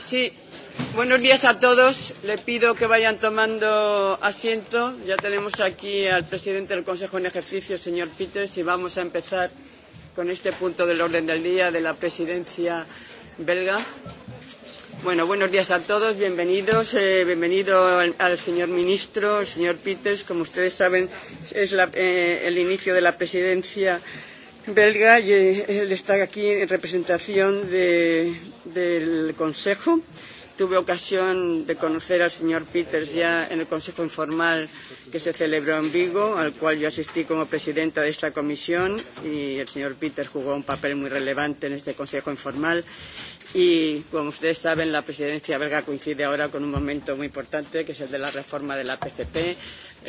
Sí, buenos días a todos. Le pido que vayan tomando asiento. Ya tenemos aquí al presidente del Consejo en ejercicio, señor Peters, y vamos a empezar con este punto del orden del día de la presidencia belga. Bueno, buenos días a todos, bienvenidos. Eh, bienvenido al, al señor ministro, el señor Peters. Como ustedes saben, es la, eh, el inicio de la presidencia belga belga y eh, él está aquí en representación de, del Consejo. Tuve ocasión de conocer al señor Peters ya en el Consejo Informal que se celebró en Vigo, al cual yo asistí como presidenta de esta comisión y el señor Peters jugó un papel muy relevante en este Consejo Informal. Y como ustedes saben, la presidencia belga coincide ahora con un momento muy importante, que es el de la reforma de la PCP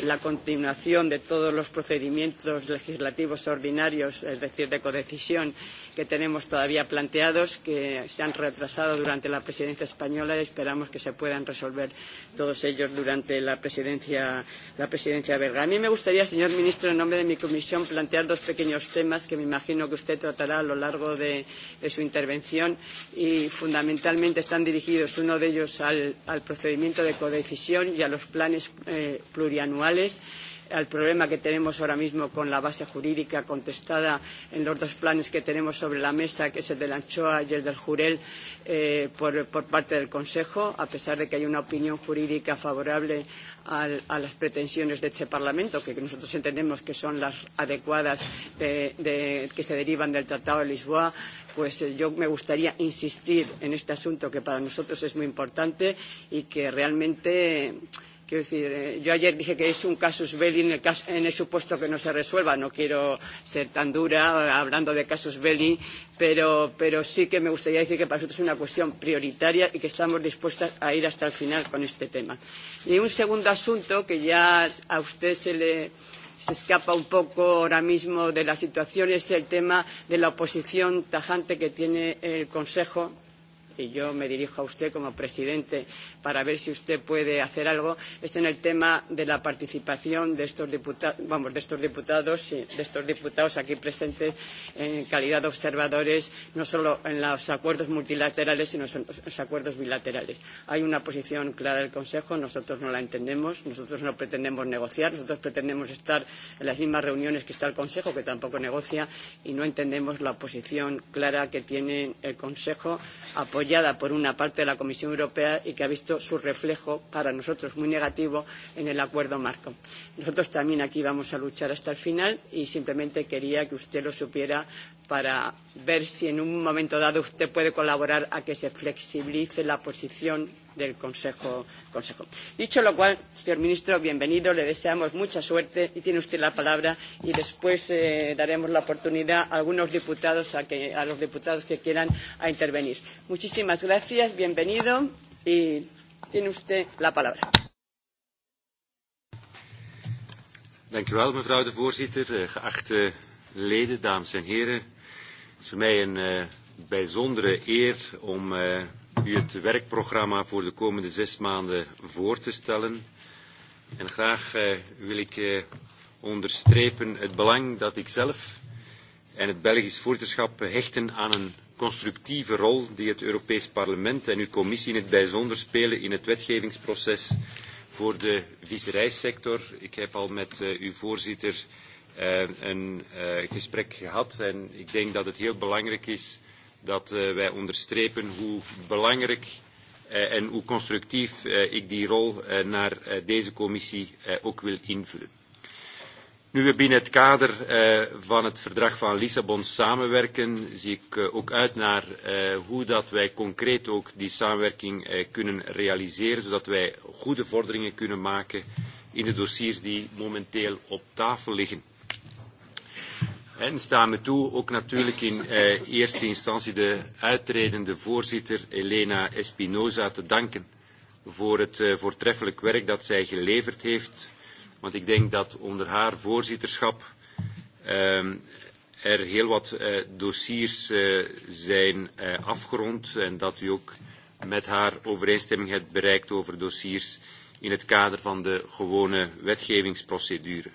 la continuación de todos los procedimientos legislativos ordinarios, es decir, de codecisión, que tenemos todavía planteados, que se han retrasado durante la presidencia española y esperamos que se puedan resolver todos ellos durante la presidencia, la presidencia belga. A mí me gustaría, señor ministro, en nombre de mi comisión, plantear dos pequeños temas que me imagino que usted tratará a lo largo de, de su intervención y fundamentalmente están dirigidos, uno de ellos, al, al procedimiento de codecisión y a los planes eh, plurianuales anuales al problema que tenemos ahora mismo con la base jurídica contestada en los dos planes que tenemos sobre la mesa, que es el de la anchoa y el del jurel, eh, por, por parte del Consejo, a pesar de que hay una opinión jurídica favorable al, a las pretensiones de este Parlamento, que nosotros entendemos que son las adecuadas de, de, que se derivan del Tratado de Lisboa, pues eh, yo me gustaría insistir en este asunto que para nosotros es muy importante y que realmente. Eh, Quiero decir, eh, yo ayer dije que es un casus belli en el, caso, en el supuesto que no se resuelva. No quiero ser tan dura hablando de casus belli, pero, pero sí que me gustaría decir que para nosotros es una cuestión prioritaria y que estamos dispuestas a ir hasta el final con este tema. Y un segundo asunto que ya a usted se le se escapa un poco ahora mismo de la situación es el tema de la oposición tajante que tiene el Consejo y yo me dirijo a usted como presidente para ver si usted puede hacer algo, es en el tema de la participación de estos, diputados, vamos, de estos diputados de estos diputados aquí presentes en calidad de observadores, no solo en los acuerdos multilaterales, sino en los acuerdos bilaterales. Hay una posición clara del Consejo, nosotros no la entendemos, nosotros no pretendemos negociar, nosotros pretendemos estar en las mismas reuniones que está el Consejo, que tampoco negocia, y no entendemos la posición clara que tiene el Consejo apoyando apoyada por una parte de la Comisión Europea y que ha visto su reflejo para nosotros muy negativo en el acuerdo marco. Nosotros también aquí vamos a luchar hasta el final y simplemente quería que usted lo supiera para ver si en un momento dado usted puede colaborar a que se flexibilice la posición del Consejo. Consejo. Dicho lo cual, señor ministro, bienvenido, le deseamos mucha suerte y tiene usted la palabra y después eh, daremos la oportunidad a algunos diputados, a, que, a los diputados que quieran, a intervenir. Muchísimas gracias, bienvenido y tiene usted la palabra. Dank u wel, mevrouw de voorzitter. Eh, geachte leden, dames en heren. Het is voor mij een uh, bijzondere eer om uh, u het werkprogramma voor de komende zes maanden voor te stellen. En graag uh, wil ik uh, onderstrepen het belang dat ik zelf en het Belgisch voorzitterschap hechten aan een constructieve rol die het Europees Parlement en uw commissie in het bijzonder spelen in het wetgevingsproces voor de visserijsector. Ik heb al met uh, uw voorzitter Eh, een eh, gesprek gehad. En ik denk dat het heel belangrijk is dat eh, wij onderstrepen hoe belangrijk en hoe constructief ik die rol naar deze commissie ook wil invullen. Nu we binnen het kader van het verdrag van Lissabon samenwerken, zie ik ook uit naar hoe dat wij concreet ook die samenwerking kunnen realiseren, zodat wij goede vorderingen kunnen maken in de dossiers die momenteel op tafel liggen. En sta me toe ook natuurlijk in eh, eerste instantie de uitredende voorzitter Elena Espinoza te danken voor het eh, voortreffelijk werk dat zij geleverd heeft. Want ik denk dat onder haar voorzitterschap eh, er heel wat eh, dossiers eh, zijn eh, afgerond en dat u ook met haar overeenstemming hebt bereikt over dossiers in het kader van de gewone wetgevingsprocedure.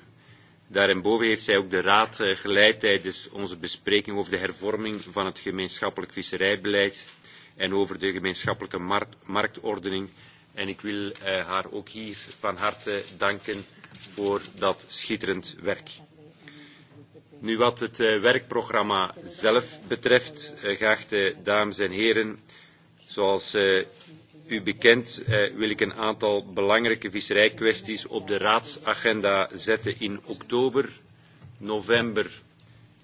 Daarboven heeft zij ook de Raad eh, geleid tijdens onze bespreking over de hervorming van het gemeenschappelijk visserijbeleid en over de gemeenschappelijke markt, marktordening. En ik wil uh, haar ook hier van harte danken voor dat schitterend werk. Nu wat het uh, werkprogramma zelf betreft, uh, geachte dames en heren, zoals uh, U bekend eh, wil ik een aantal belangrijke visserijkwesties op de raadsagenda zetten in oktober, november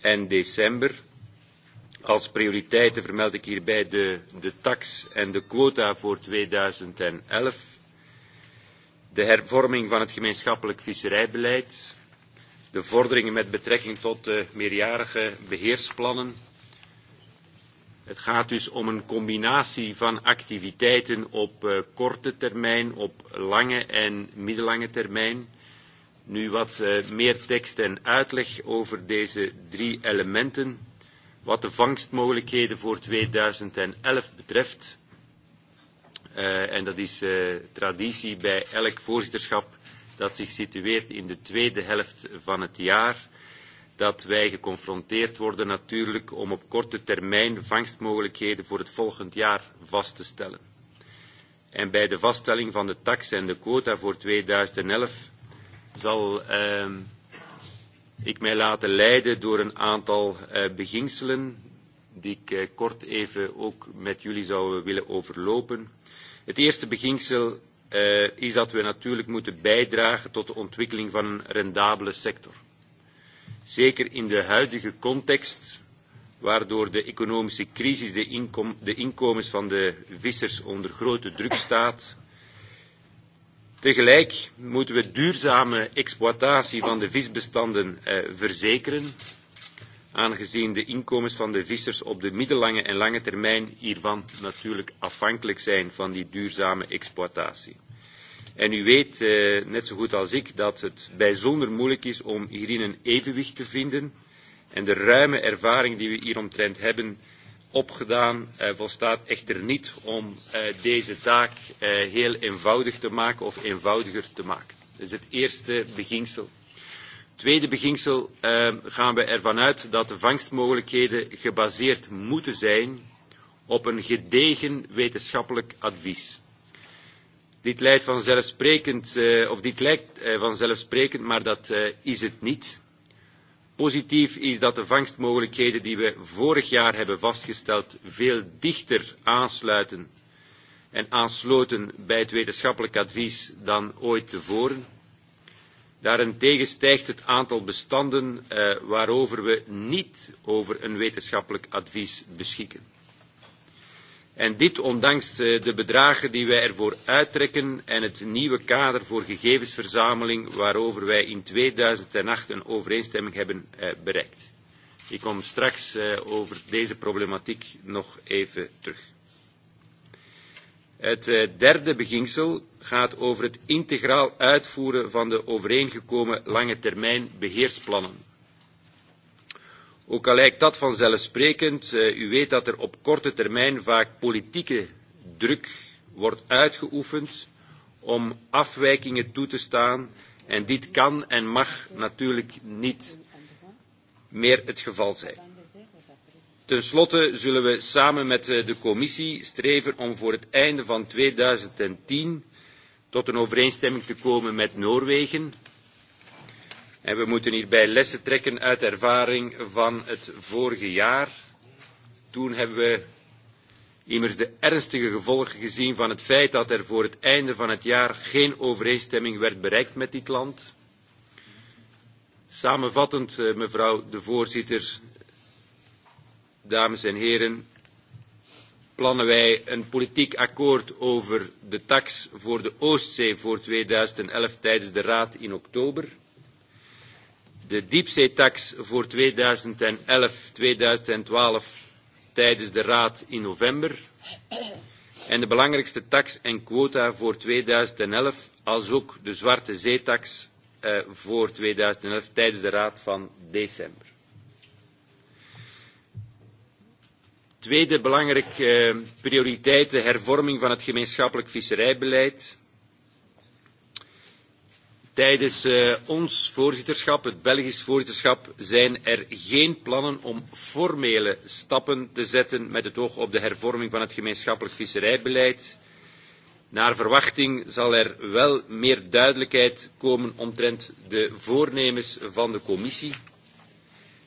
en december. Als prioriteiten vermeld ik hierbij de, de tax en de quota voor 2011, de hervorming van het gemeenschappelijk visserijbeleid, de vorderingen met betrekking tot de meerjarige beheersplannen, Het gaat dus om een combinatie van activiteiten op uh, korte termijn, op lange en middellange termijn. Nu wat uh, meer tekst en uitleg over deze drie elementen. Wat de vangstmogelijkheden voor 2011 betreft, uh, en dat is uh, traditie bij elk voorzitterschap dat zich situeert in de tweede helft van het jaar, dat wij geconfronteerd worden natuurlijk om op korte termijn vangstmogelijkheden voor het volgend jaar vast te stellen. En bij de vaststelling van de tax en de quota voor 2011 zal eh, ik mij laten leiden door een aantal eh, beginselen die ik eh, kort even ook met jullie zou willen overlopen. Het eerste beginsel eh, is dat we natuurlijk moeten bijdragen tot de ontwikkeling van een rendabele sector zeker in de huidige context waardoor de economische crisis de, inkom, de inkomens van de vissers onder grote druk staat. Tegelijk moeten we duurzame exploitatie van de visbestanden eh, verzekeren, aangezien de inkomens van de vissers op de middellange en lange termijn hiervan natuurlijk afhankelijk zijn van die duurzame exploitatie. En u weet eh, net zo goed als ik dat het bijzonder moeilijk is om hierin een evenwicht te vinden. En de ruime ervaring die we hieromtrent hebben opgedaan eh, volstaat echter niet om eh, deze taak eh, heel eenvoudig te maken of eenvoudiger te maken. Dat is het eerste beginsel. Tweede beginsel eh, gaan we ervan uit dat de vangstmogelijkheden gebaseerd moeten zijn op een gedegen wetenschappelijk advies. Dit lijkt vanzelfsprekend, eh, of dit lijkt eh, vanzelfsprekend, maar dat eh, is het niet. Positief is dat de vangstmogelijkheden die we vorig jaar hebben vastgesteld veel dichter aansluiten en aansloten bij het wetenschappelijk advies dan ooit tevoren. Daarentegen stijgt het aantal bestanden waarover we niet over een wetenschappelijk advies beschikken. En dit ondanks eh, de bedragen die wij ervoor uittrekken en het nieuwe kader voor gegevensverzameling waarover wij in 2008 een overeenstemming hebben eh, bereikt. Ik kom straks eh, over deze problematiek nog even terug. Het derde beginsel gaat over het integraal uitvoeren van de overeengekomen lange termijn beheersplannen Ook al lijkt dat vanzelfsprekend, uh, u weet dat er op korte termijn vaak politieke druk wordt uitgeoefend om afwijkingen toe te staan en dit kan en mag natuurlijk niet meer het geval zijn. Ten slotte zullen we samen met eh, de commissie streven om voor het einde van 2010 tot een overeenstemming te komen met Noorwegen En we moeten hierbij lessen trekken uit ervaring van het vorige jaar. Toen hebben we immers de ernstige gevolgen gezien van het feit dat er voor het einde van het jaar geen overeenstemming werd bereikt met dit land. Samenvattend, eh, mevrouw de voorzitter, dames en heren, plannen wij een politiek akkoord over de tax voor de Oostzee voor 2011 tijdens de Raad in oktober de diepzeetax voor 2011-2012 tijdens de Raad in november en de belangrijkste tax en quota voor 2011, als ook de zwarte zeetax eh, voor 2011 tijdens de Raad van december. Tweede belangrijke eh, prioriteit, de hervorming van het gemeenschappelijk visserijbeleid Tijdens eh, ons voorzitterschap, het Belgisch voorzitterschap, zijn er geen plannen om formele stappen te zetten met het oog op de hervorming van het gemeenschappelijk visserijbeleid. Naar verwachting zal er wel meer duidelijkheid komen omtrent de voornemens van de commissie.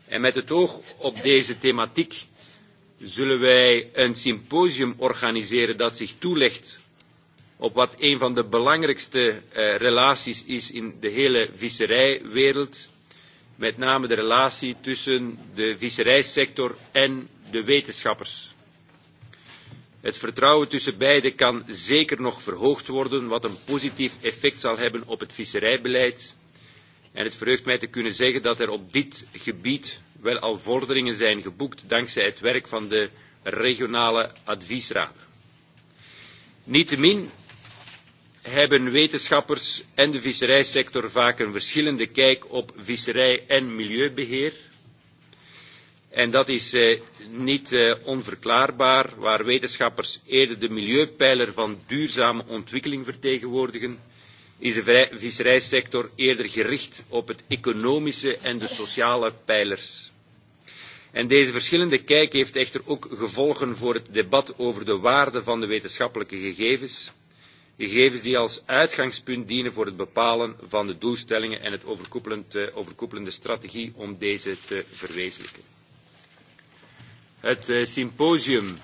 En met het oog op deze thematiek zullen wij een symposium organiseren dat zich toelegt op wat een van de belangrijkste eh, relaties is in de hele visserijwereld. Met name de relatie tussen de visserijsector en de wetenschappers. Het vertrouwen tussen beiden kan zeker nog verhoogd worden, wat een positief effect zal hebben op het visserijbeleid. En het verheugt mij te kunnen zeggen dat er op dit gebied wel al vorderingen zijn geboekt dankzij het werk van de regionale adviesraad. Niettemin hebben wetenschappers en de visserijsector vaak een verschillende kijk op visserij en milieubeheer. En dat is eh, niet eh, onverklaarbaar, waar wetenschappers eerder de milieupijler van duurzame ontwikkeling vertegenwoordigen, is de visserijsector eerder gericht op het economische en de sociale pijlers. En deze verschillende kijk heeft echter ook gevolgen voor het debat over de waarde van de wetenschappelijke gegevens gegevens die als uitgangspunt dienen voor het bepalen van de doelstellingen en het eh, overkoepelende strategie om deze te verwezenlijken. Het eh, symposium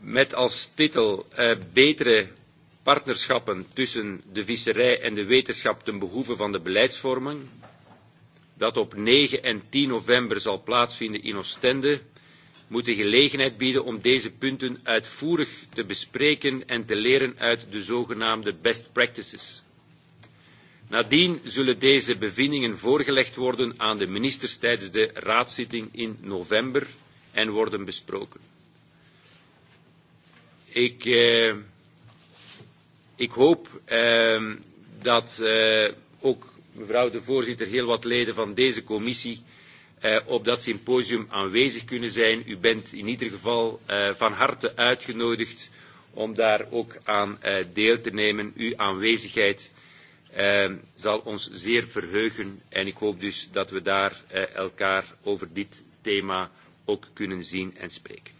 met als titel uh, Betere partnerschappen tussen de visserij en de wetenschap ten behoeve van de beleidsvorming, dat op 9 en 10 november zal plaatsvinden in Oostende, moet de gelegenheid bieden om deze punten uitvoerig te bespreken en te leren uit de zogenaamde best practices. Nadien zullen deze bevindingen voorgelegd worden aan de ministers tijdens de raadszitting in november en worden besproken. Ik, eh, ik hoop eh, dat eh, ook mevrouw de voorzitter heel wat leden van deze commissie Eh, op dat symposium aanwezig kunnen zijn. U bent in ieder geval eh, van harte uitgenodigd om daar ook aan eh, deel te nemen. Uw aanwezigheid zal ons zeer verheugen en ik hoop dus dat we daar elkaar over dit thema ook kunnen zien en spreken.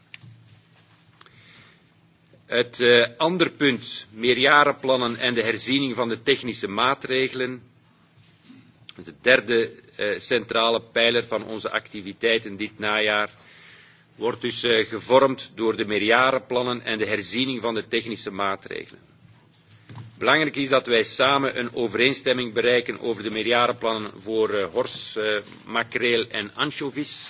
Het uh, ander punt, meerjarenplannen en de herziening van de technische maatregelen. Het derde Eh, centrale pijler van onze activiteiten dit najaar wordt dus eh, gevormd door de meerjarenplannen en de herziening van de technische maatregelen. Belangrijk is dat wij samen een overeenstemming bereiken over de meerjarenplannen voor eh, hors, makreel en anchovies.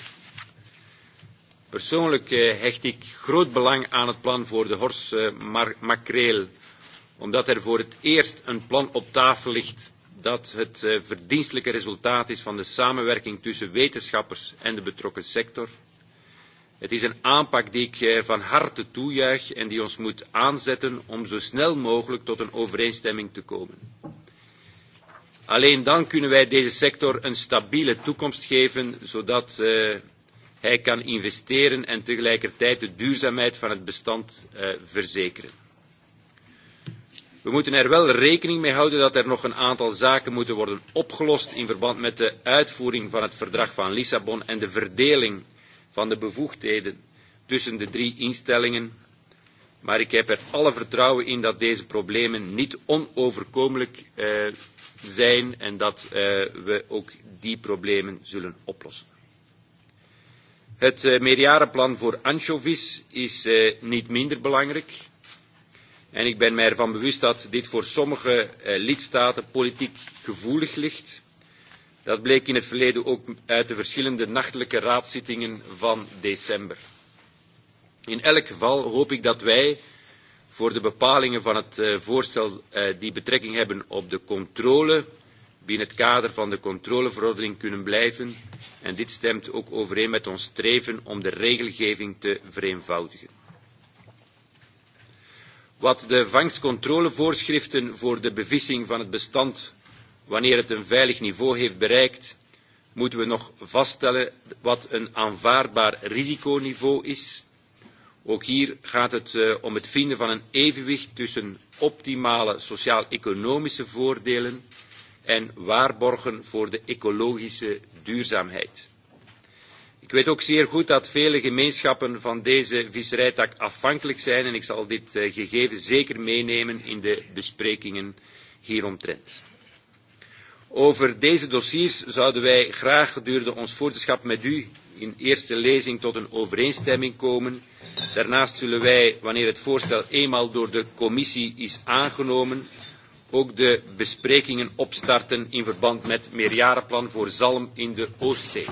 Persoonlijk hecht ik groot belang aan het plan voor de hors, makreel, omdat er voor het eerst een plan op tafel ligt dat het eh, verdienstelijke resultaat is van de samenwerking tussen wetenschappers en de betrokken sector. Het is een aanpak die ik eh, van harte toejuich en die ons moet aanzetten om zo snel mogelijk tot een overeenstemming te komen. Alleen dan kunnen wij deze sector een stabiele toekomst geven, zodat uh, hij kan investeren en tegelijkertijd de duurzaamheid van het bestand uh, verzekeren. We moeten er wel rekening mee houden dat er nog een aantal zaken moeten worden opgelost in verband met de uitvoering van het verdrag van Lissabon en de verdeling van de bevoegdheden tussen de drie instellingen. Maar ik heb er alle vertrouwen in dat deze problemen niet onoverkomelijk eh, zijn en dat eh, we ook die problemen zullen oplossen. Het eh, meerjarenplan voor anchovies is eh, niet minder belangrijk. En ik ben mij ervan bewust dat dit voor sommige eh, lidstaten politiek gevoelig ligt. Dat bleek in het verleden ook uit de verschillende nachtelijke raadszittingen van december. In elk geval hoop ik dat wij voor de bepalingen van het eh, voorstel eh, die betrekking hebben op de controle binnen het kader van de controleverordening kunnen blijven. En dit stemt ook overeen met ons streven om de regelgeving te vereenvoudigen. Wat de vangstcontrolevoorschriften voor de bevissing van het bestand, wanneer het een veilig niveau heeft bereikt, moeten we nog vaststellen wat een aanvaardbaar risiconiveau is. Ook hier gaat het uh, om het vinden van een evenwicht tussen optimale sociaal-economische voordelen en waarborgen voor de ecologische duurzaamheid. Ik weet ook zeer goed dat vele gemeenschappen van deze visserijtak afhankelijk zijn en ik zal dit eh, gegeven zeker meenemen in de besprekingen hieromtrent. Over deze dossiers zouden wij graag gedurende ons voorzitterschap met u in eerste lezing tot een overeenstemming komen. Daarnaast zullen wij, wanneer het voorstel eenmaal door de commissie is aangenomen, ook de besprekingen opstarten in verband met meerjarenplan voor zalm in de Oostzee.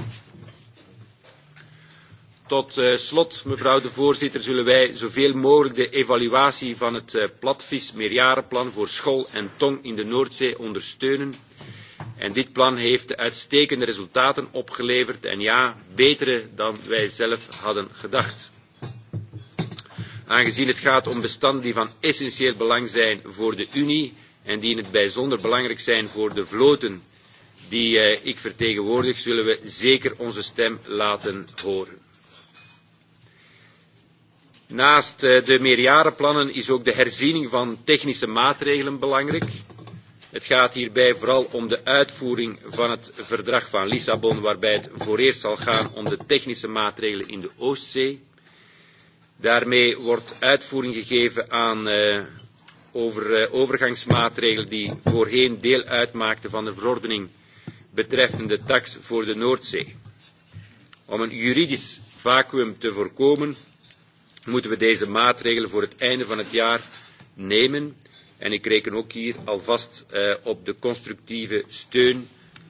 Tot eh, slot, mevrouw de voorzitter, zullen wij zoveel mogelijk de evaluatie van het uh, platvis meerjarenplan voor school en tong in de Noordzee ondersteunen. En dit plan heeft uitstekende resultaten opgeleverd en ja, betere dan wij zelf hadden gedacht. Aangezien het gaat om bestanden die van essentieel belang zijn voor de Unie en die in het bijzonder belangrijk zijn voor de vloten die eh, ik vertegenwoordig, zullen we zeker onze stem laten horen. Naast eh, de meerjarenplannen is ook de herziening van technische maatregelen belangrijk. Het gaat hierbij vooral om de uitvoering van het verdrag van Lissabon, waarbij het voor eerst zal gaan om de technische maatregelen in de Oostzee. Daarmee wordt uitvoering gegeven aan uh, over, uh, overgangsmaatregelen die voorheen deel uitmaakten van de verordening betreffende tax voor de Noordzee. Om een juridisch vacuüm te voorkomen, moeten we deze maatregelen voor het einde van het jaar nemen. En ik reken ook hier alvast uh, op de constructieve steun,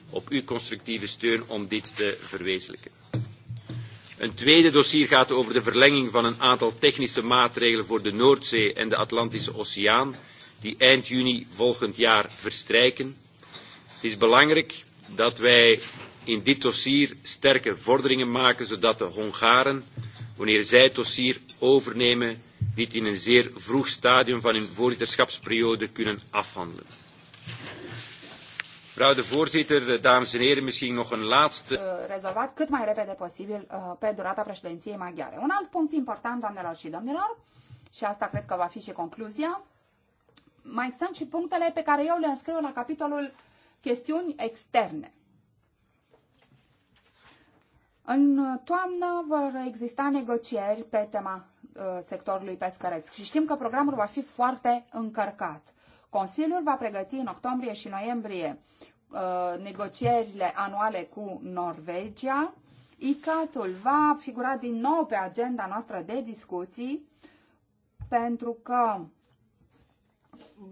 op uw constructieve steun om dit te verwezenlijken. Een tweede dossier gaat over de verlenging van een aantal technische maatregelen voor de Noordzee en de Atlantische Oceaan, die eind juni volgend jaar verstrijken. Het is belangrijk dat wij in dit dossier sterke vorderingen maken, zodat de Hongaren wanneer zij het dossier overnemen, dit in een zeer vroeg stadium van hun voorzitterschapsperiode kunnen afhandelen. Mevrouw de voorzitter, eh, dames en heren, misschien nog een laatste... Eh, ...rezolvat cât mai repede posibil eh, pe durata președinției maghiare. Un alt punct important, doamnelor și domnilor, și asta cred că va fi și concluzia, mai sunt și punctele pe care eu le înscriu la capitolul chestiuni externe. În toamnă vor exista negocieri pe tema uh, sectorului pescăresc și știm că programul va fi foarte încărcat. Consiliul va pregăti în octombrie și noiembrie uh, negocierile anuale cu Norvegia. ICAT-ul va figura din nou pe agenda noastră de discuții pentru că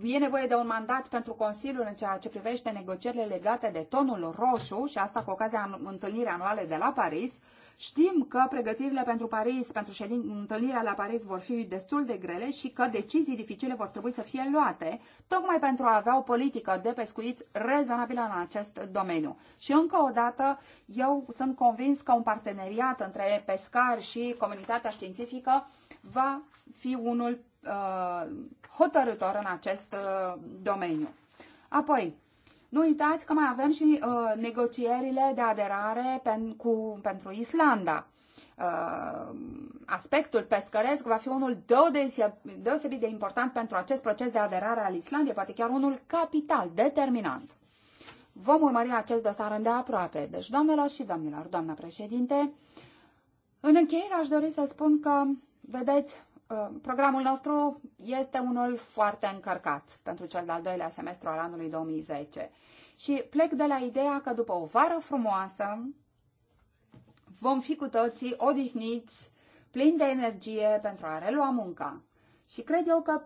e nevoie de un mandat pentru Consiliul în ceea ce privește negocierile legate de tonul roșu și asta cu ocazia întâlnirii anuale de la Paris. Știm că pregătirile pentru Paris, pentru ședin, întâlnirea la Paris vor fi destul de grele și că decizii dificile vor trebui să fie luate, tocmai pentru a avea o politică de pescuit rezonabilă în acest domeniu. Și încă o dată, eu sunt convins că un parteneriat între pescari și comunitatea științifică va fi unul uh, hotărător în acest uh, domeniu. Apoi, nu uitați că mai avem și uh, negocierile de aderare pen, cu, pentru Islanda. Uh, aspectul pescăresc va fi unul deosebit de important pentru acest proces de aderare al Islandiei, poate chiar unul capital, determinant. Vom urmări acest dosar îndeaproape. Deci, doamnelor și domnilor, doamna președinte, în încheiere aș dori să spun că, vedeți, Uh, programul nostru este unul foarte încărcat pentru cel de-al doilea semestru al anului 2010 și plec de la ideea că după o vară frumoasă vom fi cu toții odihniți, plini de energie pentru a relua munca. Și cred eu că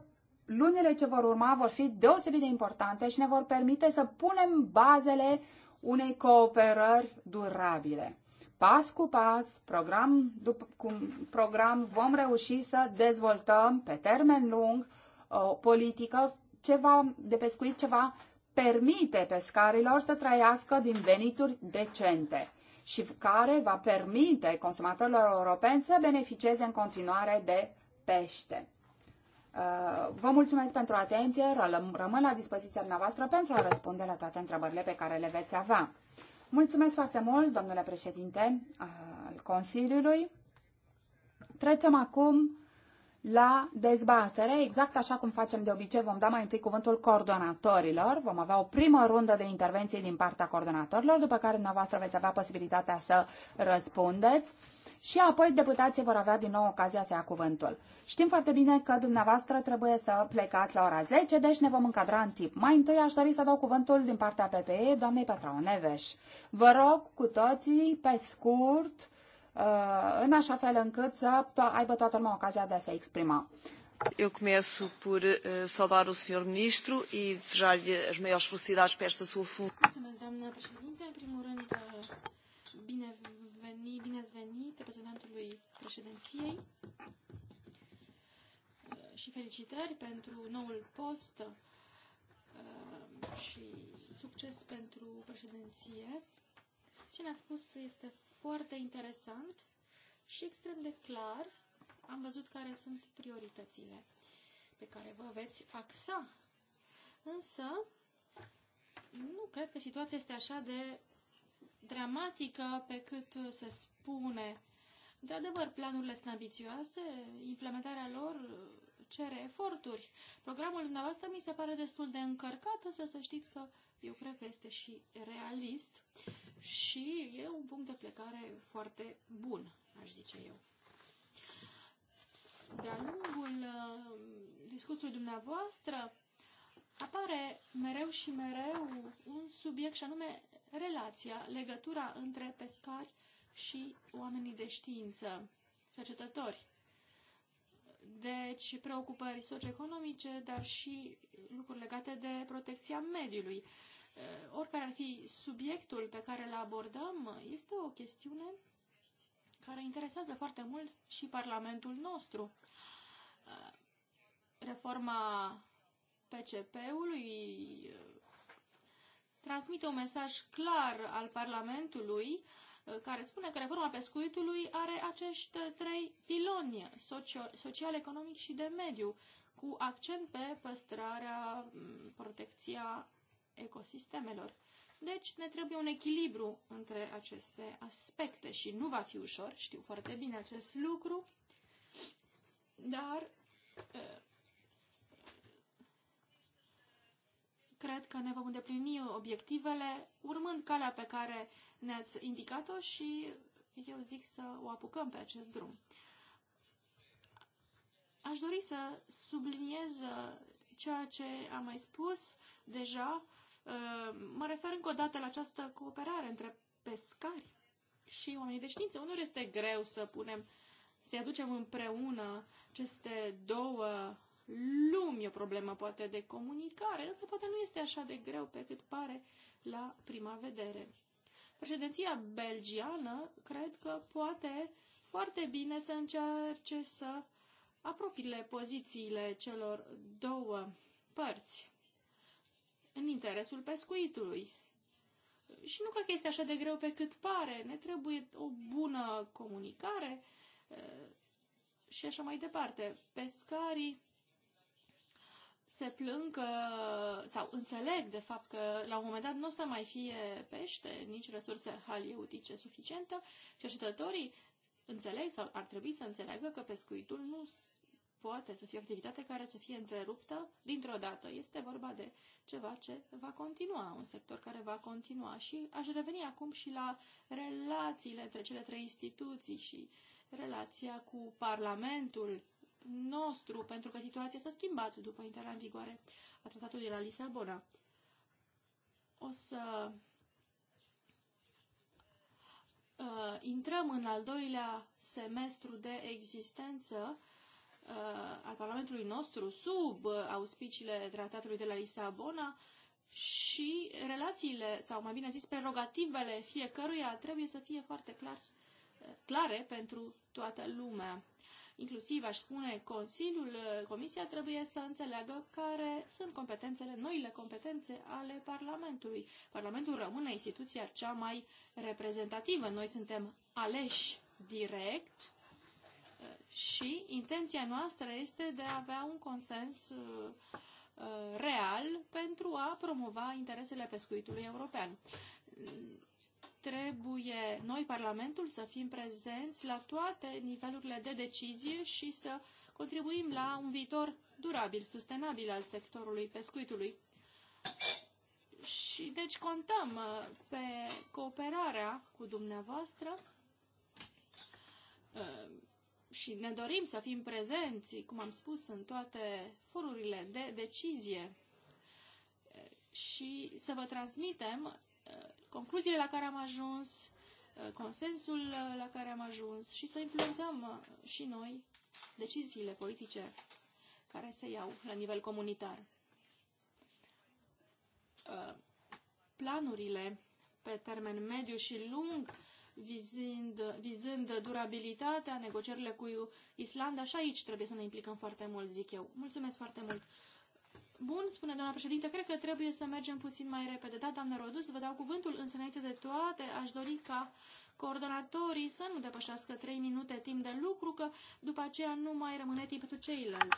lunile ce vor urma vor fi deosebit de importante și ne vor permite să punem bazele unei cooperări durabile pas cu pas, program după, cu program, vom reuși să dezvoltăm pe termen lung o politică ce va, de pescuit ce va permite pescarilor să trăiască din venituri decente și care va permite consumatorilor europeni să beneficieze în continuare de pește. Uh, vă mulțumesc pentru atenție, rămân la dispoziția dumneavoastră pentru a răspunde la toate întrebările pe care le veți avea. Mulțumesc foarte mult, domnule președinte al Consiliului. Trecem acum la dezbatere, exact așa cum facem de obicei, vom da mai întâi cuvântul coordonatorilor, vom avea o primă rundă de intervenții din partea coordonatorilor, după care dumneavoastră veți avea posibilitatea să răspundeți și apoi deputații vor avea din nou ocazia să ia cuvântul. Știm foarte bine că dumneavoastră trebuie să plecați la ora 10, deci ne vom încadra în timp. Mai întâi aș dori să dau cuvântul din partea PPE, doamnei Petrao Neveș. Vă rog cu toții, pe scurt, uh, în așa fel încât să aibă toată lumea ocazia de a se exprima. Eu começo por uh, saudar o Sr. Ministro e desejar-lhe as maiores felicidades para esta sua função ați venit reprezentantului președinției uh, și felicitări pentru noul post uh, și succes pentru președinție. Ce ne-a spus este foarte interesant și extrem de clar. Am văzut care sunt prioritățile pe care vă veți axa. Însă, nu cred că situația este așa de dramatică pe cât se spune. Într-adevăr, planurile sunt ambițioase, implementarea lor cere eforturi. Programul dumneavoastră mi se pare destul de încărcat, însă să știți că eu cred că este și realist și e un punct de plecare foarte bun, aș zice eu. De-a lungul uh, discursului dumneavoastră apare mereu și mereu un subiect și anume relația, legătura între pescari și oamenii de știință, cercetători. Deci, preocupări socioeconomice, dar și lucruri legate de protecția mediului. Eh, oricare ar fi subiectul pe care îl abordăm, este o chestiune care interesează foarte mult și Parlamentul nostru. Eh, reforma PCP-ului transmite un mesaj clar al Parlamentului uh, care spune că reforma pescuitului are acești uh, trei piloni, social, economic și de mediu, cu accent pe păstrarea, mm, protecția ecosistemelor. Deci ne trebuie un echilibru între aceste aspecte și nu va fi ușor, știu foarte bine acest lucru, dar uh, Cred că ne vom îndeplini obiectivele urmând calea pe care ne-ați indicat-o și eu zic să o apucăm pe acest drum. Aș dori să subliniez uh, ceea ce am mai spus deja. Uh, mă refer încă o dată la această cooperare între pescari și oamenii de știință. Unor este greu să punem, să aducem împreună aceste două lumi, o problemă poate de comunicare, însă poate nu este așa de greu pe cât pare la prima vedere. Președinția belgiană cred că poate foarte bine să încerce să apropile pozițiile celor două părți în interesul pescuitului. Și nu cred că este așa de greu pe cât pare. Ne trebuie o bună comunicare eh, și așa mai departe. Pescarii se plâng că, sau înțeleg de fapt că la un moment dat nu o să mai fie pește, nici resurse halieutice suficiente, cercetătorii înțeleg sau ar trebui să înțeleagă că pescuitul nu poate să fie o activitate care să fie întreruptă dintr-o dată. Este vorba de ceva ce va continua, un sector care va continua. Și aș reveni acum și la relațiile între cele trei instituții și relația cu Parlamentul nostru, pentru că situația s-a schimbat după intrarea în vigoare a tratatului de la Lisabona. O să uh, intrăm în al doilea semestru de existență uh, al Parlamentului nostru sub uh, auspiciile tratatului de la Lisabona și relațiile, sau mai bine zis, prerogativele fiecăruia trebuie să fie foarte clar clare pentru toată lumea. Inclusiv, aș spune, Consiliul, uh, Comisia trebuie să înțeleagă care sunt competențele, noile competențe ale Parlamentului. Parlamentul rămâne instituția cea mai reprezentativă. Noi suntem aleși direct uh, și intenția noastră este de a avea un consens uh, real pentru a promova interesele pescuitului european trebuie noi, Parlamentul, să fim prezenți la toate nivelurile de decizie și să contribuim la un viitor durabil, sustenabil al sectorului pescuitului. Și deci contăm uh, pe cooperarea cu dumneavoastră uh, și ne dorim să fim prezenți, cum am spus, în toate forurile de decizie uh, și să vă transmitem concluziile la care am ajuns, uh, consensul uh, la care am ajuns și să influențăm uh, și noi deciziile politice care se iau la nivel comunitar. Planurile pe termen mediu și lung vizând, vizând durabilitatea, negocierile cu Islanda și aici trebuie să ne implicăm foarte mult, zic eu. Mulțumesc foarte mult! Bun, spune doamna președinte, cred că trebuie să mergem puțin mai repede. Da, doamnă Rodus, vă dau cuvântul, însă înainte de toate aș dori ca coordonatorii să nu depășească 3 minute timp de lucru, că după aceea nu mai rămâne timp pentru ceilalți.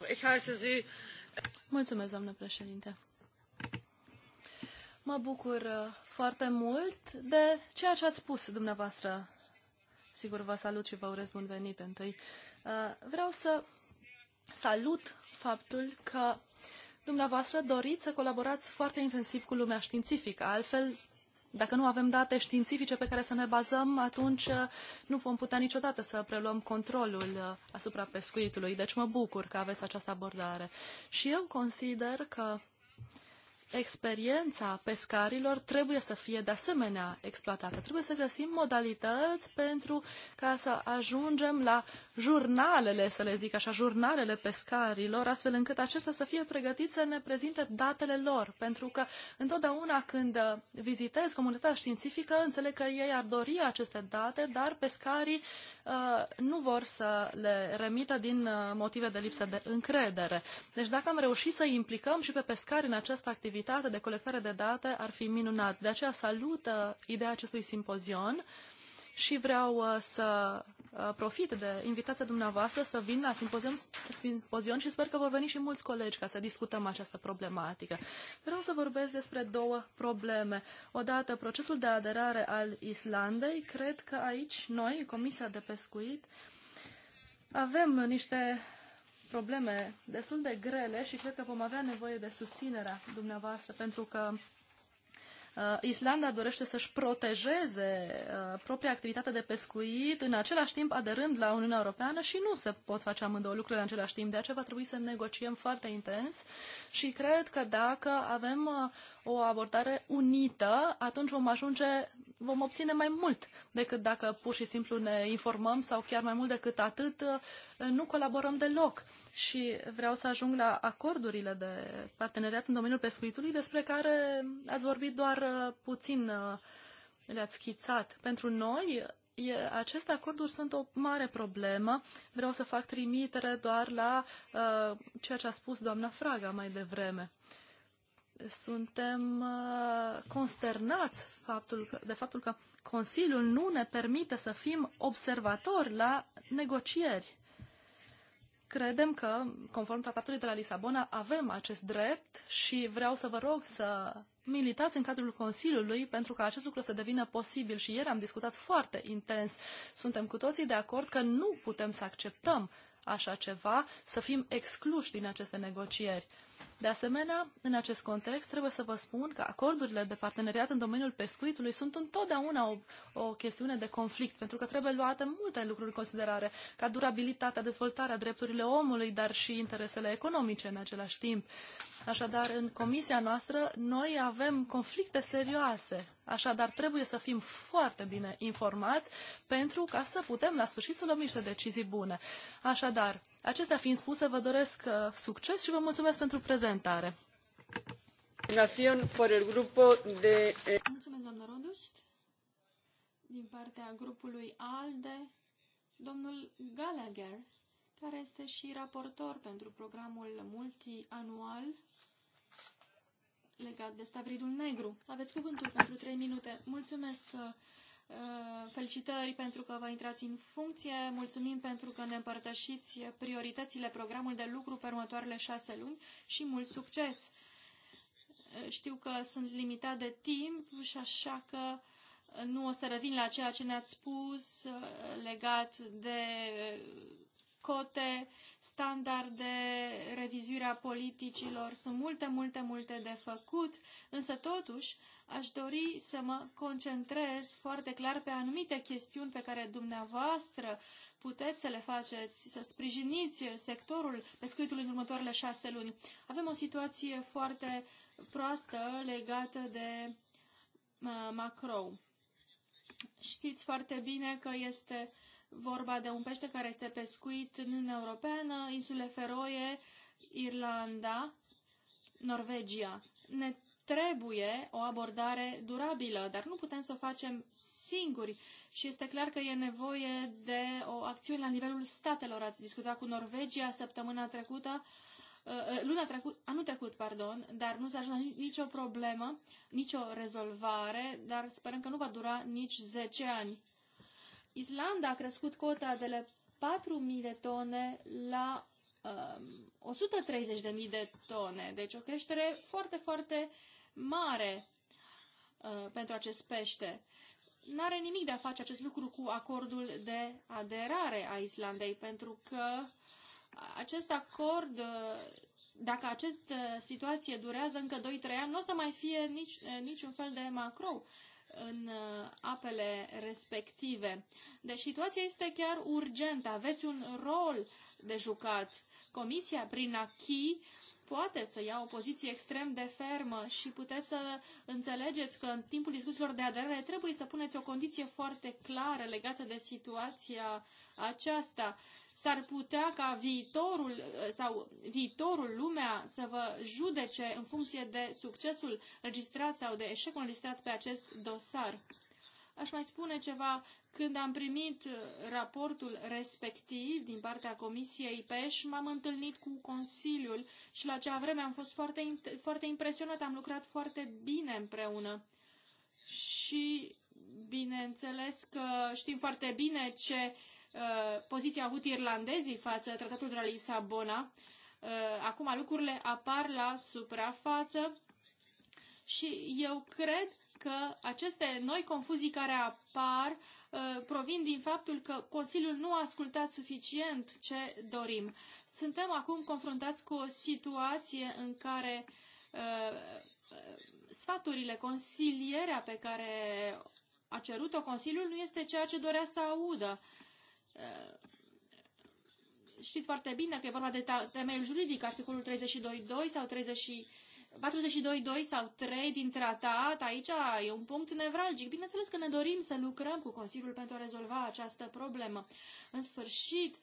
Mulțumesc, doamnă președinte. Mă bucur uh, foarte mult de ceea ce ați spus dumneavoastră. Sigur, vă salut și vă urez bun venit întâi. Uh, vreau să salut faptul că Dumneavoastră doriți să colaborați foarte intensiv cu lumea științifică, altfel dacă nu avem date științifice pe care să ne bazăm, atunci uh, nu vom putea niciodată să preluăm controlul uh, asupra pescuitului. Deci mă bucur că aveți această abordare. Și eu consider că experiența pescarilor trebuie să fie de asemenea exploatată. Trebuie să găsim modalități pentru ca să ajungem la jurnalele, să le zic așa, jurnalele pescarilor, astfel încât acestea să fie pregătiți să ne prezinte datele lor. Pentru că întotdeauna când vizitez comunitatea științifică, înțeleg că ei ar dori aceste date, dar pescarii uh, nu vor să le remită din uh, motive de lipsă de încredere. Deci dacă am reușit să implicăm și pe pescari în această activitate, facilitate de colectare de date ar fi minunat. De aceea salută ideea acestui simpozion și vreau uh, să uh, profit de invitația dumneavoastră să vin la simpozion, simpozion și sper că vor veni și mulți colegi ca să discutăm această problematică. Vreau să vorbesc despre două probleme. Odată, procesul de aderare al Islandei. Cred că aici noi, Comisia de Pescuit, avem niște probleme destul de grele și cred că vom avea nevoie de susținerea dumneavoastră pentru că Uh, Islanda dorește să-și protejeze uh, propria activitate de pescuit, în același timp aderând la Uniunea Europeană și nu se pot face amândouă lucrurile în același timp. De aceea va trebui să negociem foarte intens și cred că dacă avem uh, o abordare unită, atunci vom ajunge, vom obține mai mult decât dacă pur și simplu ne informăm sau chiar mai mult decât atât, nu colaborăm deloc și vreau să ajung la acordurile de parteneriat în domeniul pescuitului, despre care ați vorbit doar uh, puțin, uh, le-ați schițat. Pentru noi, e, aceste acorduri sunt o mare problemă. Vreau să fac trimitere doar la uh, ceea ce a spus doamna Fraga mai devreme. Suntem uh, consternați faptul că, de faptul că Consiliul nu ne permite să fim observatori la negocieri. Credem că, conform tratatului de la Lisabona, avem acest drept și vreau să vă rog să militați în cadrul Consiliului pentru ca acest lucru să devină posibil și ieri am discutat foarte intens. Suntem cu toții de acord că nu putem să acceptăm așa ceva, să fim excluși din aceste negocieri. De asemenea, în acest context, trebuie să vă spun că acordurile de parteneriat în domeniul pescuitului sunt întotdeauna o, o chestiune de conflict, pentru că trebuie luate multe lucruri în considerare, ca durabilitatea, dezvoltarea drepturile omului, dar și interesele economice în același timp. Așadar, în comisia noastră, noi avem conflicte serioase Așadar, trebuie să fim foarte bine informați pentru ca să putem la sfârșit să luăm niște decizii bune. Așadar, acestea fiind spuse, vă doresc uh, succes și vă mulțumesc pentru prezentare. Eh, mulțumesc, doamnă Roduști. Din partea grupului ALDE, domnul Gallagher, care este și raportor pentru programul multianual legat de Stavridul Negru. Aveți cuvântul pentru 3 minute. Mulțumesc, uh, felicitări pentru că vă intrați în funcție, mulțumim pentru că ne împărtășiți prioritățile, programul de lucru pe următoarele șase luni și mult succes! Uh, știu că sunt limitat de timp și așa că uh, nu o să revin la ceea ce ne-ați spus legat de cote, standarde, revizuirea politicilor. Sunt multe, multe, multe de făcut, însă totuși aș dori să mă concentrez foarte clar pe anumite chestiuni pe care dumneavoastră puteți să le faceți, să sprijiniți sectorul pescuitului în următoarele șase luni. Avem o situație foarte proastă legată de uh, macro. Știți foarte bine că este uh, vorba de un pește care este pescuit în Uniunea Europeană, insule Feroe, Irlanda, Norvegia. Ne trebuie o abordare durabilă, dar nu putem să o facem singuri și este clar că e nevoie de o acțiune la nivelul statelor. Ați discutat cu Norvegia săptămâna trecută, uh, luna trecut, anul trecut, pardon, dar nu s-a ajuns nicio problemă, nicio rezolvare, dar sperăm că nu va dura nici 10 ani. Islanda a crescut cota de la 4.000 de tone la um, 130.000 de tone, deci o creștere foarte, foarte mare uh, pentru acest pește. N-are nimic de a face acest lucru cu acordul de aderare a Islandei, pentru că acest acord uh, dacă această situație durează încă 2-3 ani, nu o să mai fie nici, uh, niciun fel de macro în uh, apele respective. Deci situația este chiar urgentă. Aveți un rol de jucat. Comisia, prin achi, poate să ia o poziție extrem de fermă și puteți să înțelegeți că în timpul discuțiilor de aderare trebuie să puneți o condiție foarte clară legată de situația aceasta S-ar putea ca viitorul sau viitorul lumea să vă judece în funcție de succesul registrat sau de eșecul înregistrat pe acest dosar. Aș mai spune ceva. Când am primit uh, raportul respectiv din partea Comisiei PEș, m-am întâlnit cu Consiliul și la acea vreme am fost foarte, foarte impresionat, am lucrat foarte bine împreună. Și bineînțeles că știm foarte bine ce Uh, poziția avut irlandezii față tratatul de la Lisabona. Uh, acum lucrurile apar la suprafață și eu cred că aceste noi confuzii care apar uh, provin din faptul că Consiliul nu a ascultat suficient ce dorim. Suntem acum confruntați cu o situație în care sfaturile, consilierea pe care a cerut-o Consiliul nu este ceea ce dorea să audă. Uh, Eh, știți foarte bine că e vorba de temeiul juridic, articolul 32.2 sau 30, 42.2 sau 3 din tratat, aici e un punct nevralgic. Bineînțeles că ne dorim să lucrăm cu Consiliul pentru a rezolva această problemă. În sfârșit,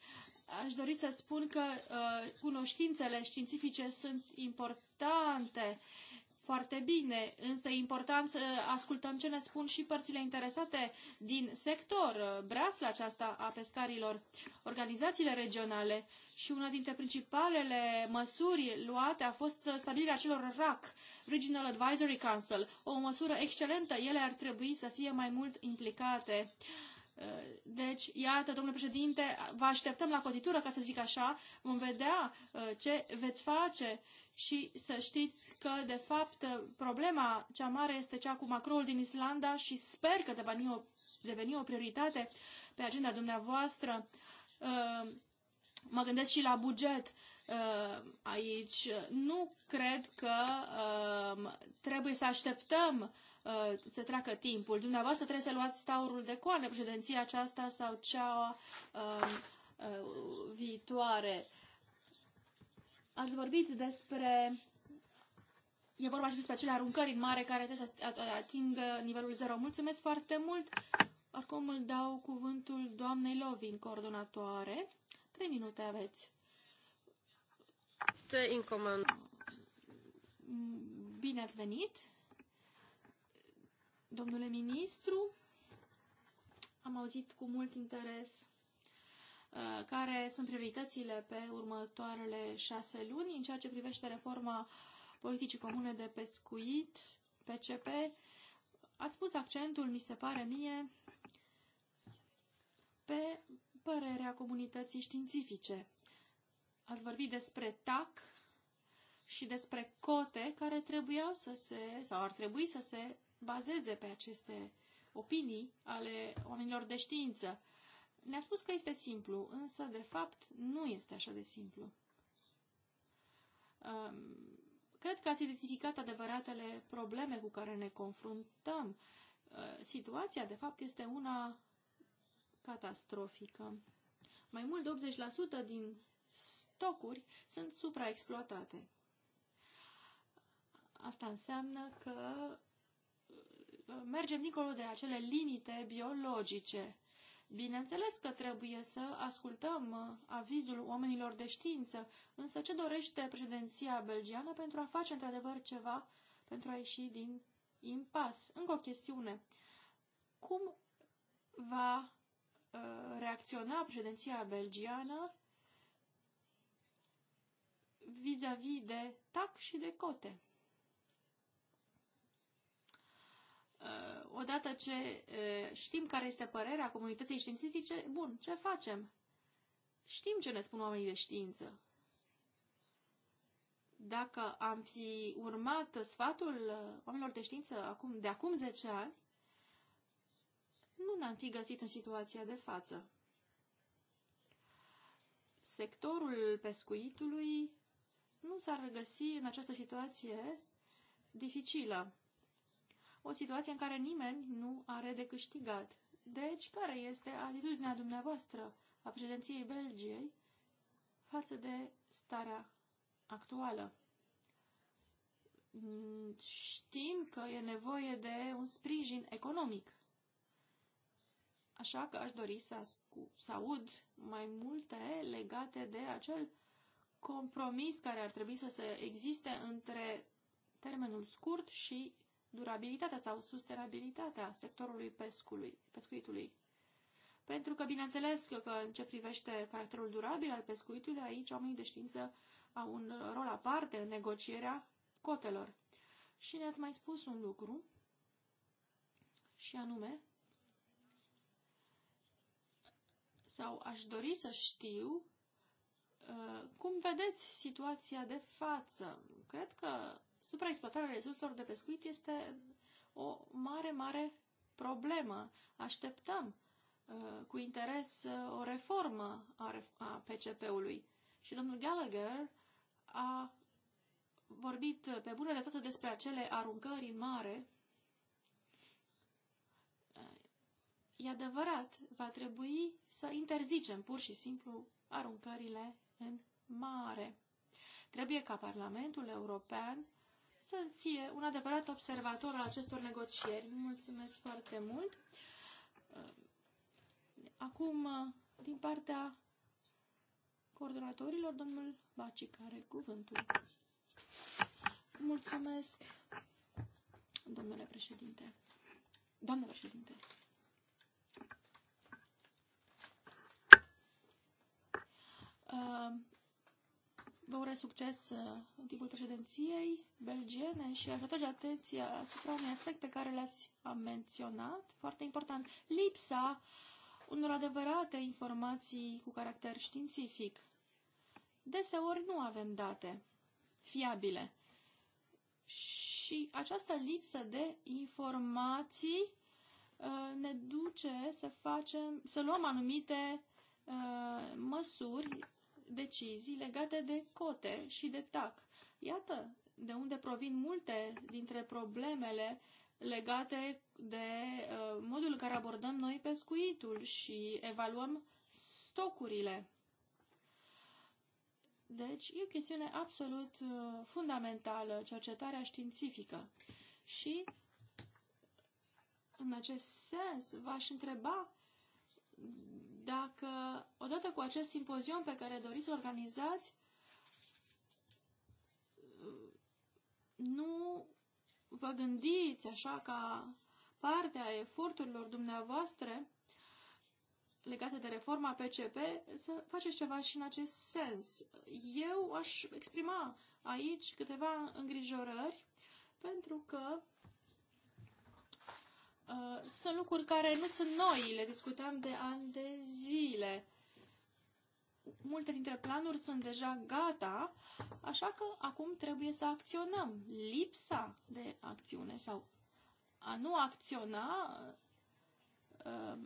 aș dori să spun că uh, cunoștințele științifice sunt importante. Uh, foarte bine, însă e important să ascultăm ce ne spun și părțile interesate din sector, uh, breasla aceasta a pescarilor, organizațiile regionale și una dintre principalele măsuri luate a fost uh, stabilirea celor RAC, Regional Advisory Council, o măsură excelentă, ele ar trebui să fie mai mult implicate. Uh, deci, iată, domnule președinte, vă așteptăm la cotitură, ca să zic așa, vom vedea ce veți face și să știți că, de fapt, problema cea mare este cea cu macroul din Islanda și sper că deveni o, deveni o prioritate pe agenda dumneavoastră. Uh, mă gândesc și la buget uh, aici. Nu cred că uh, trebuie să așteptăm să treacă timpul. Dumneavoastră trebuie să luați taurul de coane, președinția aceasta sau cea viitoare. Ați vorbit despre... E vorba și despre acele aruncări în mare care trebuie să atingă nivelul 0. Mulțumesc foarte mult! Oricum îl dau cuvântul doamnei Lovin, coordonatoare. Trei minute aveți. Te incomand. Bine ați venit, domnule ministru. Am auzit cu mult interes Uh, care sunt prioritățile pe următoarele șase luni în ceea ce privește reforma politicii comune de pescuit, PCP. Ați pus accentul, mi se pare mie, pe părerea comunității științifice. Ați vorbit despre TAC și despre cote care trebuiau să se, sau ar trebui să se bazeze pe aceste opinii ale oamenilor de știință. Ne-a spus că este simplu, însă, de fapt, nu este așa de simplu. Cred că ați identificat adevăratele probleme cu care ne confruntăm. Situația, de fapt, este una catastrofică. Mai mult de 80% din stocuri sunt supraexploatate. Asta înseamnă că uh, mergem dincolo de acele limite biologice Bineînțeles că trebuie să ascultăm uh, avizul oamenilor de știință, însă ce dorește președinția belgiană pentru a face într-adevăr ceva pentru a ieși din impas? Încă o chestiune. Cum va uh, reacționa președinția belgiană vis-a-vis -vis de TAC și de cote? Uh, odată ce uh, știm care este părerea comunității științifice, bun, ce facem? Știm ce ne spun oamenii de știință. Dacă am fi urmat sfatul uh, oamenilor de știință acum, de acum 10 ani, nu ne-am fi găsit în situația de față. Sectorul pescuitului nu s-ar găsi în această situație dificilă o situație în care nimeni nu are de câștigat. Deci, care este atitudinea dumneavoastră a președinției Belgiei față de starea actuală? Mm, știm că e nevoie de un sprijin economic. Așa că aș dori să, să aud mai multe legate de acel compromis care ar trebui să se existe între termenul scurt și durabilitatea sau sustenabilitatea sectorului pescului, pescuitului. Pentru că, bineînțeles, că, că în ce privește caracterul durabil al pescuitului, aici oamenii de știință au un rol aparte în negocierea cotelor. Și ne-ați mai spus un lucru, și anume, sau aș dori să știu uh, cum vedeți situația de față. Cred că supraexploatarea resurselor de pescuit este o mare, mare problemă. Așteptăm uh, cu interes uh, o reformă a, a PCP-ului. Și domnul Gallagher a vorbit uh, pe bună de toate despre acele aruncări în mare. Uh, e adevărat, va trebui să interzicem pur și simplu aruncările în mare. Trebuie ca Parlamentul European să fie un adevărat observator al acestor negocieri. Mulțumesc foarte mult! Acum, din partea coordonatorilor, domnul Bacic are cuvântul. Mulțumesc, domnule președinte. Doamne președinte. Vă urez succes uh, în timpul președinției belgiene și aș atrage atenția asupra unui aspect pe care l-ați menționat, foarte important, lipsa unor adevărate informații cu caracter științific. Deseori nu avem date fiabile și această lipsă de informații uh, ne duce să facem, să luăm anumite uh, măsuri decizii legate de cote și de TAC. Iată de unde provin multe dintre problemele legate de uh, modul în care abordăm noi pescuitul și evaluăm stocurile. Deci, e o chestiune absolut uh, fundamentală, cercetarea științifică. Și, în acest sens, v-aș întreba dacă odată cu acest simpozion pe care doriți să organizați, nu vă gândiți așa ca parte a eforturilor dumneavoastră legate de reforma PCP, să faceți ceva și în acest sens. Eu aș exprima aici câteva îngrijorări, pentru că Uh, sunt lucruri care nu sunt noi, le discutam de ani de zile. Multe dintre planuri sunt deja gata, așa că acum trebuie să acționăm. Lipsa de acțiune sau a nu acționa uh,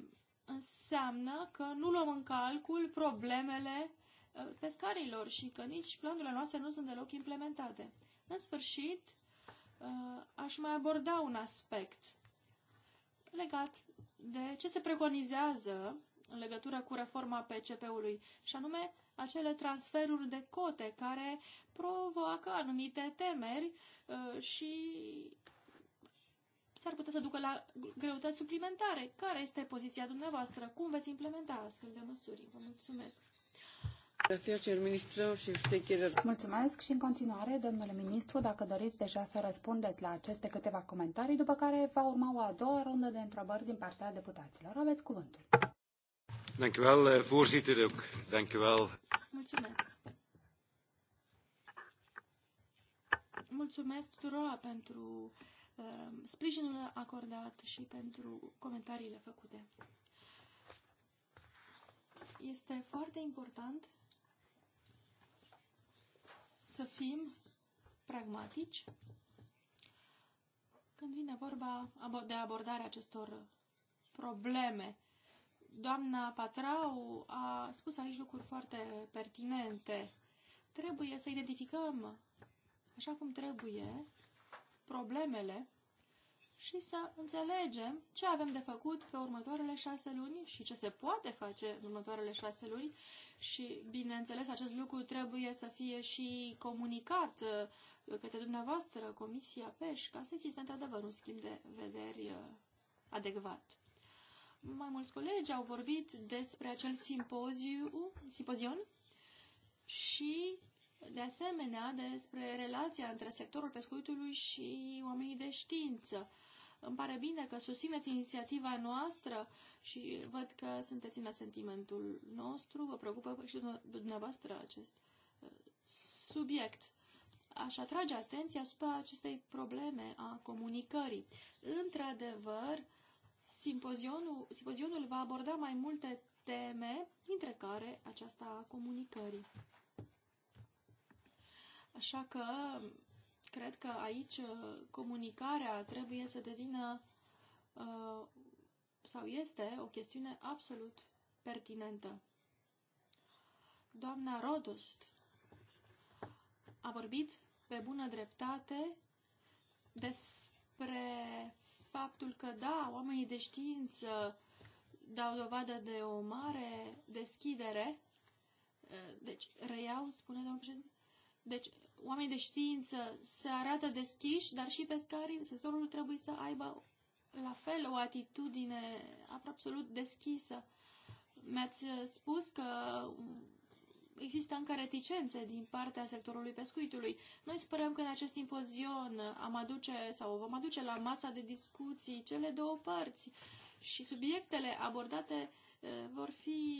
înseamnă că nu luăm în calcul problemele uh, pescarilor și că nici planurile noastre nu sunt deloc implementate. În sfârșit, aș mai aborda un aspect legat de ce se preconizează în legătură cu reforma PCP-ului, și anume acele transferuri de cote care provoacă anumite temeri uh, și s-ar putea să ducă la greutăți suplimentare. Care este poziția dumneavoastră? Cum veți implementa astfel de măsuri? Vă mulțumesc! Mulțumesc și în continuare, domnule ministru, dacă doriți deja să răspundeți la aceste câteva comentarii, după care va urma o a doua rundă de întrebări din partea deputaților. Aveți cuvântul. Eh, Mulțumesc. Mulțumesc tuturor pentru uh, sprijinul acordat și pentru comentariile făcute. Este foarte important să fim pragmatici când vine vorba de abordarea acestor probleme. Doamna Patrau a spus aici lucruri foarte pertinente. Trebuie să identificăm, așa cum trebuie, problemele și să înțelegem ce avem de făcut pe următoarele șase luni și ce se poate face în următoarele șase luni și, bineînțeles, acest lucru trebuie să fie și comunicat uh, către dumneavoastră, Comisia PEș, ca să existe într-adevăr un schimb de vederi uh, adecvat. Mai mulți colegi au vorbit despre acel simpoziu, simpozion și de asemenea, despre relația între sectorul pescuitului și oamenii de știință. Îmi pare bine că susțineți inițiativa noastră și văd că sunteți în asentimentul nostru. Vă preocupă și dumneavoastră acest uh, subiect. Aș atrage atenția asupra acestei probleme a comunicării. Într-adevăr, simpozionul, simpozionul va aborda mai multe teme, dintre care aceasta a comunicării. Așa că Cred că aici uh, comunicarea trebuie să devină uh, sau este o chestiune absolut pertinentă. Doamna Rodost a vorbit pe bună dreptate despre faptul că, da, oamenii de știință dau dovadă de o mare deschidere. Uh, deci, reiau, spune domnul președinte, deci oameni de știință se arată deschiși, dar și pescarii, sectorul trebuie să aibă la fel o atitudine absolut deschisă. Mi-ați spus că există încă reticențe din partea sectorului pescuitului. Noi sperăm că în acest impozion am aduce sau vom aduce la masa de discuții cele două părți și subiectele abordate eh, vor fi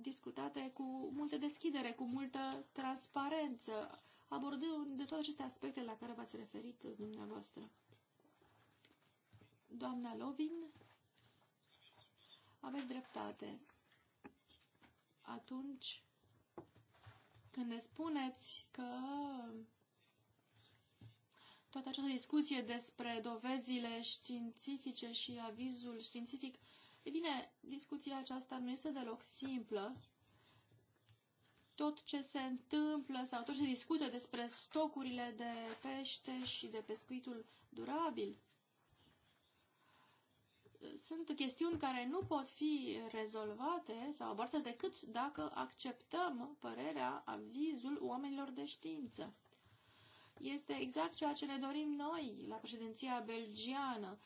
discutate cu multă deschidere, cu multă transparență abordând de toate aceste aspecte la care v-ați referit dumneavoastră. Doamna Lovin, aveți dreptate. Atunci când ne spuneți că toată această discuție despre dovezile științifice și avizul științific, e bine, discuția aceasta nu este deloc simplă tot ce se întâmplă sau tot ce se discută despre stocurile de pește și de pescuitul durabil. Sunt chestiuni care nu pot fi rezolvate sau abordate decât dacă acceptăm părerea, avizul oamenilor de știință. Este exact ceea ce ne dorim noi la președinția belgiană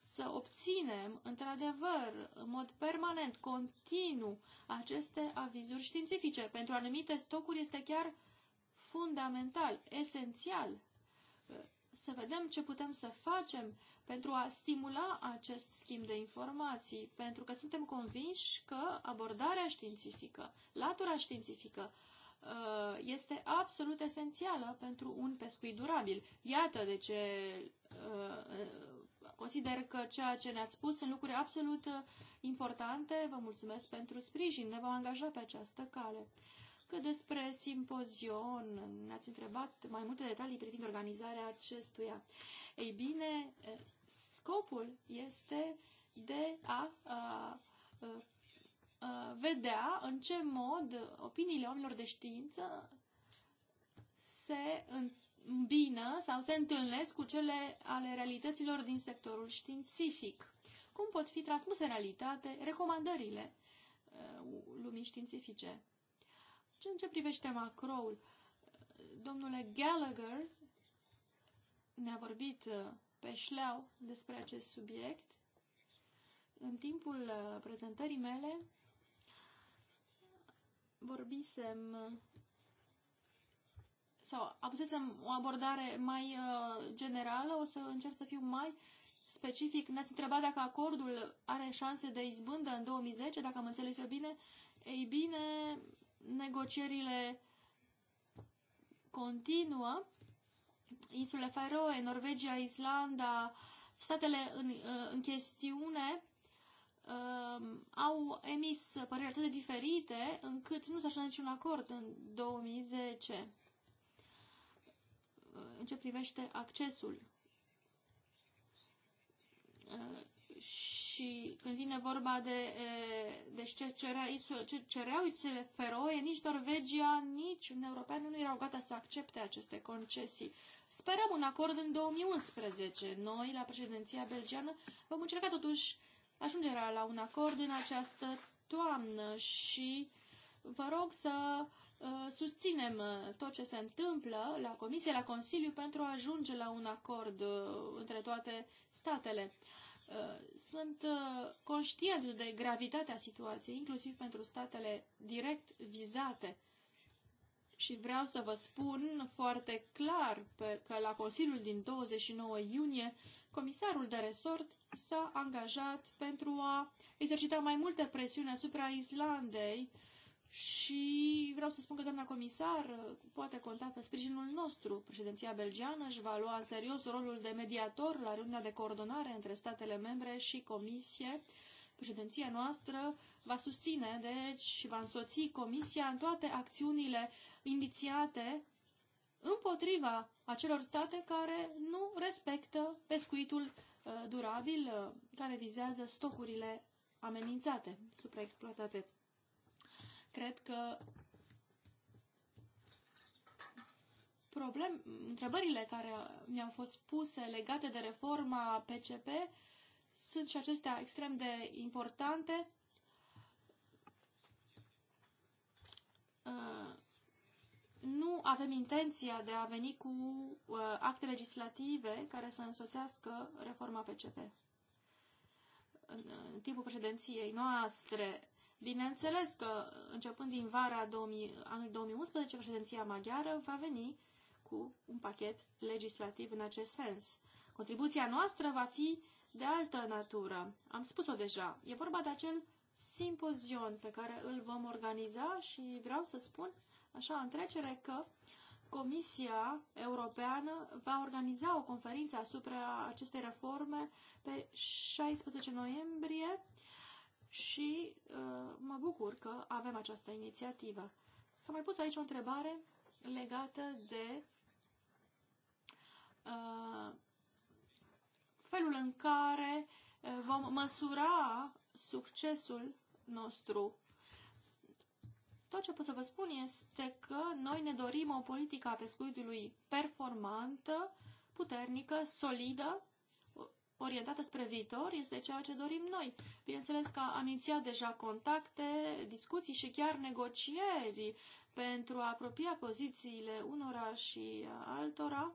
să obținem, într-adevăr, în mod permanent, continuu, aceste avizuri științifice. Pentru anumite stocuri este chiar fundamental, esențial uh, să vedem ce putem să facem pentru a stimula acest schimb de informații, pentru că suntem convinși că abordarea științifică, latura științifică, uh, este absolut esențială pentru un pescuit durabil. Iată de ce uh, Consider că ceea ce ne-ați spus sunt lucruri absolut uh, importante. Vă mulțumesc pentru sprijin. Ne vom angaja pe această cale. Că despre simpozion ne-ați întrebat mai multe detalii privind organizarea acestuia. Ei bine, uh, scopul este de a, a, a, a vedea în ce mod opiniile oamenilor de știință se întâmplă îmbină sau se întâlnesc cu cele ale realităților din sectorul științific. Cum pot fi transmuse în realitate recomandările uh, lumii științifice? În ce privește macroul, domnule Gallagher ne-a vorbit uh, pe șleau despre acest subiect în timpul uh, prezentării mele vorbisem sau avusesem o abordare mai uh, generală, o să încerc să fiu mai specific. Ne-ați întrebat dacă acordul are șanse de izbândă în 2010, dacă am înțeles eu bine. Ei bine, negocierile continuă. Insulele Faroe, Norvegia, Islanda, statele în, uh, în chestiune um, au emis păreri atât de diferite încât nu s-a ajuns niciun acord în 2010 în ce privește accesul. Uh, și când vine vorba de uh, de deci ce, cerea, ce cereau cele feroe, nici Norvegia, nici Uniunea Europeană nu erau gata să accepte aceste concesii. Sperăm un acord în 2011. Noi, la președinția belgiană, vom încerca totuși ajungerea la un acord în această toamnă și vă rog să Uh, susținem uh, tot ce se întâmplă la Comisie, la Consiliu, pentru a ajunge la un acord uh, între toate statele. Sunt conștient de gravitatea situației, inclusiv pentru statele direct vizate. Și vreau să vă spun foarte clar că la Consiliul din 29 iunie, comisarul de resort s-a angajat pentru a exercita mai multă presiune asupra Islandei uh, și vreau să spun că doamna comisar poate conta pe sprijinul nostru. Președinția belgiană își va lua în serios rolul de mediator la reuniunea de coordonare între statele membre și comisie. Președinția noastră va susține, deci, și va însoți comisia în toate acțiunile inițiate împotriva acelor state care nu respectă pescuitul uh, durabil uh, care vizează stocurile amenințate, supraexploatate. Cred că problem, întrebările care mi-au fost puse legate de reforma PCP sunt și acestea extrem de importante. Uh, nu avem intenția de a veni cu uh, acte legislative care să însoțească reforma PCP. În timpul președinției noastre Bineînțeles că începând din vara 2000, anului 2011, președinția maghiară va veni cu un pachet legislativ în acest sens. Contribuția noastră va fi de altă natură. Am spus-o deja. E vorba de acel simpozion pe care îl vom organiza și vreau să spun așa în trecere că Comisia Europeană va organiza o conferință asupra acestei reforme pe 16 noiembrie și uh, mă bucur că avem această inițiativă. S-a mai pus aici o întrebare legată de uh, felul în care uh, vom măsura succesul nostru. Tot ce pot să vă spun este că noi ne dorim o politică a pescuitului performantă, puternică, solidă, orientată spre viitor este ceea ce dorim noi. Bineînțeles că am inițiat deja contacte, discuții și chiar negocieri pentru a apropia pozițiile unora și altora.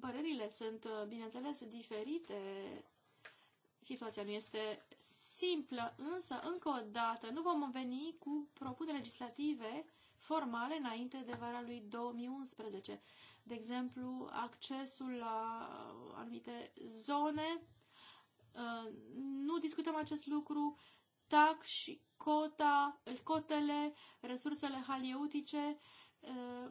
Părerile sunt, bineînțeles, diferite. Situația nu este simplă, însă, încă o dată, nu vom veni cu propuneri legislative formale înainte de vara lui 2011 de exemplu, accesul la anumite zone. Uh, nu discutăm acest lucru. Tax și cota, cotele, resursele halieutice. Uh,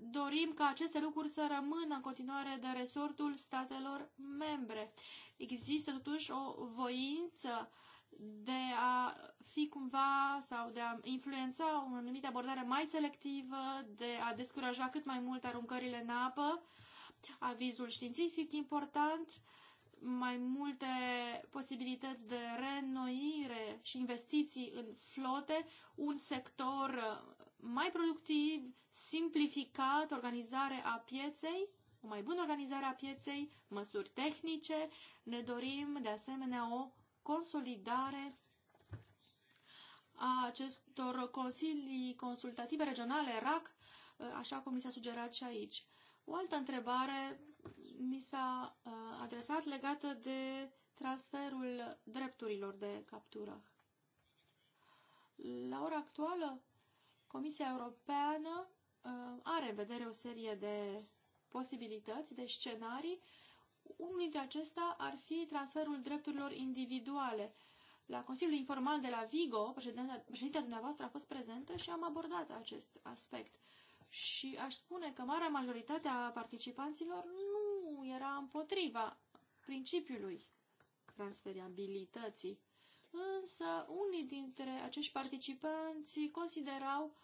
dorim ca aceste lucruri să rămână în continuare de resortul statelor membre. Există totuși o voință uh, de a fi cumva sau de a influența o anumită abordare mai selectivă, de a descuraja cât mai mult aruncările în apă, avizul științific important, mai multe posibilități de reînnoire și investiții în flote, un sector mai productiv, simplificat, organizare a pieței, o mai bună organizare a pieței, măsuri tehnice. Ne dorim, de asemenea, o consolidare a acestor consilii consultative regionale, RAC, așa cum mi s-a sugerat și aici. O altă întrebare mi s-a uh, adresat legată de transferul drepturilor de captură. La ora actuală, Comisia Europeană uh, are în vedere o serie de posibilități, de scenarii unul dintre acestea ar fi transferul drepturilor individuale. La Consiliul Informal de la Vigo, președintea dumneavoastră a fost prezentă și am abordat acest aspect. Și aș spune că marea majoritate a participanților nu era împotriva principiului transferabilității. Însă, unii dintre acești participanți considerau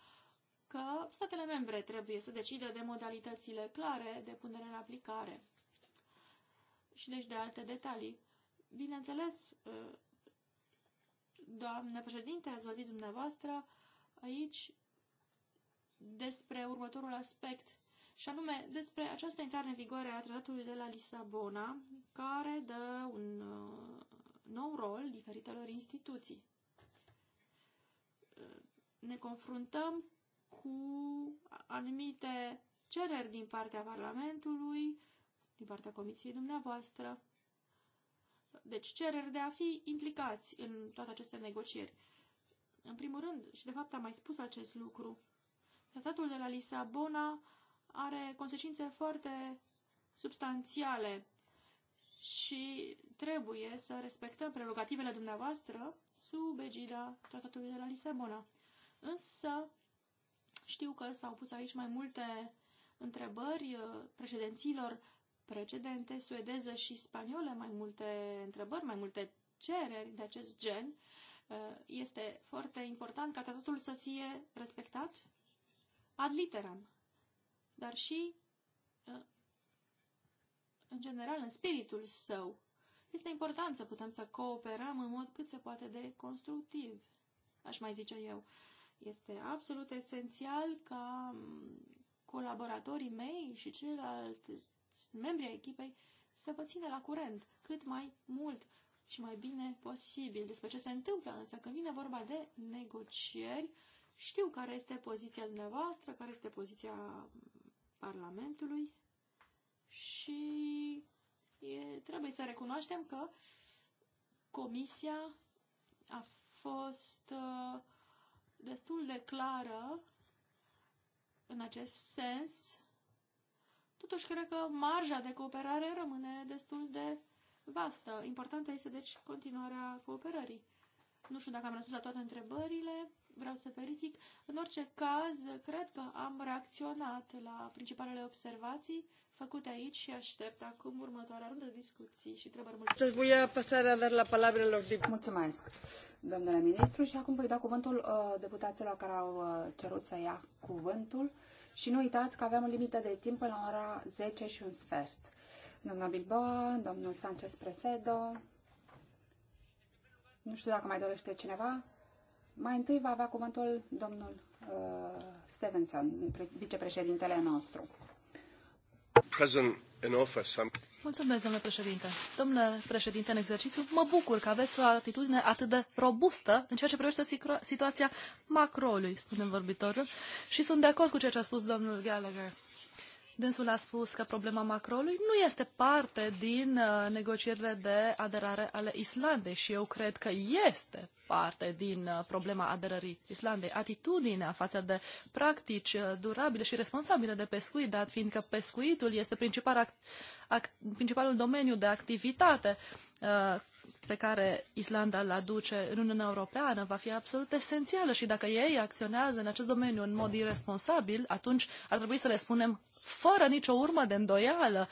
că statele membre trebuie să decidă de modalitățile clare de punere în aplicare și deci de alte detalii. Bineînțeles, ă, doamnă președinte, ați vorbit dumneavoastră aici despre următorul aspect, și anume despre această intrare în vigoare a tratatului de la Lisabona, care dă un ă, nou rol diferitelor instituții. Ă, ne confruntăm cu anumite cereri din partea Parlamentului, din partea comisiei dumneavoastră. Deci cereri de a fi implicați în toate aceste negocieri. În primul rând, și de fapt am mai spus acest lucru, tratatul de la Lisabona are consecințe foarte substanțiale și trebuie să respectăm prerogativele dumneavoastră sub egida tratatului de la Lisabona. Însă, știu că s-au pus aici mai multe întrebări eh, președinților precedente suedeză și spaniolă mai multe întrebări, mai multe cereri de acest gen, uh, este foarte important ca tratatul să fie respectat ad literam, dar și uh, în general în spiritul său. Este important să putem să cooperăm în mod cât se poate de constructiv, aș mai zice eu. Este absolut esențial ca mm, colaboratorii mei și ceilalți membrii echipei să vă țină la curent cât mai mult și mai bine posibil despre ce se întâmplă, însă când vine vorba de negocieri, știu care este poziția dumneavoastră, care este poziția Parlamentului și e, trebuie să recunoaștem că Comisia a fost uh, destul de clară în acest sens Totuși, cred că marja de cooperare rămâne destul de vastă. Importantă este, deci, continuarea cooperării. Nu știu dacă am răspuns la toate întrebările vreau să verific. În orice caz, cred că am reacționat la principalele observații făcute aici și aștept acum următoarea rundă de discuții și întrebări. Mulțumesc. Voi pasarea dar la palabrelor din... Mulțumesc, domnule ministru, și acum voi da cuvântul uh, deputaților care au uh, cerut să ia cuvântul și nu uitați că avem o limită de timp până la ora 10 și un sfert. Doamna Bilboa, domnul Sanchez Presedo, nu știu dacă mai dorește cineva. Mai întâi va avea cuvântul domnul uh, Stevenson, vicepreședintele nostru. Mulțumesc, domnule președinte. Domnule președinte în exercițiu, mă bucur că aveți o atitudine atât de robustă în ceea ce privește situația macroului, spune vorbitorul, și sunt de acord cu ceea ce a spus domnul Gallagher. Dânsul a spus că problema macroului nu este parte din uh, negocierile de aderare ale Islandei și eu cred că este parte din uh, problema aderării Islandei. Atitudinea față de practici uh, durabile și responsabile de pescuit, dat fiindcă pescuitul este principal principalul domeniu de activitate uh, pe care Islanda îl aduce în Uniunea Europeană va fi absolut esențială și dacă ei acționează în acest domeniu în mod irresponsabil, atunci ar trebui să le spunem fără nicio urmă de îndoială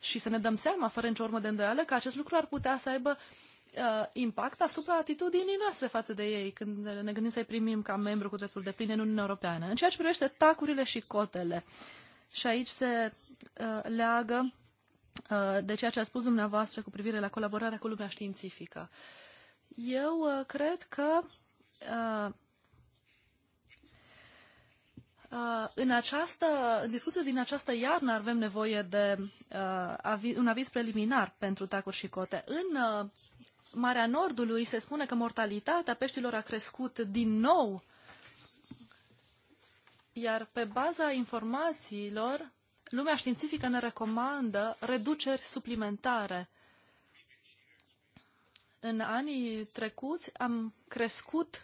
și să ne dăm seama fără nicio urmă de îndoială că acest lucru ar putea să aibă uh, uh, impact asupra atitudinii noastre față de ei când ne gândim să-i primim ca membru cu dreptul de plin în Uniunea Europeană. În ceea ce privește tacurile și cotele, și aici se uh, leagă uh, de ceea ce a spus dumneavoastră cu privire la colaborarea cu lumea științifică. Eu uh, cred că uh, Uh, în această în discuție din această iarnă avem nevoie de uh, avi, un aviz preliminar pentru tacuri și cote. În uh, Marea Nordului se spune că mortalitatea peștilor a crescut din nou, iar pe baza informațiilor, lumea științifică ne recomandă reduceri suplimentare. În anii trecuți am crescut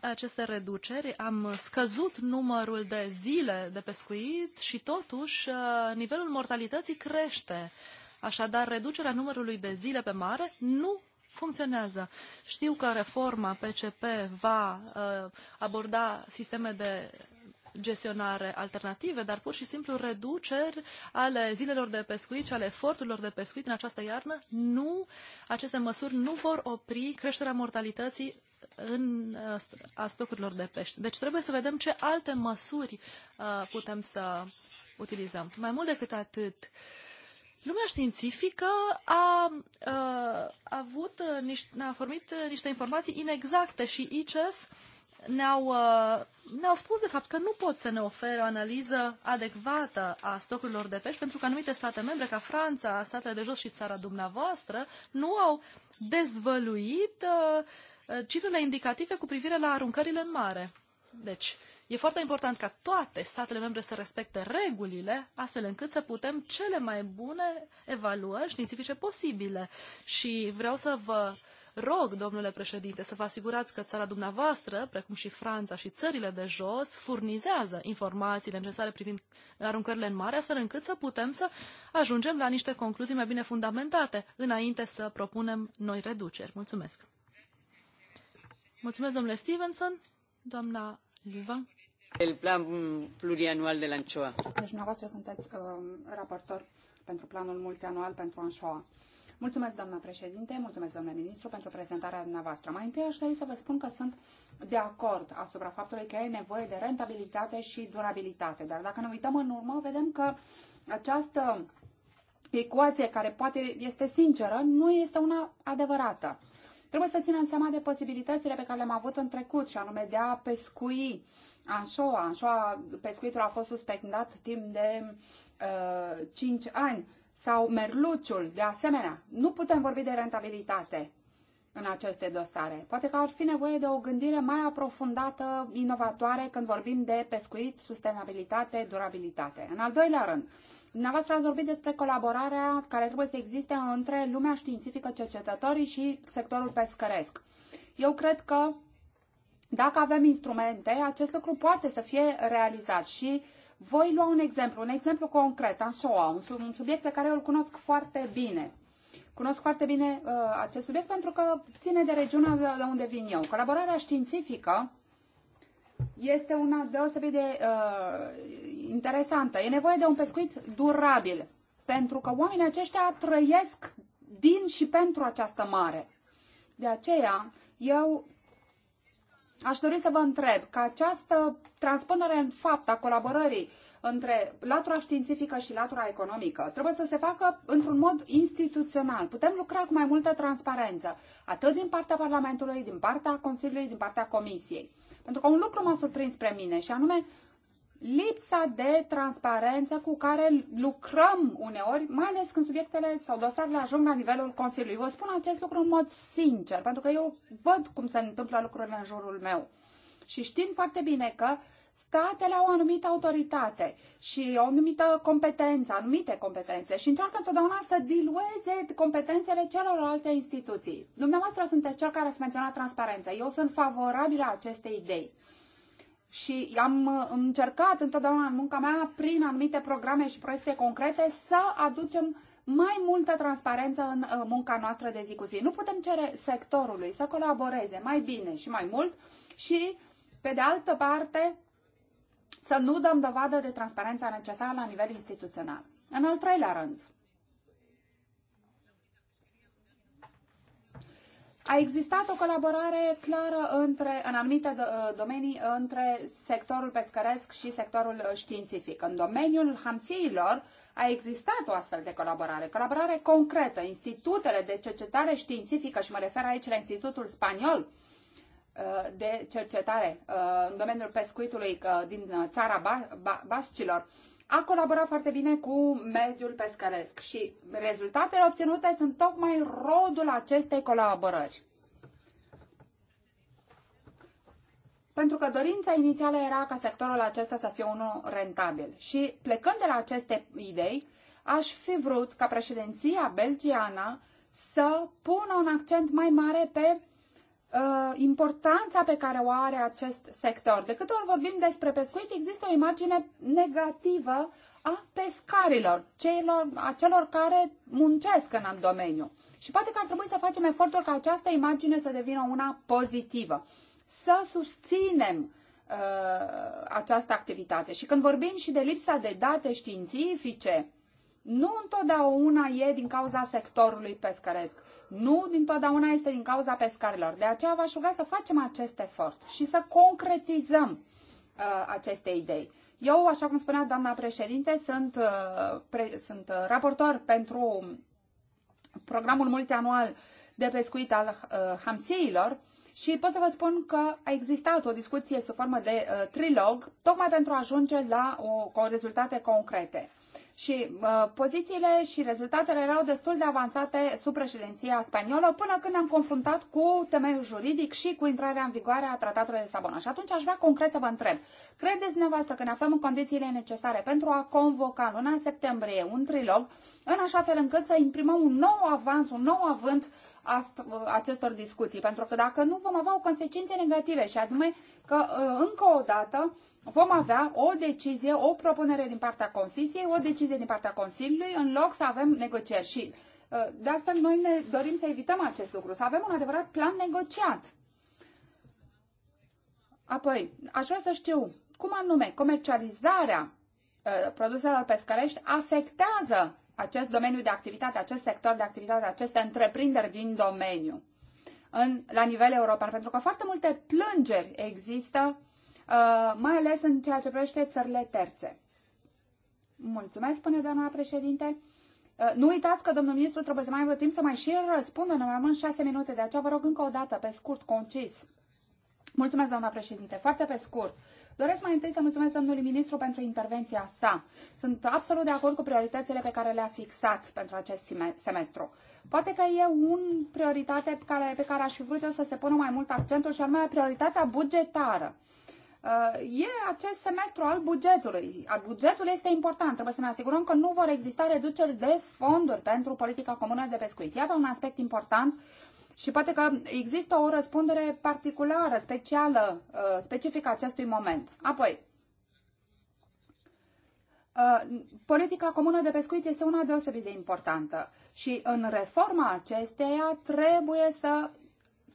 aceste reduceri, am scăzut numărul de zile de pescuit și totuși nivelul mortalității crește. Așadar, reducerea numărului de zile pe mare nu funcționează. Știu că reforma PCP va uh, aborda sisteme de gestionare alternative, dar pur și simplu reduceri ale zilelor de pescuit și ale eforturilor de pescuit în această iarnă, nu, aceste măsuri nu vor opri creșterea mortalității în, uh, a stocurilor de pești. Deci trebuie să vedem ce alte măsuri uh, putem să utilizăm. Mai mult decât atât, uh, Lumea științifică a, a avut uh, niște, a formit uh, niște informații inexacte și ICES ne-au, uh, ne-au spus, de fapt, că nu pot să ne oferă o analiză adecvată a stocurilor de pești, pentru că anumite state membre, ca Franța, statele de jos și țara dumneavoastră, nu au dezvăluit uh, cifrele indicative cu privire la aruncările în mare. Deci, E foarte important ca toate statele membre să respecte regulile, astfel încât să putem cele mai bune evaluări științifice posibile. Și vreau să vă rog, domnule președinte, să vă asigurați că țara dumneavoastră, precum și Franța și țările de jos, furnizează informațiile necesare privind aruncările în mare, astfel încât să putem să ajungem la niște concluzii mai bine fundamentate înainte să propunem noi reduceri. Mulțumesc! Mulțumesc, domnule Stevenson, doamna Luvan. El plan plurianual de la anchoa. Deci dumneavoastră sunteți uh, raportor pentru planul multianual pentru anchoa. Mulțumesc, doamna președinte, mulțumesc, domnule ministru, pentru prezentarea dumneavoastră. Mai întâi aș dori să vă spun că sunt de acord asupra faptului că e nevoie de rentabilitate și durabilitate. Dar dacă ne uităm în urmă, vedem că această ecuație, care poate este sinceră, nu este una adevărată. Trebuie să ținem seama de posibilitățile pe care le-am avut în trecut, și anume de a pescui anșoa. Anșoa, pescuitul a fost suspendat timp de uh, 5 ani sau merluciul, de asemenea. Nu putem vorbi de rentabilitate în aceste dosare. Poate că ar fi nevoie de o gândire mai aprofundată, inovatoare, când vorbim de pescuit, sustenabilitate, durabilitate. În al doilea rând, dumneavoastră ați vorbit despre colaborarea care trebuie să existe între lumea științifică, cercetătorii și sectorul pescăresc. Eu cred că dacă avem instrumente, acest lucru poate să fie realizat și voi lua un exemplu, un exemplu concret, Anșoa, un, sub, un subiect pe care eu îl cunosc foarte bine. Cunosc foarte bine uh, acest subiect pentru că ține de regiunea de unde vin eu. Colaborarea științifică este una deosebit de uh, interesantă. E nevoie de un pescuit durabil, pentru că oamenii aceștia trăiesc din și pentru această mare. De aceea, eu Aș dori să vă întreb că această transpunere în fapt a colaborării între latura științifică și latura economică trebuie să se facă într-un mod instituțional. Putem lucra cu mai multă transparență, atât din partea Parlamentului, din partea Consiliului, din partea Comisiei. Pentru că un lucru m-a surprins pe mine și anume lipsa de transparență cu care lucrăm uneori, mai ales când subiectele sau dosarele ajung la nivelul Consiliului. Vă spun acest lucru în mod sincer, pentru că eu văd cum se întâmplă lucrurile în jurul meu. Și știm foarte bine că statele au o anumită autoritate și o anumită competență, anumite competențe și încearcă întotdeauna să dilueze competențele celorlalte instituții. Dumneavoastră sunteți cel care ați menționat transparența. Eu sunt favorabilă acestei idei și am uh, încercat întotdeauna în munca mea, prin anumite programe și proiecte concrete, să aducem mai multă transparență în uh, munca noastră de zi cu zi. Nu putem cere sectorului să colaboreze mai bine și mai mult și, pe de altă parte, să nu dăm dovadă de transparența necesară la nivel instituțional. În al treilea rând, A existat o colaborare clară între, în anumite domenii între sectorul pescăresc și sectorul științific. În domeniul hamsiilor a existat o astfel de colaborare, colaborare concretă. Institutele de cercetare științifică, și mă refer aici la Institutul Spaniol uh, de cercetare uh, în domeniul pescuitului uh, din țara Bascilor, a colaborat foarte bine cu mediul pescăresc și rezultatele obținute sunt tocmai rodul acestei colaborări. pentru că dorința inițială era ca sectorul acesta să fie unul rentabil. Și plecând de la aceste idei, aș fi vrut ca președinția belgiană să pună un accent mai mare pe uh, importanța pe care o are acest sector. De câte ori vorbim despre pescuit, există o imagine negativă a pescarilor, celor, a celor care muncesc în domeniu. Și poate că ar trebui să facem eforturi ca această imagine să devină una pozitivă. Să susținem uh, această activitate. Și când vorbim și de lipsa de date științifice, nu întotdeauna e din cauza sectorului pescăresc. Nu întotdeauna este din cauza pescarilor. De aceea v-aș ruga să facem acest efort și să concretizăm uh, aceste idei. Eu, așa cum spunea doamna președinte, sunt, uh, pre, sunt uh, raportor pentru programul multianual de pescuit al uh, hamsiilor și pot să vă spun că a existat o discuție sub formă de uh, trilog, tocmai pentru a ajunge la o, rezultate concrete. Uh, și uh, pozițiile și rezultatele erau destul de avansate sub președinția spaniolă până când ne-am confruntat cu temeiul juridic și cu intrarea în vigoare a tratatului de Lisabona. Și atunci aș vrea concret să vă întreb. Credeți dumneavoastră că ne aflăm în condițiile necesare pentru a convoca în luna septembrie un trilog în așa fel încât să imprimăm un nou avans, un nou avânt acestor discuții, pentru că dacă nu vom avea o consecințe negative și anume că uh, încă o dată vom avea o decizie, o propunere din partea Consiliei, o decizie din partea Consiliului, în loc să avem negocieri. Și uh, de altfel noi ne dorim să evităm acest lucru, să avem un adevărat plan negociat. Apoi, aș vrea să știu cum anume comercializarea uh, produselor pescărești afectează acest domeniu de activitate, acest sector de activitate, aceste întreprinderi din domeniu în, la nivel european, pentru că foarte multe plângeri există, uh, mai ales în ceea ce privește țările terțe. Mulțumesc, spune doamna președinte. Uh, nu uitați că domnul ministru trebuie să mai aibă timp să mai și răspundă ne mai mult șase minute, de aceea vă rog încă o dată, pe scurt, concis. Mulțumesc, doamna președinte. Foarte pe scurt. Doresc mai întâi să mulțumesc domnului ministru pentru intervenția sa. Sunt absolut de acord cu prioritățile pe care le-a fixat pentru acest semestru. Poate că e un prioritate pe care, pe care aș fi vrut eu să se pună mai mult accentul și anume prioritatea bugetară. Uh, e acest semestru al bugetului. Bugetul este important. Trebuie să ne asigurăm că nu vor exista reduceri de fonduri pentru politica comună de pescuit. Iată un aspect important și poate că există o răspundere particulară, specială, uh, specifică acestui moment. Apoi, uh, politica comună de pescuit este una deosebit de importantă și în reforma acesteia trebuie să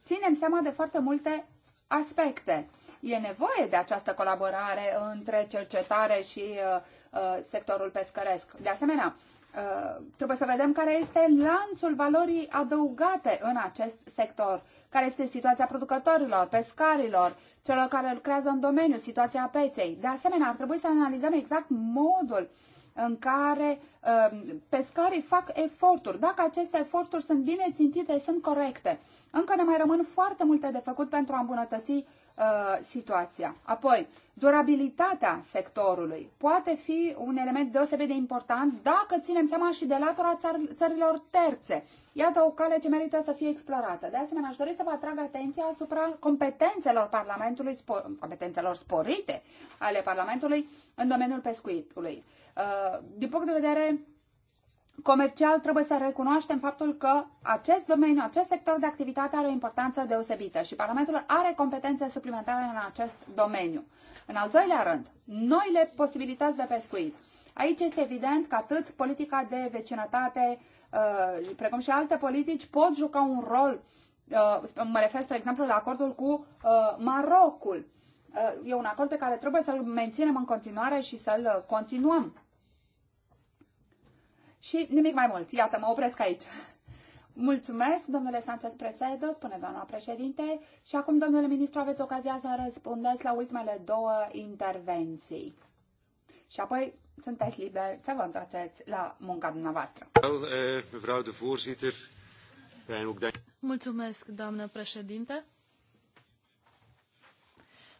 ținem seama de foarte multe aspecte. E nevoie de această colaborare între cercetare și uh, uh sectorul pescăresc. De asemenea, Uh, trebuie să vedem care este lanțul valorii adăugate în acest sector, care este situația producătorilor, pescarilor, celor care lucrează în domeniu, situația peței. De asemenea, ar trebui să analizăm exact modul în care uh, pescarii fac eforturi. Dacă aceste eforturi sunt bine țintite, sunt corecte. Încă ne mai rămân foarte multe de făcut pentru a îmbunătăți uh, situația. Apoi, durabilitatea sectorului poate fi un element deosebit de important dacă ținem seama și de latura țăr- țărilor terțe. Iată o cale ce merită să fie explorată. De asemenea, aș dori să vă atrag atenția asupra competențelor Parlamentului, spo- competențelor sporite ale Parlamentului în domeniul pescuitului. Uh, din punct de vedere comercial trebuie să recunoaștem faptul că acest domeniu, acest sector de activitate are o importanță deosebită și Parlamentul are competențe suplimentare în acest domeniu. În al doilea rând, noile posibilități de pescuit. Aici este evident că atât politica de vecinătate, uh, precum și alte politici, pot juca un rol. Uh, mă refer, spre exemplu, la acordul cu uh, Marocul. E un acord pe care trebuie să-l menținem în continuare și să-l continuăm. Și nimic mai mult. Iată, mă opresc aici. Mulțumesc, domnule Sanchez Presedo, spune doamna președinte. Și acum, domnule ministru, aveți ocazia să răspundeți la ultimele două intervenții. Și apoi sunteți liber să vă întoarceți la munca dumneavoastră. Eh, Vreau de Mulțumesc, doamnă președinte.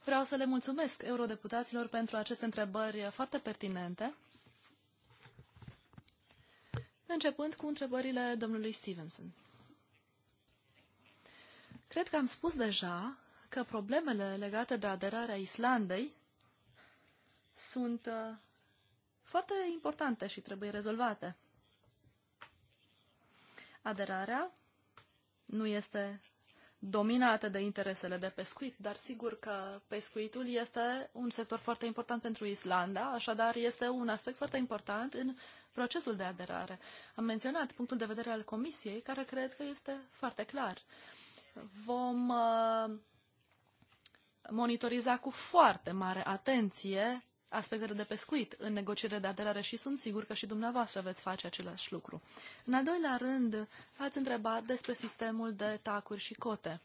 Vreau să le mulțumesc eurodeputaților pentru aceste întrebări foarte pertinente începând cu întrebările domnului Stevenson. Cred că am spus deja că problemele legate de aderarea Islandei sunt uh, foarte importante și trebuie rezolvate. Aderarea nu este dominată de interesele de pescuit, dar sigur că pescuitul este un sector foarte important pentru Islanda, așadar este un aspect foarte important în procesul de aderare. Am menționat punctul de vedere al Comisiei, care cred că este foarte clar. Vom uh, monitoriza cu foarte mare atenție aspectele de pescuit în negocierile de aderare și sunt sigur că și dumneavoastră veți face același lucru. În al doilea rând, ați întrebat despre sistemul de tacuri și cote.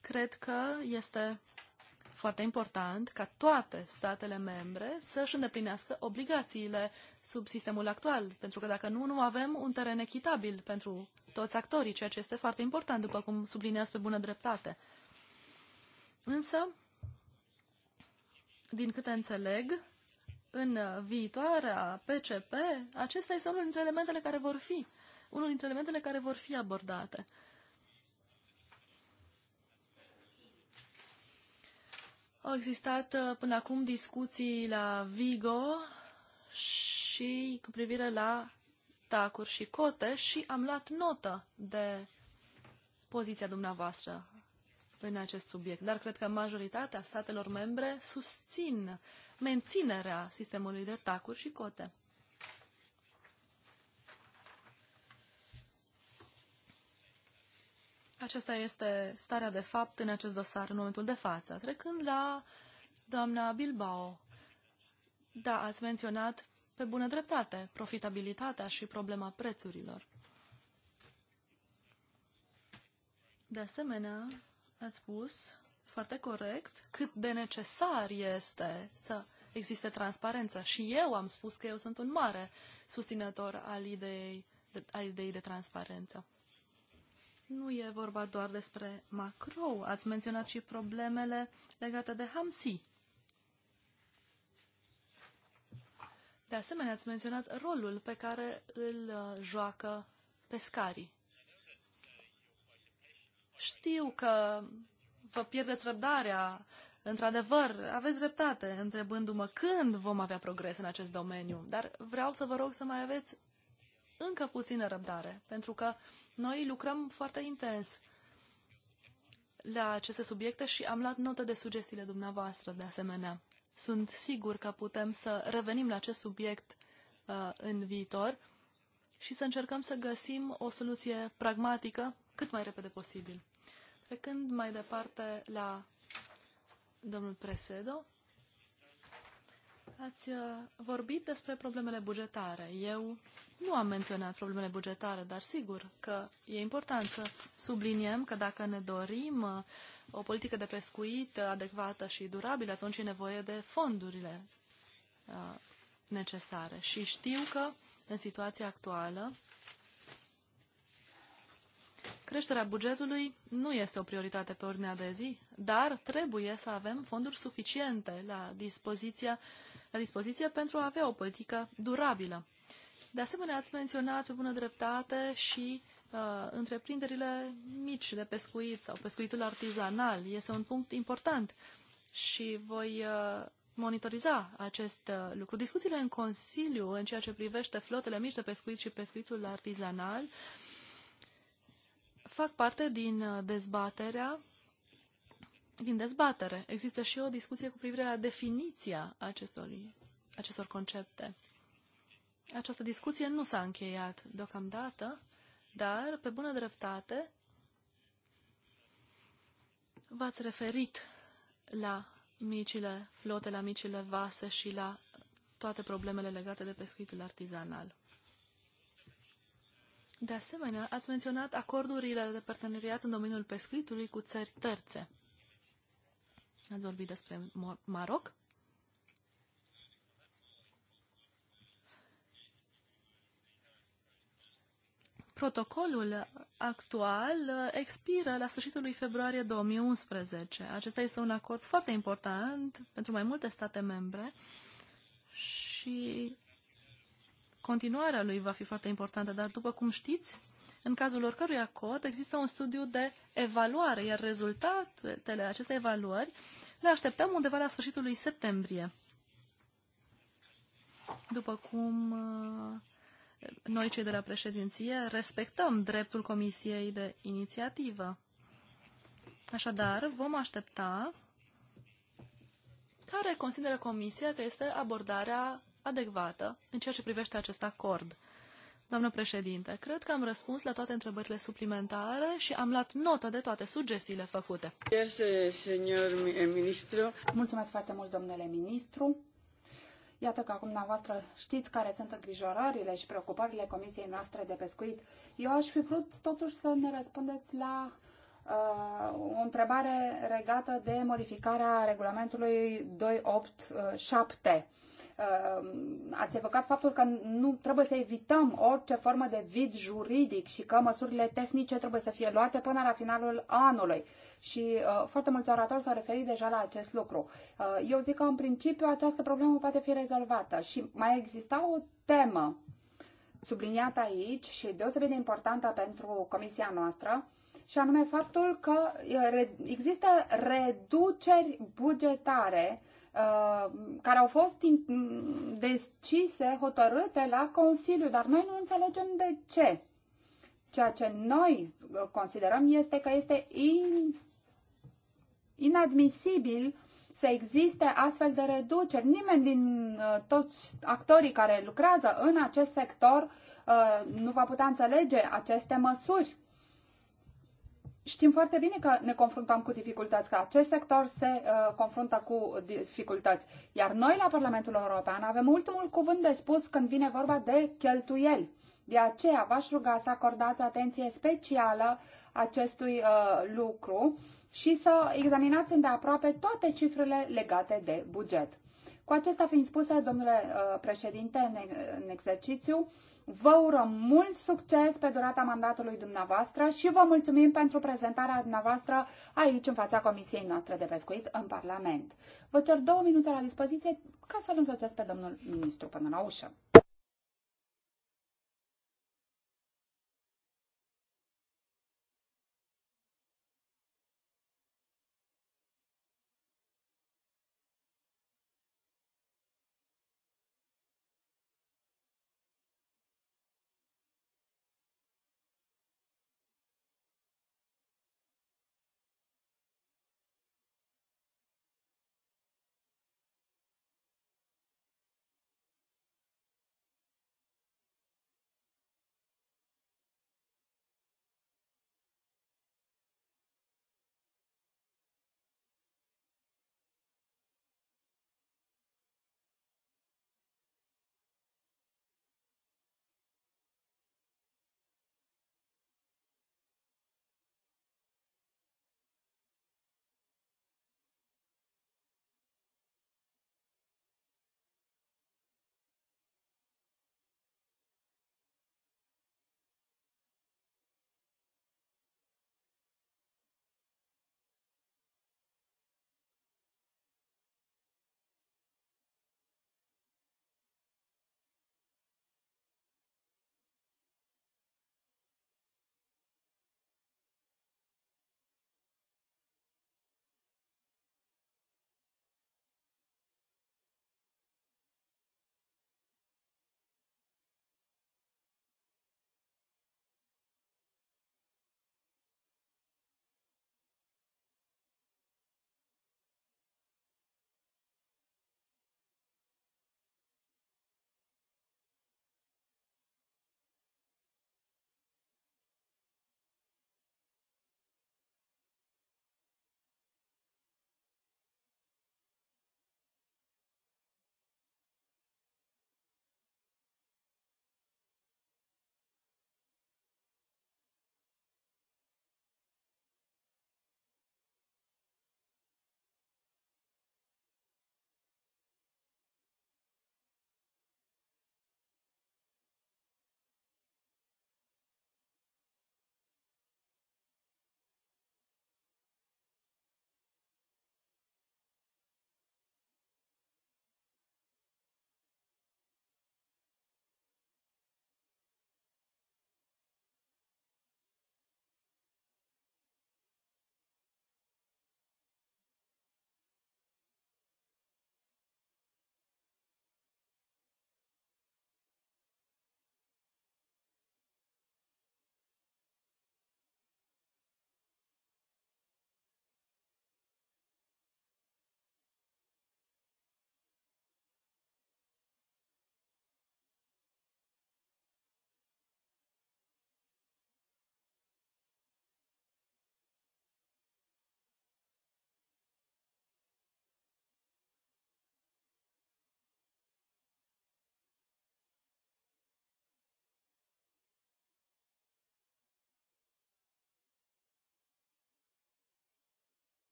Cred că este foarte important ca toate statele membre să-și îndeplinească obligațiile sub sistemul actual, pentru că dacă nu, nu avem un teren echitabil pentru toți actorii, ceea ce este foarte important, după cum subliniați pe bună dreptate. Însă, din câte înțeleg, în viitoarea PCP, acesta este unul dintre elementele care vor fi unul dintre elementele care vor fi abordate. Au existat uh, până acum discuții la Vigo și cu privire la tacuri și cote și am luat notă de poziția dumneavoastră în acest subiect. Dar cred că majoritatea statelor membre susțin menținerea sistemului de tacuri și cote. Aceasta este starea de fapt în acest dosar în momentul de față. Trecând la doamna Bilbao, da, ați menționat pe bună dreptate profitabilitatea și problema prețurilor. De asemenea, ați spus foarte corect cât de necesar este să existe transparență. Și eu am spus că eu sunt un mare susținător al ideii de, al ideii de transparență. Nu e vorba doar despre macro, ați menționat și problemele legate de Hamsi. De asemenea, ați menționat rolul pe care îl uh, joacă pescarii. Știu că vă pierdeți răbdarea. Într-adevăr, aveți dreptate întrebându-mă când vom avea progres în acest domeniu, dar vreau să vă rog să mai aveți încă puțină răbdare, pentru că noi lucrăm foarte intens la aceste subiecte și am luat notă de sugestiile dumneavoastră, de asemenea. Sunt sigur că putem să revenim la acest subiect uh, în viitor și să încercăm să găsim o soluție pragmatică cât mai repede posibil. Trecând mai departe la domnul Presedo, Ați uh, vorbit despre problemele bugetare. Eu nu am menționat problemele bugetare, dar sigur că e important să subliniem că dacă ne dorim uh, o politică de pescuit adecvată și durabilă, atunci e nevoie de fondurile uh, necesare. Și știu că în situația actuală creșterea bugetului nu este o prioritate pe ordinea de zi, dar trebuie să avem fonduri suficiente la dispoziția uh, la dispoziție pentru a avea o politică durabilă. De asemenea, ați menționat pe bună dreptate și uh, întreprinderile mici de pescuit sau pescuitul artizanal. Este un punct important și voi uh, monitoriza acest uh, lucru. Discuțiile în Consiliu în ceea ce privește flotele mici de pescuit și pescuitul artizanal fac parte din uh, dezbaterea din dezbatere. Există și o discuție cu privire la definiția acestor, acestor concepte. Această discuție nu s-a încheiat deocamdată, dar, pe bună dreptate, v-ați referit la micile flote, la micile vase și la toate problemele legate de pescuitul artizanal. De asemenea, ați menționat acordurile de parteneriat în domeniul pescuitului cu țări terțe. Ați vorbit despre Maroc. Protocolul actual uh, expiră la sfârșitul lui februarie 2011. Acesta este un acord foarte important pentru mai multe state membre și continuarea lui va fi foarte importantă, dar după cum știți, în cazul oricărui acord există un studiu de evaluare, iar rezultatele acestei evaluări le așteptăm undeva la sfârșitul lui septembrie. După cum uh, noi, cei de la președinție, respectăm dreptul Comisiei de inițiativă. Așadar, vom aștepta care consideră Comisia că este abordarea adecvată în ceea ce privește acest acord. Doamnă președinte, cred că am răspuns la toate întrebările suplimentare și am luat notă de toate sugestiile făcute. Mulțumesc foarte mult, domnule ministru. Iată că acum dumneavoastră știți care sunt îngrijorările și preocupările Comisiei noastre de pescuit. Eu aș fi vrut totuși să ne răspundeți la uh, o întrebare regată de modificarea regulamentului 287 ați evocat faptul că nu trebuie să evităm orice formă de vid juridic și că măsurile tehnice trebuie să fie luate până la finalul anului. Și uh, foarte mulți oratori s-au referit deja la acest lucru. Uh, eu zic că, în principiu, această problemă poate fi rezolvată. Și mai exista o temă subliniată aici și deosebit de importantă pentru comisia noastră, și anume faptul că uh, există reduceri bugetare Uh, care au fost decise, hotărâte la Consiliu, dar noi nu înțelegem de ce. Ceea ce noi uh, considerăm este că este in... inadmisibil să existe astfel de reduceri. Nimeni din uh, toți actorii care lucrează în acest sector nu va putea înțelege aceste măsuri. Știm foarte bine că ne confruntăm cu dificultăți, că acest sector se uh, confruntă cu dificultăți. Iar noi la Parlamentul European avem ultimul cuvânt de spus când vine vorba de cheltuieli. De aceea v-aș ruga să acordați atenție specială acestui uh, lucru și să examinați îndeaproape toate cifrele legate de buget. Cu acesta fiind spuse, domnule uh, președinte, în exercițiu, vă urăm mult succes pe durata mandatului dumneavoastră și vă mulțumim pentru prezentarea dumneavoastră aici, în fața Comisiei noastre de pescuit, în Parlament. Vă cer două minute la dispoziție ca să-l însoțesc pe domnul ministru până la ușă.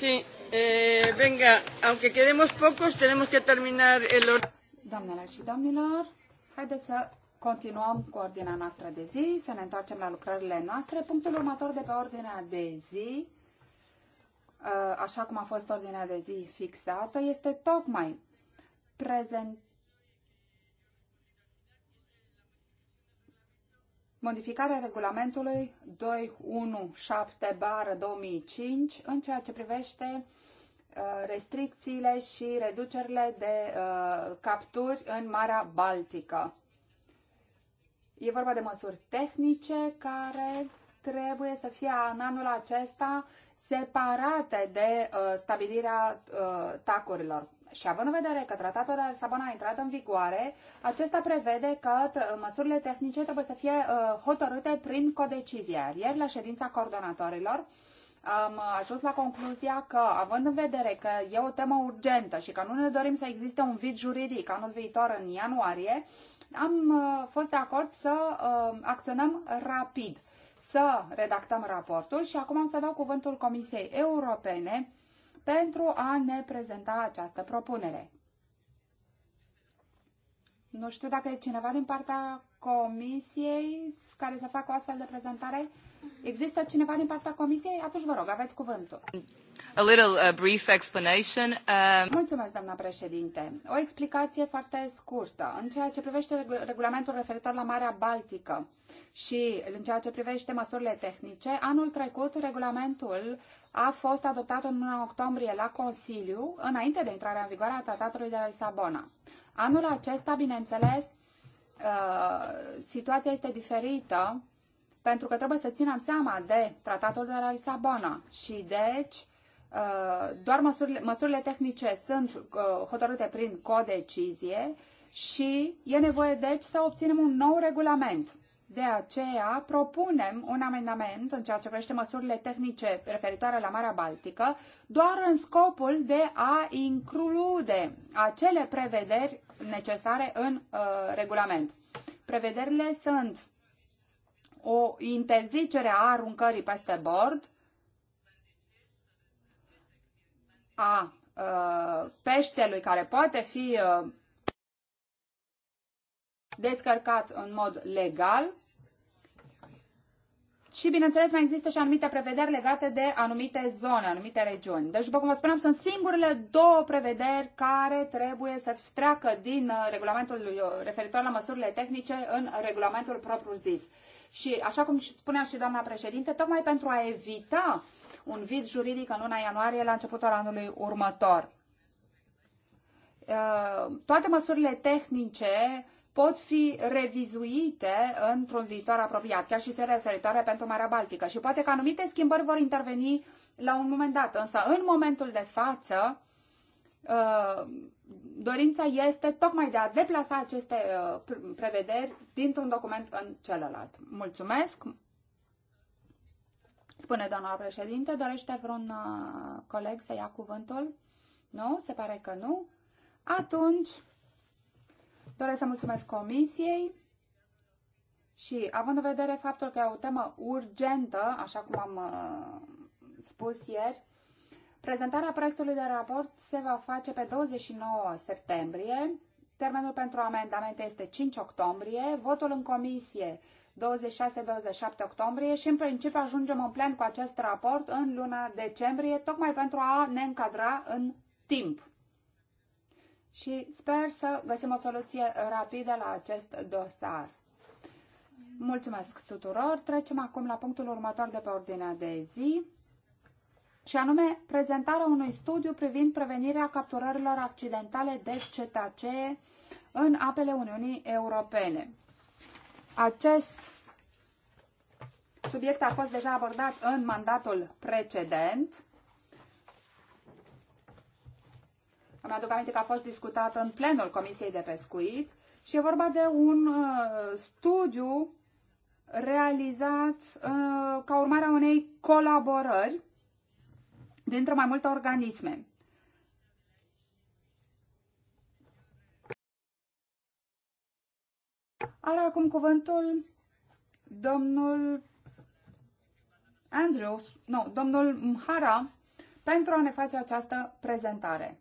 Sí, eh, venga, aunque quedemos pocos, tenemos que terminar el or... Doamnelor și domnilor, haideți să continuăm cu ordinea noastră de zi, să ne întoarcem la lucrările noastre. Punctul următor de pe ordinea de zi, uh, așa cum a fost ordinea de zi fixată, este tocmai prezent modificarea regulamentului 217-2005 în ceea ce privește uh, restricțiile și reducerile de uh, capturi în Marea Baltică. E vorba de măsuri tehnice care trebuie să fie în anul acesta separate de uh, stabilirea tacurilor. Și având în vedere că tratatul de Lisabona a intrat în vigoare, acesta prevede că măsurile tehnice trebuie să fie uh, hotărâte prin codecizie. Iar ieri, la ședința coordonatorilor, am ajuns la concluzia că, având în vedere că e o temă urgentă și că nu ne dorim să existe un vid juridic anul viitor, în ianuarie, am uh, fost de acord să uh, acționăm rapid, să redactăm raportul și acum am să dau cuvântul Comisiei Europene pentru a ne prezenta această propunere. Nu știu dacă e cineva din partea comisiei care să facă o astfel de prezentare. Există cineva din partea comisiei? Atunci vă rog, aveți cuvântul. A little a uh, brief explanation. Um... Mulțumesc, doamna președinte. O explicație foarte scurtă. În ceea ce privește regulamentul referitor la Marea Baltică și în ceea ce privește măsurile tehnice, anul trecut regulamentul a fost adoptat în 1 octombrie la Consiliu, înainte de intrarea în vigoare a Tratatului de la Lisabona. Anul acesta, bineînțeles, uh, situația este diferită pentru că trebuie să ținem seama de tratatul de la Lisabona și deci uh, doar măsurile, măsurile tehnice sunt uh, hotărâte prin codecizie și e nevoie deci să obținem un nou regulament. De aceea propunem un amendament în ceea ce privește măsurile tehnice referitoare la Marea Baltică, doar în scopul de a include acele prevederi necesare în uh, regulament. Prevederile sunt o interzicere a aruncării peste bord, a uh, peștelui care poate fi uh, descărcat în mod legal și, bineînțeles, mai există și anumite prevederi legate de anumite zone, anumite regiuni. Deci, după cum vă spuneam, sunt singurele două prevederi care trebuie să treacă din uh, regulamentul uh, referitor la măsurile tehnice în regulamentul propriu-zis și, așa cum spunea și doamna președinte, tocmai pentru a evita un vid juridic în luna ianuarie la începutul anului următor. Uh, toate măsurile tehnice pot fi revizuite într-un viitor apropiat, chiar și cele referitoare pentru Marea Baltică. Și poate că anumite schimbări vor interveni la un moment dat, însă în momentul de față Uh, dorința este tocmai de a deplasa aceste uh, prevederi dintr-un document în celălalt. Mulțumesc! Spune doamna președinte, dorește vreun uh, coleg să ia cuvântul? Nu? Se pare că nu. Atunci, doresc să mulțumesc comisiei și având în vedere faptul că e o temă urgentă, așa cum am spus ieri, Prezentarea proiectului de raport se va face pe 29 septembrie. Termenul pentru amendamente este 5 octombrie, votul în comisie 26-27 octombrie și în principiu ajungem în plen cu acest raport în luna decembrie, tocmai pentru a ne încadra în timp. Și sper să găsim o soluție rapidă la acest dosar. Mulțumesc tuturor! Trecem acum la punctul următor de pe ordinea de zi și anume prezentarea unui studiu privind prevenirea capturărilor accidentale de cetacee în apele Uniunii Europene. Acest subiect a fost deja abordat în mandatul precedent. Îmi aduc aminte că a fost discutat în plenul Comisiei de Pescuit și e vorba de un uh, studiu realizat uh, ca urmare a unei colaborări dintre mai multe organisme. Are acum cuvântul domnul Andrews, nu, domnul Mhara, pentru a ne face această prezentare.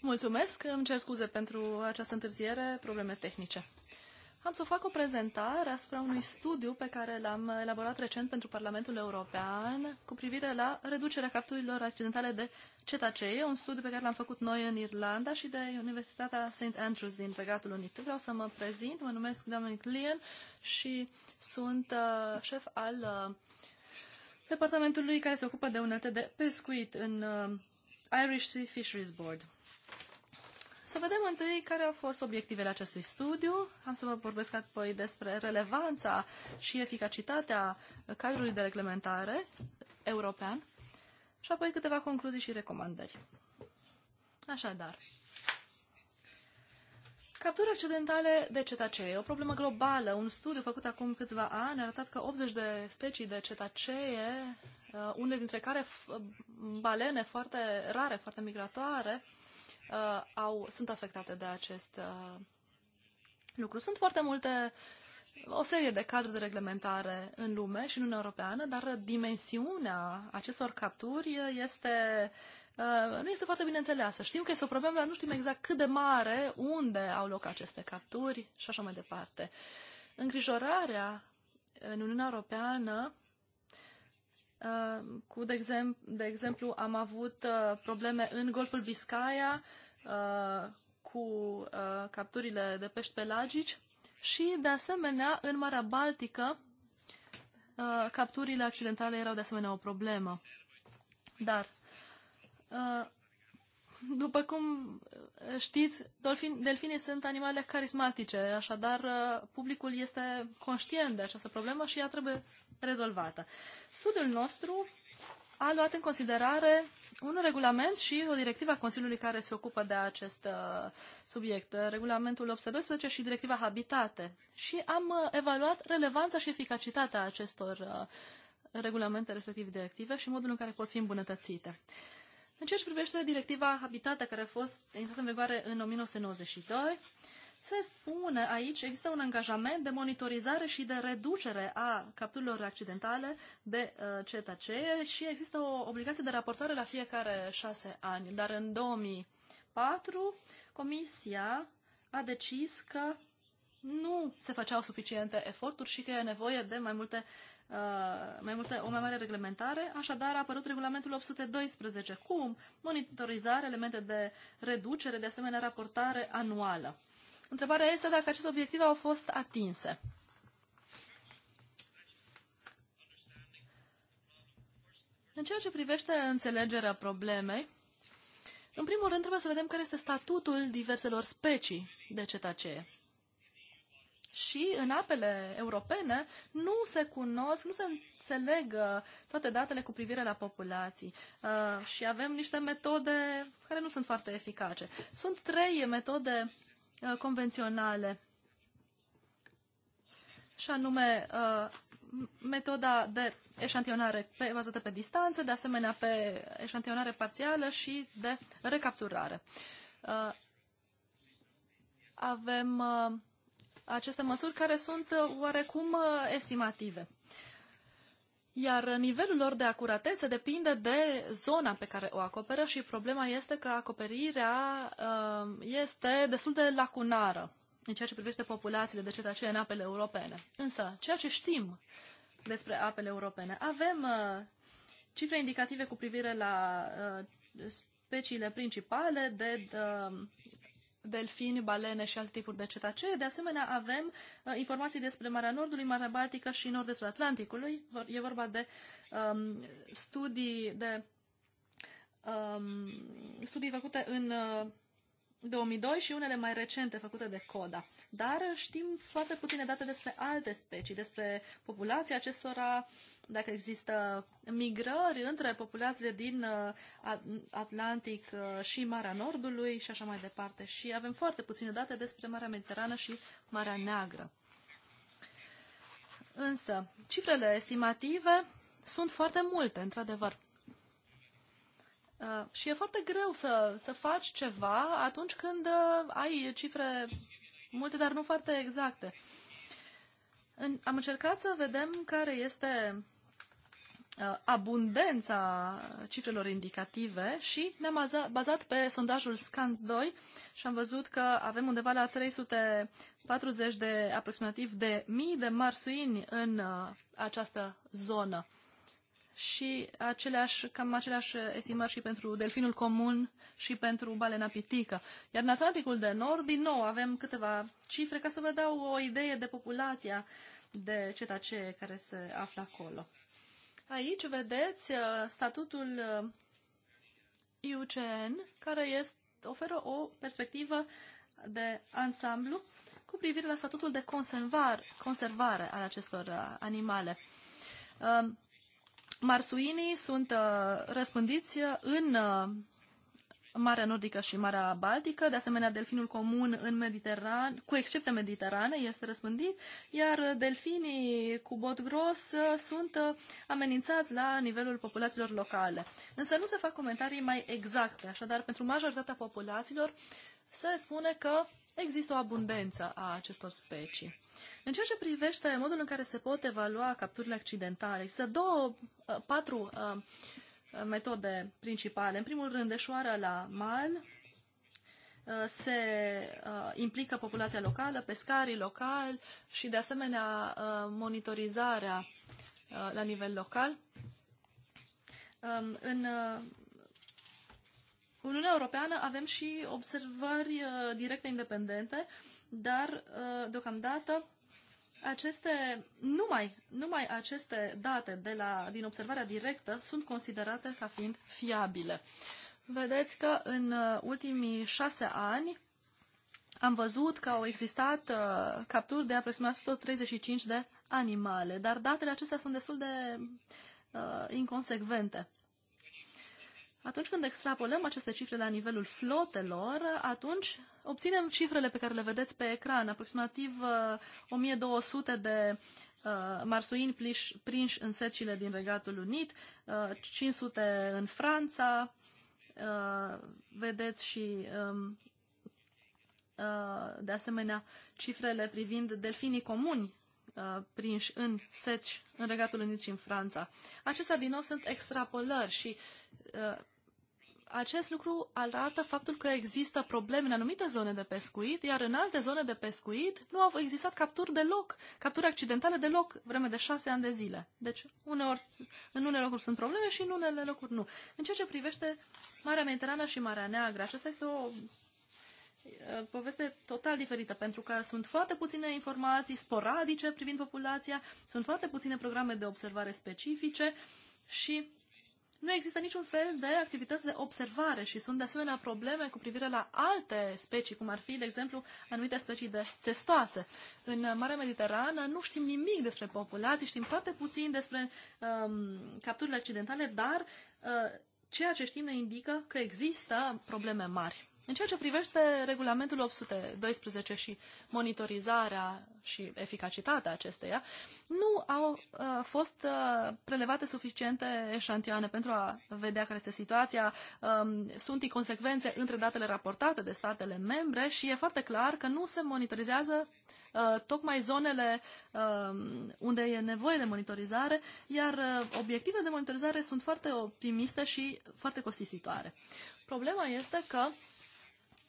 Mulțumesc, îmi cer scuze pentru această întârziere, probleme tehnice. Am să fac o prezentare asupra unui studiu pe care l-am elaborat recent pentru Parlamentul European cu privire la reducerea capturilor accidentale de cetacee, un studiu pe care l-am făcut noi în Irlanda și de Universitatea St. Andrews din Regatul Unit. Vreau să mă prezint, mă numesc Dominic Lien și sunt uh, șef al uh, departamentului care se ocupă de unelte de pescuit în uh, Irish Sea Fisheries Board. Să vedem întâi care au fost obiectivele acestui studiu. Am să vă vorbesc apoi despre relevanța și eficacitatea cadrului de reglementare european și apoi câteva concluzii și recomandări. Așadar, Capturi accidentale de cetacee, o problemă globală. Un studiu făcut acum câțiva ani a arătat că 80 de specii de cetacee, uh, unele dintre care balene foarte rare, foarte migratoare, uh, au, sunt afectate de acest uh, lucru. Sunt foarte multe o serie de cadre de reglementare în lume și în Uniunea Europeană, dar dimensiunea acestor capturi este, uh, nu este foarte bine înțeleasă. Știm că este o problemă, dar nu știm exact cât de mare, unde au loc aceste capturi și așa mai departe. Îngrijorarea în Uniunea Europeană uh, cu, de, exemplu, de exemplu, am avut uh, probleme în Golful Biscaya cu capturile de pești pelagici și, de asemenea, în Marea Baltică, uh, capturile accidentale erau de asemenea o problemă. Dar, uh, după cum știți, dolfin, delfinii sunt animale carismatice, așadar uh, publicul este conștient de această problemă și ea trebuie rezolvată. Studiul nostru a luat în considerare un regulament și o directivă a Consiliului care se ocupă de acest uh, subiect, uh, regulamentul 812 și directiva Habitate. Și am uh, evaluat relevanța și eficacitatea acestor regulamente, respectiv directive, și modul în care pot fi îmbunătățite. În ceea ce privește directiva Habitate, care a fost intrată în vigoare în 1992, se spune aici, există un angajament de monitorizare și de reducere a capturilor accidentale de CTC uh, și există o obligație de raportare la fiecare șase ani. Dar în 2004, Comisia a decis că nu se făceau suficiente eforturi și că e nevoie de mai multe, uh, mai multe, o mai mare reglementare. Așadar a apărut regulamentul 812 cum monitorizare, elemente de reducere, de asemenea raportare anuală. Întrebarea este dacă aceste obiective au fost atinse. În ceea ce privește înțelegerea problemei, în primul rând trebuie să vedem care este statutul diverselor specii de cetacee. Și în apele europene nu se cunosc, nu se înțeleg uh, toate datele cu privire la populații. Uh, și avem niște metode care nu sunt foarte eficace. Sunt trei metode Uh, convenționale, și anume uh, metoda de eșantionare pe, bazată pe distanță, de asemenea pe eșantionare parțială și de recapturare. Uh, avem aceste măsuri care sunt oarecum estimative. Iar nivelul lor de acuratețe depinde de zona pe care o acoperă și problema este că acoperirea uh, este destul de lacunară în ceea ce privește populațiile de cetățeni în apele europene. Însă, ceea ce știm despre apele europene, avem uh, cifre indicative cu privire la uh, speciile principale de delfini, balene și alte tipuri de cetacee. De asemenea, avem uh, informații despre Marea Nordului, Marea Baltică și Nord-Estul Atlanticului. E vorba de um, studii de um, studii făcute în uh, 2002 și unele mai recente făcute de CODA. Dar știm foarte puține date despre alte specii, despre populația acestora, uh, dacă există migrări între populațiile din uh, Atlantic uh, și Marea Nordului și așa mai departe. Și avem foarte puține date despre Marea Mediterană și Marea Neagră. Însă, cifrele estimative sunt foarte multe, într-adevăr. Uh, și e foarte greu să, să faci ceva atunci când ai cifre multe, dar nu foarte exacte. am încercat să vedem care este Uh, abundența cifrelor indicative și ne-am bazat pe sondajul Scans 2 și am văzut că avem undeva la 340 de aproximativ de mii de marsuini în uh, această zonă. Și aceleași, cam aceleași estimări și pentru delfinul comun și pentru balena pitică. Iar în Atlanticul de Nord, din nou, avem câteva cifre ca să vă dau o idee de populația de cetacee care se află acolo. Aici vedeți uh, statutul uh, IUCN, care este, oferă o perspectivă de ansamblu cu privire la statutul de conservare, conservare al acestor uh, animale. Marsuinii sunt răspândiți în Marea Nordică și Marea Baltică, de asemenea delfinul comun în Mediteran, cu excepția Mediteranei, este răspândit, iar delfinii cu bot gros uh, sunt uh, amenințați la nivelul populațiilor locale. Însă nu se fac comentarii mai exacte, așadar pentru majoritatea populațiilor se spune că există o abundență a acestor specii. În ceea ce privește modul în care se pot evalua capturile accidentale, există două, uh, patru Uh, metode principale. În primul rând, eșoară la mal, uh, se uh, implică populația locală, pescarii locali și, de asemenea, monitorizarea la nivel local. Um, în Uniunea Europeană avem și observări directe independente, dar, deocamdată, aceste, numai, numai aceste date de la, din observarea directă sunt considerate ca fiind fiabile. Vedeți că în uh, ultimii șase ani am văzut că au existat uh, capturi de aproximativ 135 de animale, dar datele acestea sunt destul de uh, inconsecvente. Atunci când extrapolăm aceste cifre la nivelul flotelor, atunci obținem cifrele pe care le vedeți pe ecran, aproximativ 1200 uh, de uh, marsuini prinși în secile din Regatul Unit, 500 uh, în Franța, vedeți și um, de asemenea cifrele privind delfinii comuni prinși în seci în Regatul Unit și în Franța. Acestea, din nou, sunt extrapolări și acest lucru arată faptul că există probleme în anumite zone de pescuit, iar în alte zone de pescuit nu au existat capturi deloc, capturi accidentale deloc, vreme de șase ani de zile. Deci, uneori, în unele locuri sunt probleme și în unele locuri nu. În ceea ce privește Marea Mediterană și Marea Neagră, aceasta este o poveste total diferită, pentru că sunt foarte puține informații sporadice privind populația, sunt foarte puține programe de observare specifice și nu există niciun fel de activități de observare și sunt de asemenea probleme cu privire la alte specii, cum ar fi, de exemplu, anumite specii de țestoase. În Marea Mediterană nu știm nimic despre populații, știm foarte puțin despre um, capturile accidentale, dar uh, ceea ce știm ne indică că există probleme mari. În ceea ce privește regulamentul 812 și monitorizarea și eficacitatea acesteia, nu au uh, fost uh, prelevate suficiente eșantioane pentru a vedea care este situația. Um, sunt inconsecvențe între datele raportate de statele membre și e foarte clar că nu se monitorizează uh, tocmai zonele uh, unde e nevoie de monitorizare, iar uh, obiectivele de monitorizare sunt foarte optimiste și foarte costisitoare. Problema este că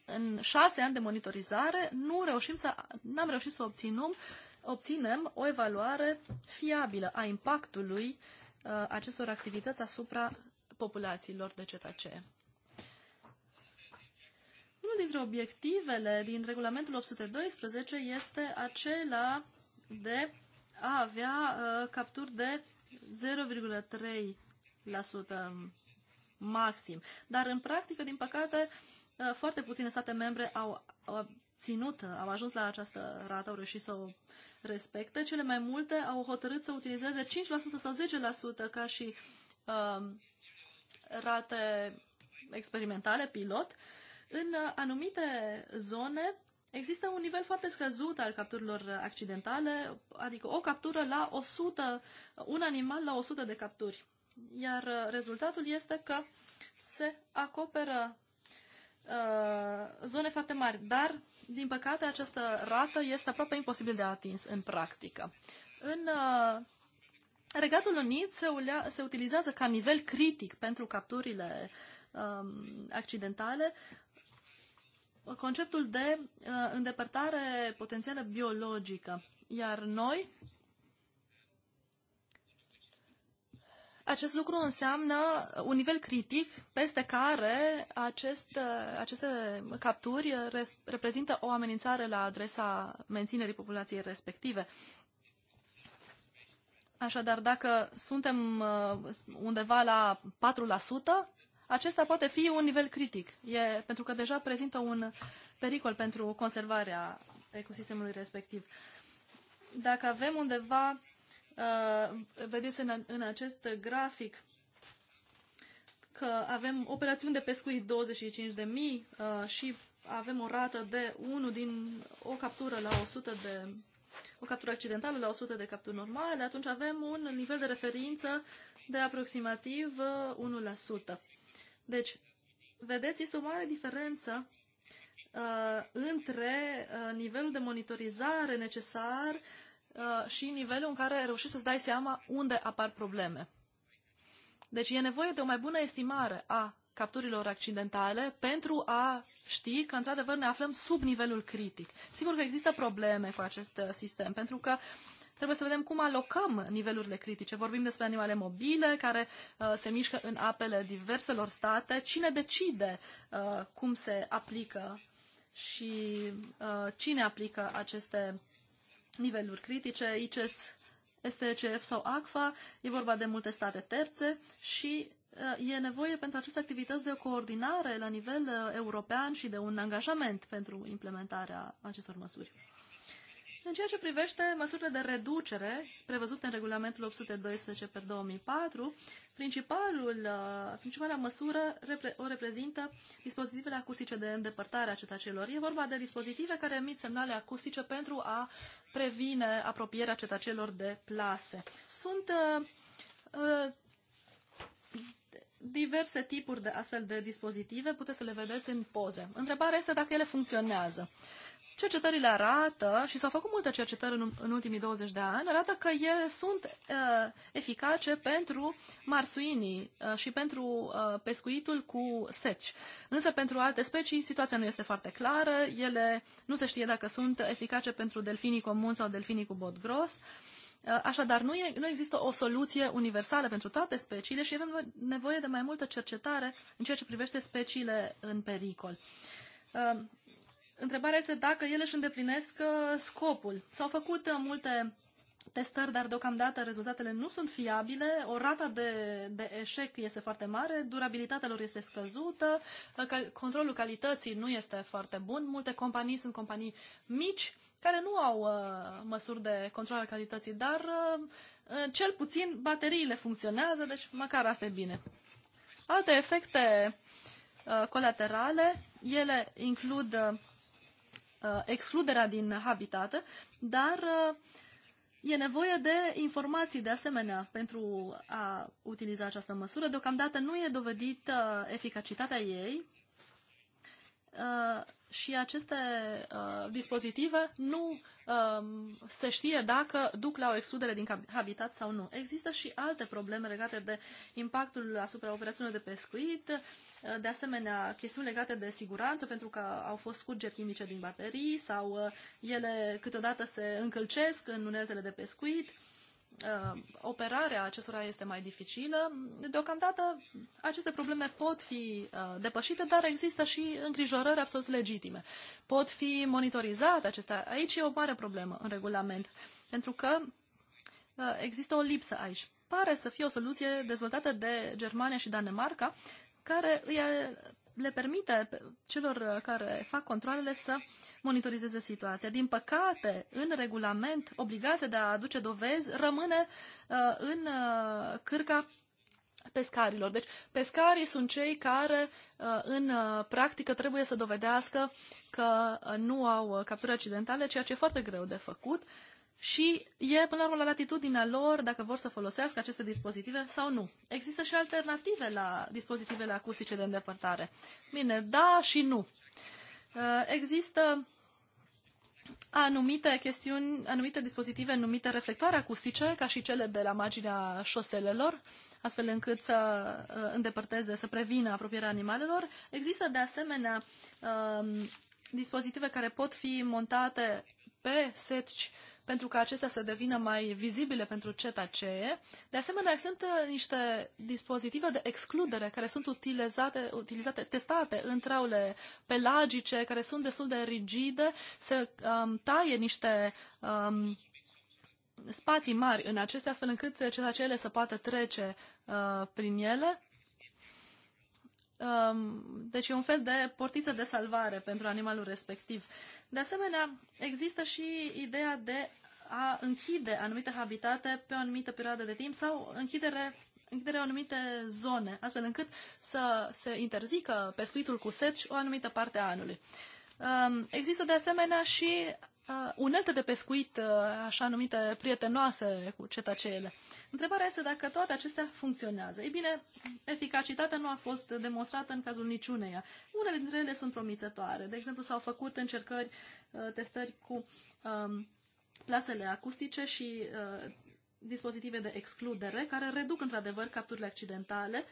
în șase ani de monitorizare nu reușim să, n-am reușit să obținem, obținem o evaluare fiabilă a impactului uh, acestor activități asupra populațiilor de cetacee. Unul dintre obiectivele din regulamentul 812 este acela de a avea uh, capturi de 0,3% maxim. Dar în practică, din păcate, uh, Uh, foarte puține state membre au, au ținut, uh, au ajuns la această rată, au reușit să o respecte. Cele mai multe au hotărât să utilizeze 5% sau 10% ca și uh, rate experimentale, pilot. În uh, anumite zone există un nivel foarte scăzut al capturilor accidentale, adică o captură la 100, un animal la 100 de capturi. Iar rezultatul este că se acoperă Uh, zone foarte mari, dar, din păcate, această rată este aproape imposibil de atins în practică. În uh, Regatul Unit se, ulea, se utilizează ca nivel critic pentru capturile um, accidentale conceptul de uh, îndepărtare potențială biologică. Iar noi, Acest lucru înseamnă un nivel critic peste care acest, aceste capturi reprezintă o amenințare la adresa menținerii populației respective. Așadar, dacă suntem uh, undeva la 4%, acesta poate fi un nivel critic, e, pentru că deja prezintă un pericol pentru conservarea ecosistemului respectiv. Dacă avem undeva Uh, vedeți în, în acest grafic că avem operațiuni de pescuit 25.000 mii uh, și avem o rată de 1 din o captură la 100 de o captură accidentală la 100 de capturi normale, atunci avem un nivel de referință de aproximativ 1%. Uh, deci, vedeți, este o mare diferență uh, între uh, nivelul de monitorizare necesar Uh, și nivelul în care reușești să-ți dai seama unde apar probleme. Deci e nevoie de o mai bună estimare a capturilor accidentale pentru a ști că, într-adevăr, ne aflăm sub nivelul critic. Sigur că există probleme cu acest uh, sistem, pentru că trebuie să vedem cum alocăm nivelurile critice. Vorbim despre animale mobile care uh, se mișcă în apele diverselor state. Cine decide uh, cum se aplică și uh, cine aplică aceste niveluri critice, ICES, STCF sau ACFA, e vorba de multe state terțe și uh, e nevoie pentru aceste activități de o coordinare la nivel uh, european și de un angajament pentru implementarea acestor măsuri. În ceea ce privește măsurile de reducere prevăzute în regulamentul 812 pe 2004, principalul, uh, principala măsură repre, o reprezintă dispozitivele acustice de îndepărtare a cetăcelor. E vorba de dispozitive care emit semnale acustice pentru a previne apropierea cetăcelor de plase. Sunt uh, uh, diverse tipuri de astfel de dispozitive, puteți să le vedeți în poze. Întrebarea este dacă ele funcționează cercetările arată, și s-au făcut multe cercetări în, în ultimii 20 de ani, arată că ele sunt uh, eficace pentru marsuinii uh, și pentru uh, pescuitul cu seci. Însă pentru alte specii situația nu este foarte clară, ele nu se știe dacă sunt eficace pentru delfinii comuni sau delfinii cu bot gros. Uh, așadar, nu, e, nu există o soluție universală pentru toate speciile și avem nevoie de mai multă cercetare în ceea ce privește speciile în pericol. Uh, Întrebarea este dacă ele își îndeplinesc uh, scopul. S-au făcut uh, multe testări, dar deocamdată rezultatele nu sunt fiabile, o rată de, de eșec este foarte mare, durabilitatea lor este scăzută, uh, controlul calității nu este foarte bun, multe companii sunt companii mici care nu au uh, măsuri de control al calității, dar uh, cel puțin bateriile funcționează, deci măcar asta e bine. Alte efecte uh, colaterale, ele includ Uh, excluderea din habitate, dar uh, e nevoie de informații de asemenea pentru a utiliza această măsură. Deocamdată nu e dovedită uh, eficacitatea ei, Uh, și aceste uh, dispozitive nu um, se știe dacă duc la o exudere din habitat sau nu. Există și alte probleme legate de impactul asupra operațiunilor de pescuit, uh, de asemenea chestiuni legate de siguranță, pentru că au fost scurgeri chimice din baterii sau uh, ele câteodată se încălcesc în uneltele de pescuit. Uh, uh, operarea acestora este mai dificilă. Deocamdată aceste probleme pot fi uh, depășite, dar există și îngrijorări absolut legitime. Pot fi monitorizate acestea. Aici e o mare problemă în regulament, pentru că uh, există o lipsă aici. Pare să fie o soluție dezvoltată de Germania și Danemarca, care îi le permite celor uh, care fac controlele să monitorizeze situația. Din păcate, în regulament, obligația de a aduce dovezi rămâne uh, în uh, cârca pescarilor. Deci, pescarii sunt cei care, uh, în uh, practică, trebuie să dovedească că nu au capturi accidentale, ceea ce e foarte greu de făcut și e, până la urmă, la latitudinea lor dacă vor să folosească aceste dispozitive sau nu. Există și alternative la dispozitivele acustice de îndepărtare. Bine, da și nu. Uh, există anumite chestiuni, anumite dispozitive numite reflectoare acustice, ca și cele de la marginea șoselelor, astfel încât să uh, îndepărteze, să prevină apropierea animalelor. Există, de asemenea, uh, dispozitive care pot fi montate pe setci uh, pentru ca acestea să devină mai vizibile pentru ceta De asemenea, sunt niște dispozitive de excludere care sunt utilizate, utilizate testate în traule pelagice, care sunt destul de rigide, se um, taie niște um, spații mari în acestea, astfel încât cetacele să poată trece uh, prin ele. Um, deci e un fel de portiță de salvare pentru animalul respectiv. De asemenea, există și ideea de a închide anumite habitate pe o anumită perioadă de timp sau închidere închidere anumite zone, astfel încât să se interzică pescuitul cu seci o anumită parte a anului. Um, există de asemenea și uh, unelte de pescuit, uh, așa numite prietenoase cu cetaceele. Întrebarea este dacă toate acestea funcționează. Ei bine, eficacitatea nu a fost demonstrată în cazul niciuneia. Unele dintre ele sunt promițătoare. De exemplu, s-au făcut încercări, uh, testări cu um, plasele acustice și uh, dispozitive de excludere, care reduc într-adevăr capturile accidentale,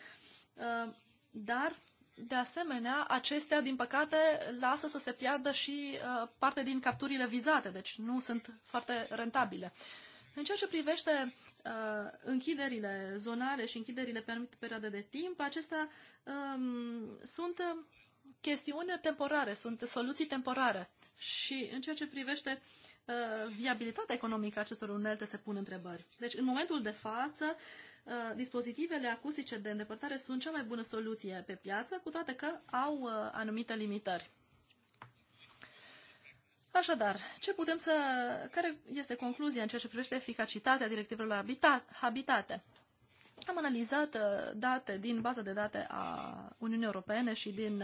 uh, dar de asemenea, acestea, din păcate, lasă să se piardă și uh, parte din capturile vizate, deci nu sunt foarte rentabile. În ceea ce privește uh, închiderile zonare și închiderile pe anumite perioade de timp, acestea um, sunt chestiuni temporare, sunt soluții temporare. Și în ceea ce privește uh, viabilitatea economică a acestor unelte se pun întrebări. Deci, în momentul de față, uh, Uh, dispozitivele acustice de îndepărtare sunt cea mai bună soluție pe piață, cu toate că au uh, anumite limitări. Așadar, ce putem să, care este concluzia în ceea ce privește eficacitatea directivelor habitate? Am analizat uh, date din baza de date a Uniunii Europene și din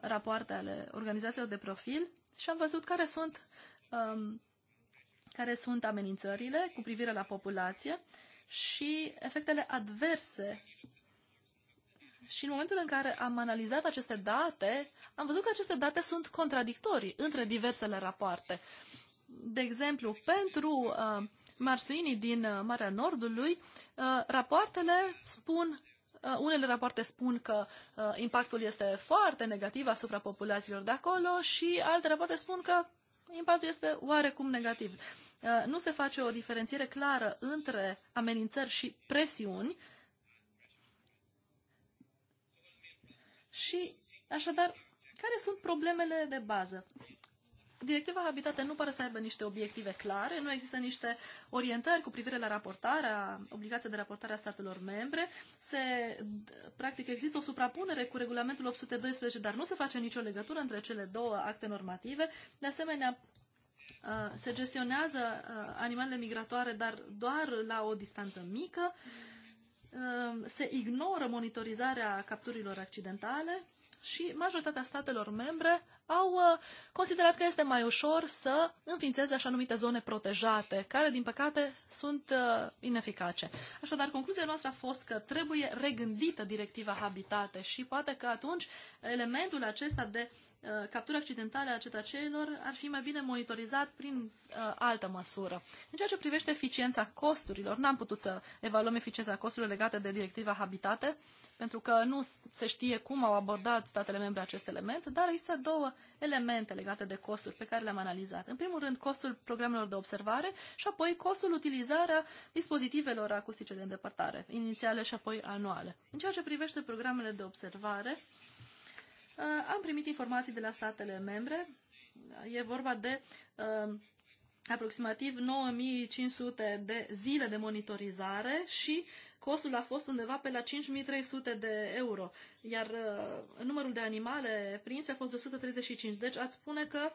rapoarte ale organizațiilor de profil și am văzut care sunt, um, care sunt amenințările cu privire la populație și efectele adverse. Și în momentul în care am analizat aceste date, am văzut că aceste date sunt contradictorii între diversele rapoarte. De exemplu, pentru uh, marsuinii din uh, Marea Nordului, uh, rapoartele spun Uh, unele rapoarte spun că uh, impactul este foarte negativ asupra populațiilor de acolo și alte rapoarte spun că impactul este oarecum negativ. Uh, nu se face o diferențiere clară între amenințări și presiuni și, așadar, care sunt problemele de bază? Directiva Habitate nu pare să aibă niște obiective clare, nu există niște orientări cu privire la raportarea, obligația de raportare a statelor membre. Se, practic există o suprapunere cu regulamentul 812, dar nu se face nicio legătură între cele două acte normative. De asemenea, Uh, se gestionează uh, animalele migratoare, dar doar la o distanță mică, uh, se ignoră monitorizarea capturilor accidentale și majoritatea statelor membre au considerat că este mai ușor să înființeze așa numite zone protejate, care, din păcate, sunt ineficace. Așadar, concluzia noastră a fost că trebuie regândită directiva habitate și poate că atunci elementul acesta de uh, Uh, captura accidentală a cetățenilor ar fi mai bine monitorizat prin uh, altă măsură. În ceea ce privește eficiența costurilor, n-am putut să evaluăm eficiența costurilor legate de directiva Habitate, pentru că nu se știe cum au abordat statele membre acest element, dar există două elemente legate de costuri pe care le-am analizat. În primul rând, costul programelor de observare și apoi costul utilizarea dispozitivelor acustice de îndepărtare, inițiale și apoi anuale. În ceea ce privește programele de observare, Uh, am primit informații de la statele membre. E vorba de uh, aproximativ 9500 de zile de monitorizare și costul a fost undeva pe la 5300 de euro, iar uh, numărul de animale prinse a fost de 135. Deci ați spune că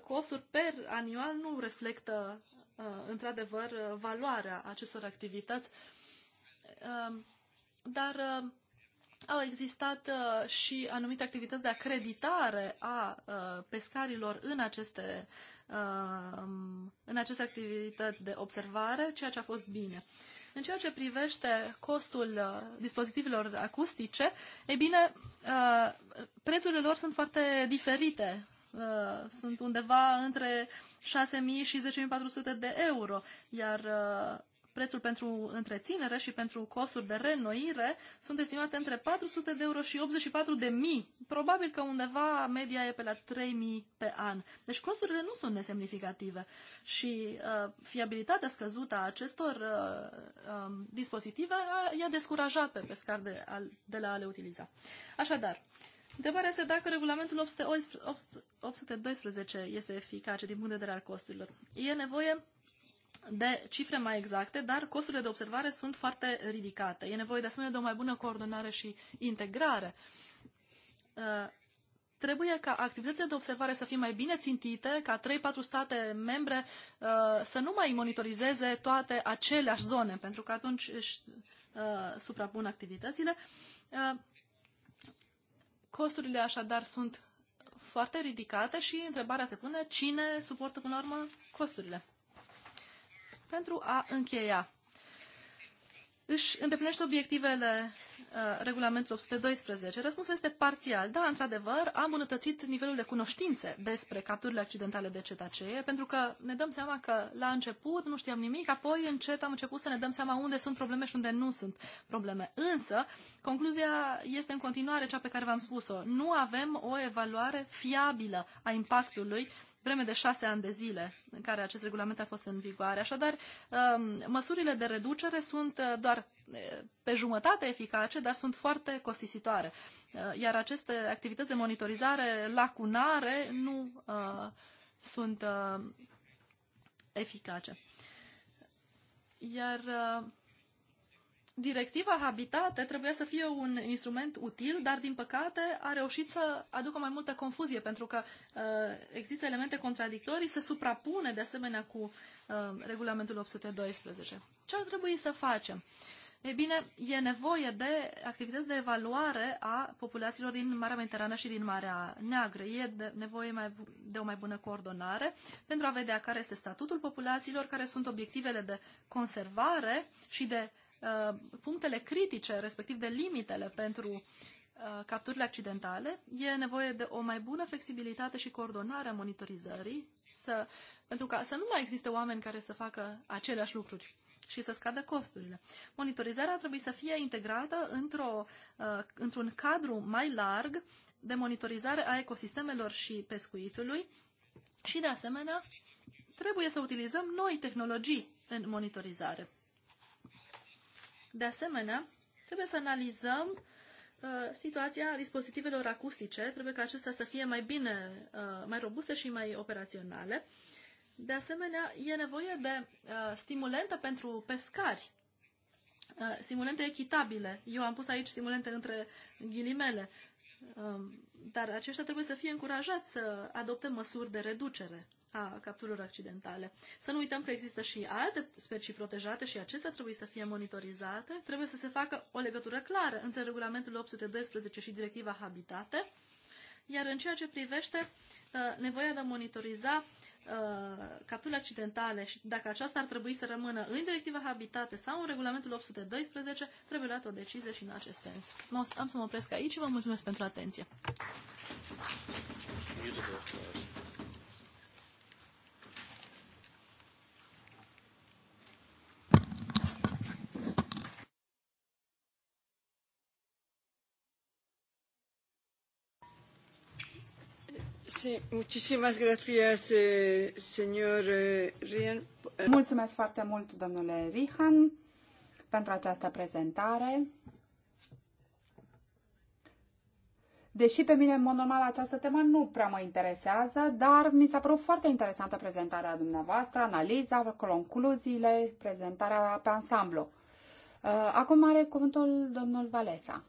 costul per animal nu reflectă într-adevăr valoarea acestor activități, dar au existat uh, și anumite activități de acreditare a uh, pescarilor în aceste, uh, în aceste activități de observare, ceea ce a fost bine. În ceea ce privește costul uh, dispozitivelor acustice, e bine, uh, prețurile lor sunt foarte diferite. Uh, sunt undeva între 6.000 și 10.400 de euro, iar uh, prețul pentru întreținere și pentru costuri de reînnoire sunt estimate între 400 de euro și 84 de mii. Probabil că undeva media e pe la 3 mii pe an. Deci costurile nu sunt nesemnificative și uh, fiabilitatea scăzută a acestor uh, um, dispozitive i-a descurajat pe pescar de, al, de la a le utiliza. Așadar, Întrebarea este dacă regulamentul 812 este eficace din punct de vedere al costurilor. E nevoie de cifre mai exacte, dar costurile de observare sunt foarte ridicate. E nevoie de asemenea de o mai bună coordonare și integrare. Uh, trebuie ca activitățile de observare să fie mai bine țintite, ca 3-4 state membre uh, să nu mai monitorizeze toate aceleași zone, pentru că atunci își uh, suprapun activitățile. Costurile așadar sunt foarte ridicate și întrebarea se pune cine suportă până la urmă costurile pentru a încheia. Își îndeplinește obiectivele uh, regulamentul 812. Răspunsul este parțial. Da, într-adevăr, am îmbunătățit nivelul de cunoștințe despre capturile accidentale de cetacee, pentru că ne dăm seama că la început nu știam nimic, apoi încet am început să ne dăm seama unde sunt probleme și unde nu sunt probleme. Însă, concluzia este în continuare cea pe care v-am spus-o. Nu avem o evaluare fiabilă a impactului vreme de șase ani de zile în care acest regulament a fost în vigoare. Așadar, um, măsurile de reducere sunt uh, doar uh, pe jumătate eficace, dar sunt foarte costisitoare. Uh, iar aceste activități de monitorizare lacunare nu sunt eficace. Iar uh, directiva Habitate trebuia să fie un instrument util, dar din păcate a reușit să aducă mai multă confuzie, pentru că uh, există elemente contradictorii, se suprapune de asemenea cu uh, regulamentul 812. Ce ar trebui să facem? E bine, e nevoie de activități de evaluare a populațiilor din Marea Mediterană și din Marea Neagră. E de, nevoie mai, de o mai bună coordonare pentru a vedea care este statutul populațiilor, care sunt obiectivele de conservare și de Uh, punctele critice, respectiv de limitele pentru uh, capturile accidentale, e nevoie de o mai bună flexibilitate și coordonare a monitorizării, să, pentru ca să nu mai existe oameni care să facă aceleași lucruri și să scadă costurile. Monitorizarea trebuie să fie integrată într-o, uh, într-un cadru mai larg de monitorizare a ecosistemelor și pescuitului și, de asemenea, trebuie să utilizăm noi tehnologii în monitorizare. De asemenea, trebuie să analizăm uh, situația dispozitivelor acustice, trebuie ca acestea să fie mai bine, uh, mai robuste și mai operaționale. De asemenea, e nevoie de uh, stimulente pentru pescari, uh, stimulente echitabile. Eu am pus aici stimulente între ghilimele, uh, dar aceștia trebuie să fie încurajați să adopte măsuri de reducere a capturilor accidentale. Să nu uităm că există și alte specii protejate și acestea trebuie să fie monitorizate. Trebuie să se facă o legătură clară între regulamentul 812 și directiva Habitate. Iar în ceea ce privește uh, nevoia de a monitoriza uh, capturile accidentale și dacă aceasta ar trebui să rămână în directiva Habitate sau în regulamentul 812, trebuie luată o decizie și în acest sens. Am să mă opresc aici și vă mulțumesc pentru atenție. Eh, eh, Mulțumesc foarte mult, domnule Rihan, pentru această prezentare. Deși pe mine, în mod normal, această temă nu prea mă interesează, dar mi s-a părut foarte interesantă prezentarea dumneavoastră, analiza, concluziile, prezentarea pe ansamblu. Uh, acum are cuvântul domnul Valesa.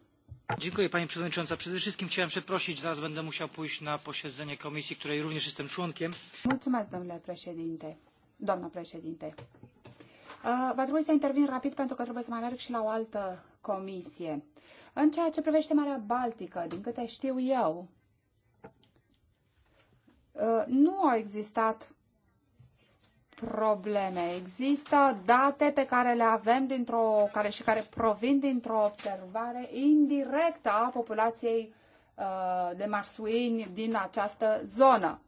Pani Przewodnicząca! Przede wszystkim chciałem przeprosić, zaraz będę musiał pójść na posiedzenie komisji, której również jestem członkiem. Mulțumesc, domnule președinte. Doamna președinte. Va trebui să intervin rapid pentru că trebuie să mai merg și la o altă comisie. În ceea ce privește Marea Baltică, din câte știu eu, nu au existat probleme. Există date pe care le avem dintr-o, care și care provin dintr-o observare indirectă a populației uh, de marsuini din această zonă.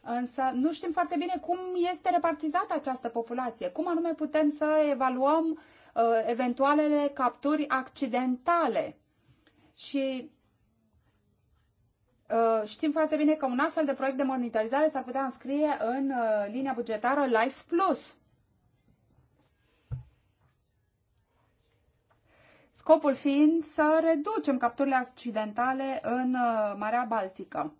Însă nu știm foarte bine cum este repartizată această populație, cum anume putem să evaluăm uh, eventualele capturi accidentale. Și Uh, știm foarte bine că un astfel de proiect de monitorizare s-ar putea înscrie în uh, linia bugetară Life Plus. Scopul fiind să reducem capturile accidentale în uh, Marea Baltică.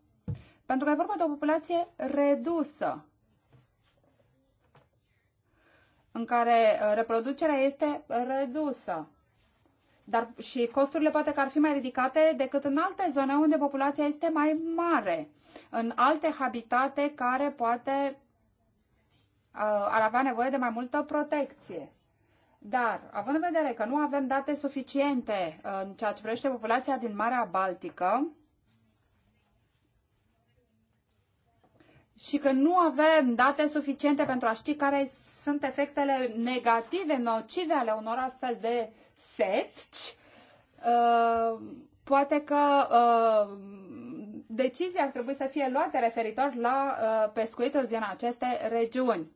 Pentru că e vorba de o populație redusă, în care reproducerea este redusă. Dar și costurile poate că ar fi mai ridicate decât în alte zone unde populația este mai mare, în alte habitate care poate uh, ar avea nevoie de mai multă protecție. Dar, având în vedere că nu avem date suficiente uh, în ceea ce privește populația din Marea Baltică, și că nu avem date suficiente pentru a ști care sunt efectele negative, nocive ale unor astfel de setci, uh, poate că uh, decizia ar trebui să fie luate referitor la uh, pescuitul din aceste regiuni.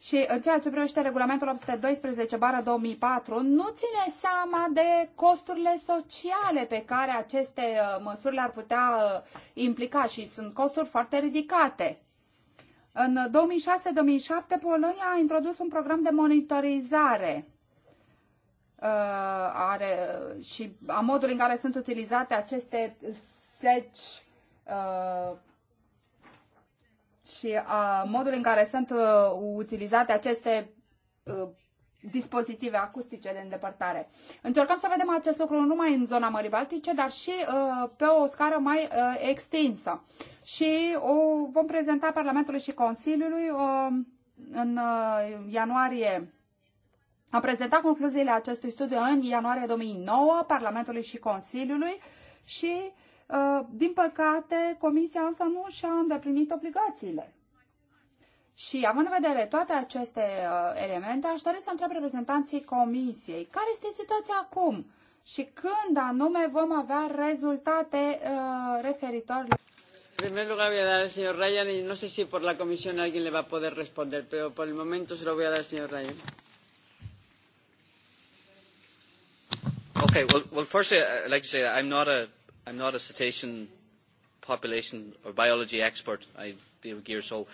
Și uh, ceea ce privește regulamentul 812 bară 2004, nu ține seama de costurile sociale pe care aceste uh, măsuri le-ar putea uh, implica și sunt costuri foarte ridicate. În 2006-2007, Polonia a introdus un program de monitorizare are, și a modului în care sunt utilizate aceste seci și a, uh, modul în care sunt uh, utilizate aceste uh, dispozitive acustice de îndepărtare. Încercăm să vedem acest lucru nu numai în zona Mării Baltice, dar și pe o scară mai extinsă. Și o vom prezenta Parlamentului și Consiliului în ianuarie. Am prezentat concluziile acestui studiu în ianuarie 2009 Parlamentului și Consiliului și uh, Uh, din păcate, Comisia însă nu și-a îndeplinit obligațiile. Și având în vedere toate aceste uh, elemente, aș dori să întreb reprezentanții Comisiei, care este situația acum și când anume vom avea rezultate uh, referitor la... În primul rând, voi da la domnul Ryan și nu știu si por la comisión alguien le va putea poder responder, pero por el momento se lo voy a dar al señor Ryan. Okay, well, well firstly uh, I'd like to say that I'm not a I'm not a cetacean population or biology expert. I deal with gear, so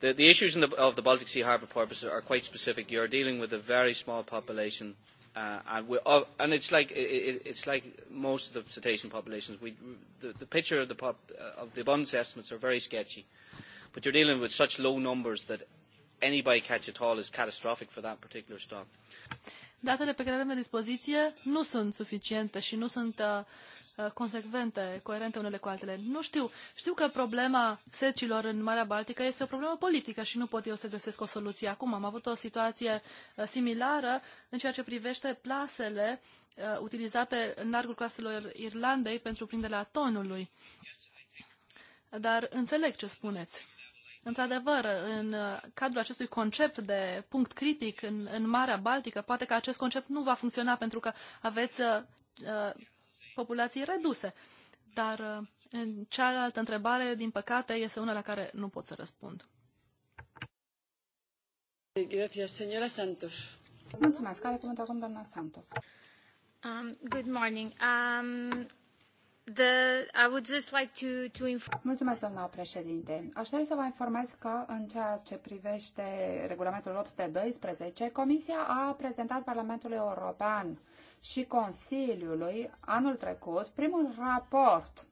the, the issues the, of the Baltic Sea harbour porpoises are quite specific. You are dealing with a very small population, uh, and, we, uh, and it's like it, it, it's like most of the cetacean populations. We, the, the picture of the, pop, uh, of the abundance estimates are very sketchy, but you're dealing with such low numbers that any bycatch at all is catastrophic for that particular stock. Datele pe care avem la dispoziție nu sunt suficiente și nu sunt uh, Uh, consecvente, coerente unele cu altele. Nu știu. Știu că problema secilor în Marea Baltică este o problemă politică și nu pot eu să găsesc o soluție acum. Am avut o situație uh, similară în ceea ce privește plasele uh, utilizate în largul coastelor Irlandei pentru prinderea tonului. Dar înțeleg ce spuneți. Într-adevăr, în cadrul acestui concept de punct critic în, în Marea Baltică, poate că acest concept nu va funcționa pentru că aveți uh, populații reduse. Dar uh, în cealaltă întrebare, din păcate, este una la care nu pot să răspund. Gracias, señora Santos. Mulțumesc. Care cuvânt acum doamna Santos? Um, good morning. Um, The, I would just like to, to inform... Mulțumesc, doamna președinte. Aș dori să vă informez că în ceea ce privește regulamentul 812, Comisia a prezentat Parlamentului European și Consiliului anul trecut primul raport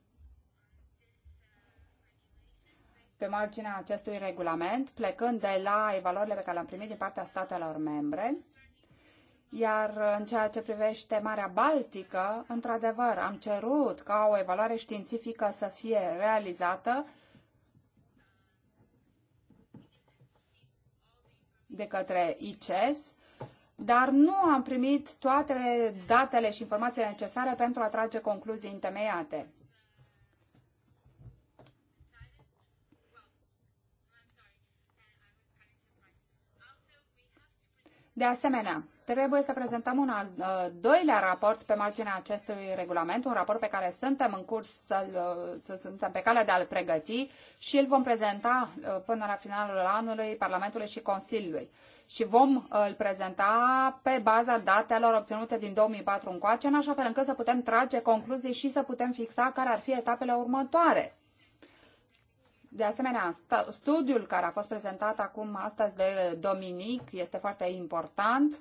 pe marginea acestui regulament, plecând de la evaluările pe care le-am primit din partea statelor membre. Iar în ceea ce privește Marea Baltică, într-adevăr, am cerut ca o evaluare științifică să fie realizată de către ICES dar nu am primit toate datele și informațiile necesare pentru a trage concluzii întemeiate. De asemenea, trebuie să prezentăm un al uh, doilea raport pe marginea acestui regulament, un raport pe care suntem în curs să uh, să suntem pe calea de a-l pregăti și îl vom prezenta uh, până la finalul anului Parlamentului și Consiliului. Și vom îl prezenta pe baza datelor obținute din 2004 încoace, în așa fel încât să putem trage concluzii și să putem fixa care ar fi etapele următoare de asemenea, studiul care a fost prezentat acum astăzi de Dominic este foarte important.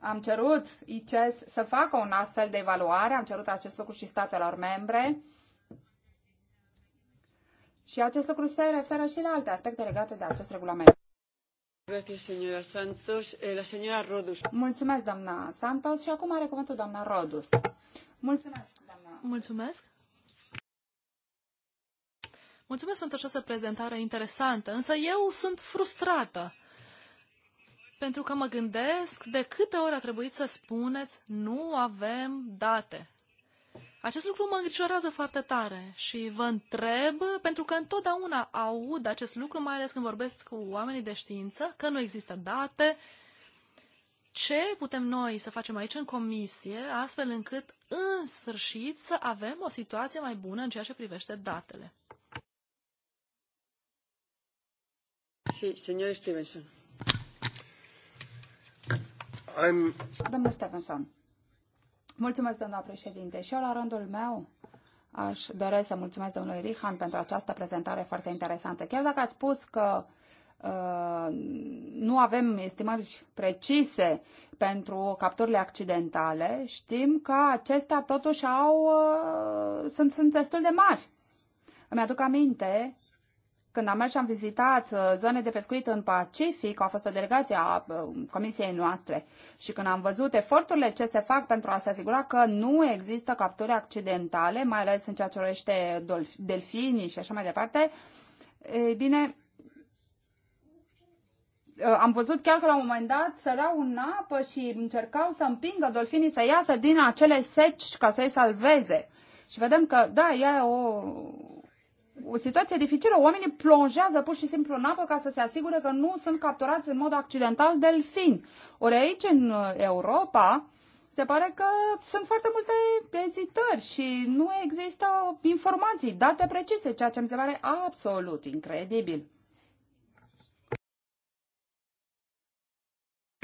Am cerut ICES să facă un astfel de evaluare, am cerut acest lucru și statelor membre. Și acest lucru se referă și la alte aspecte legate de acest regulament. Eh, Mulțumesc, doamna Santos. Și acum are cuvântul doamna Rodus. Mulțumesc, doamna. Mulțumesc. Mulțumesc pentru această prezentare interesantă, însă eu sunt frustrată. Pentru că mă gândesc de câte ori a trebuit să spuneți nu avem date. Acest lucru mă îngrijorează foarte tare și vă întreb, pentru că întotdeauna aud acest lucru, mai ales când vorbesc cu oamenii de știință, că nu există date, ce putem noi să facem aici în comisie, astfel încât în sfârșit să avem o situație mai bună în ceea ce privește datele. Sí, Stevenson. Mulțumesc, doamna președinte. Și eu, la rândul meu, aș dori să mulțumesc domnului Rihan pentru această prezentare foarte interesantă. Chiar dacă a spus că uh, nu avem estimări precise pentru capturile accidentale, știm că acestea totuși au, uh, sunt, sunt destul de mari. Îmi aduc aminte când am mers și am vizitat uh, zone de pescuit în Pacific, a fost o delegație a uh, comisiei noastre și când am văzut eforturile ce se fac pentru a se asigura că nu există capturi accidentale, mai ales în ceea ce urește delfinii și așa mai departe, e bine, uh, am văzut chiar că la un moment dat sărau în apă și încercau să împingă dolfinii să iasă din acele seci ca să-i salveze. Și vedem că, da, e o, o situație dificilă. Oamenii plonjează pur și simplu în apă ca să se asigure că nu sunt capturați în mod accidental delfini. Ori aici, în uh, Europa, se pare că sunt foarte multe ezitări și nu există informații, date precise, ceea ce mi se pare absolut incredibil.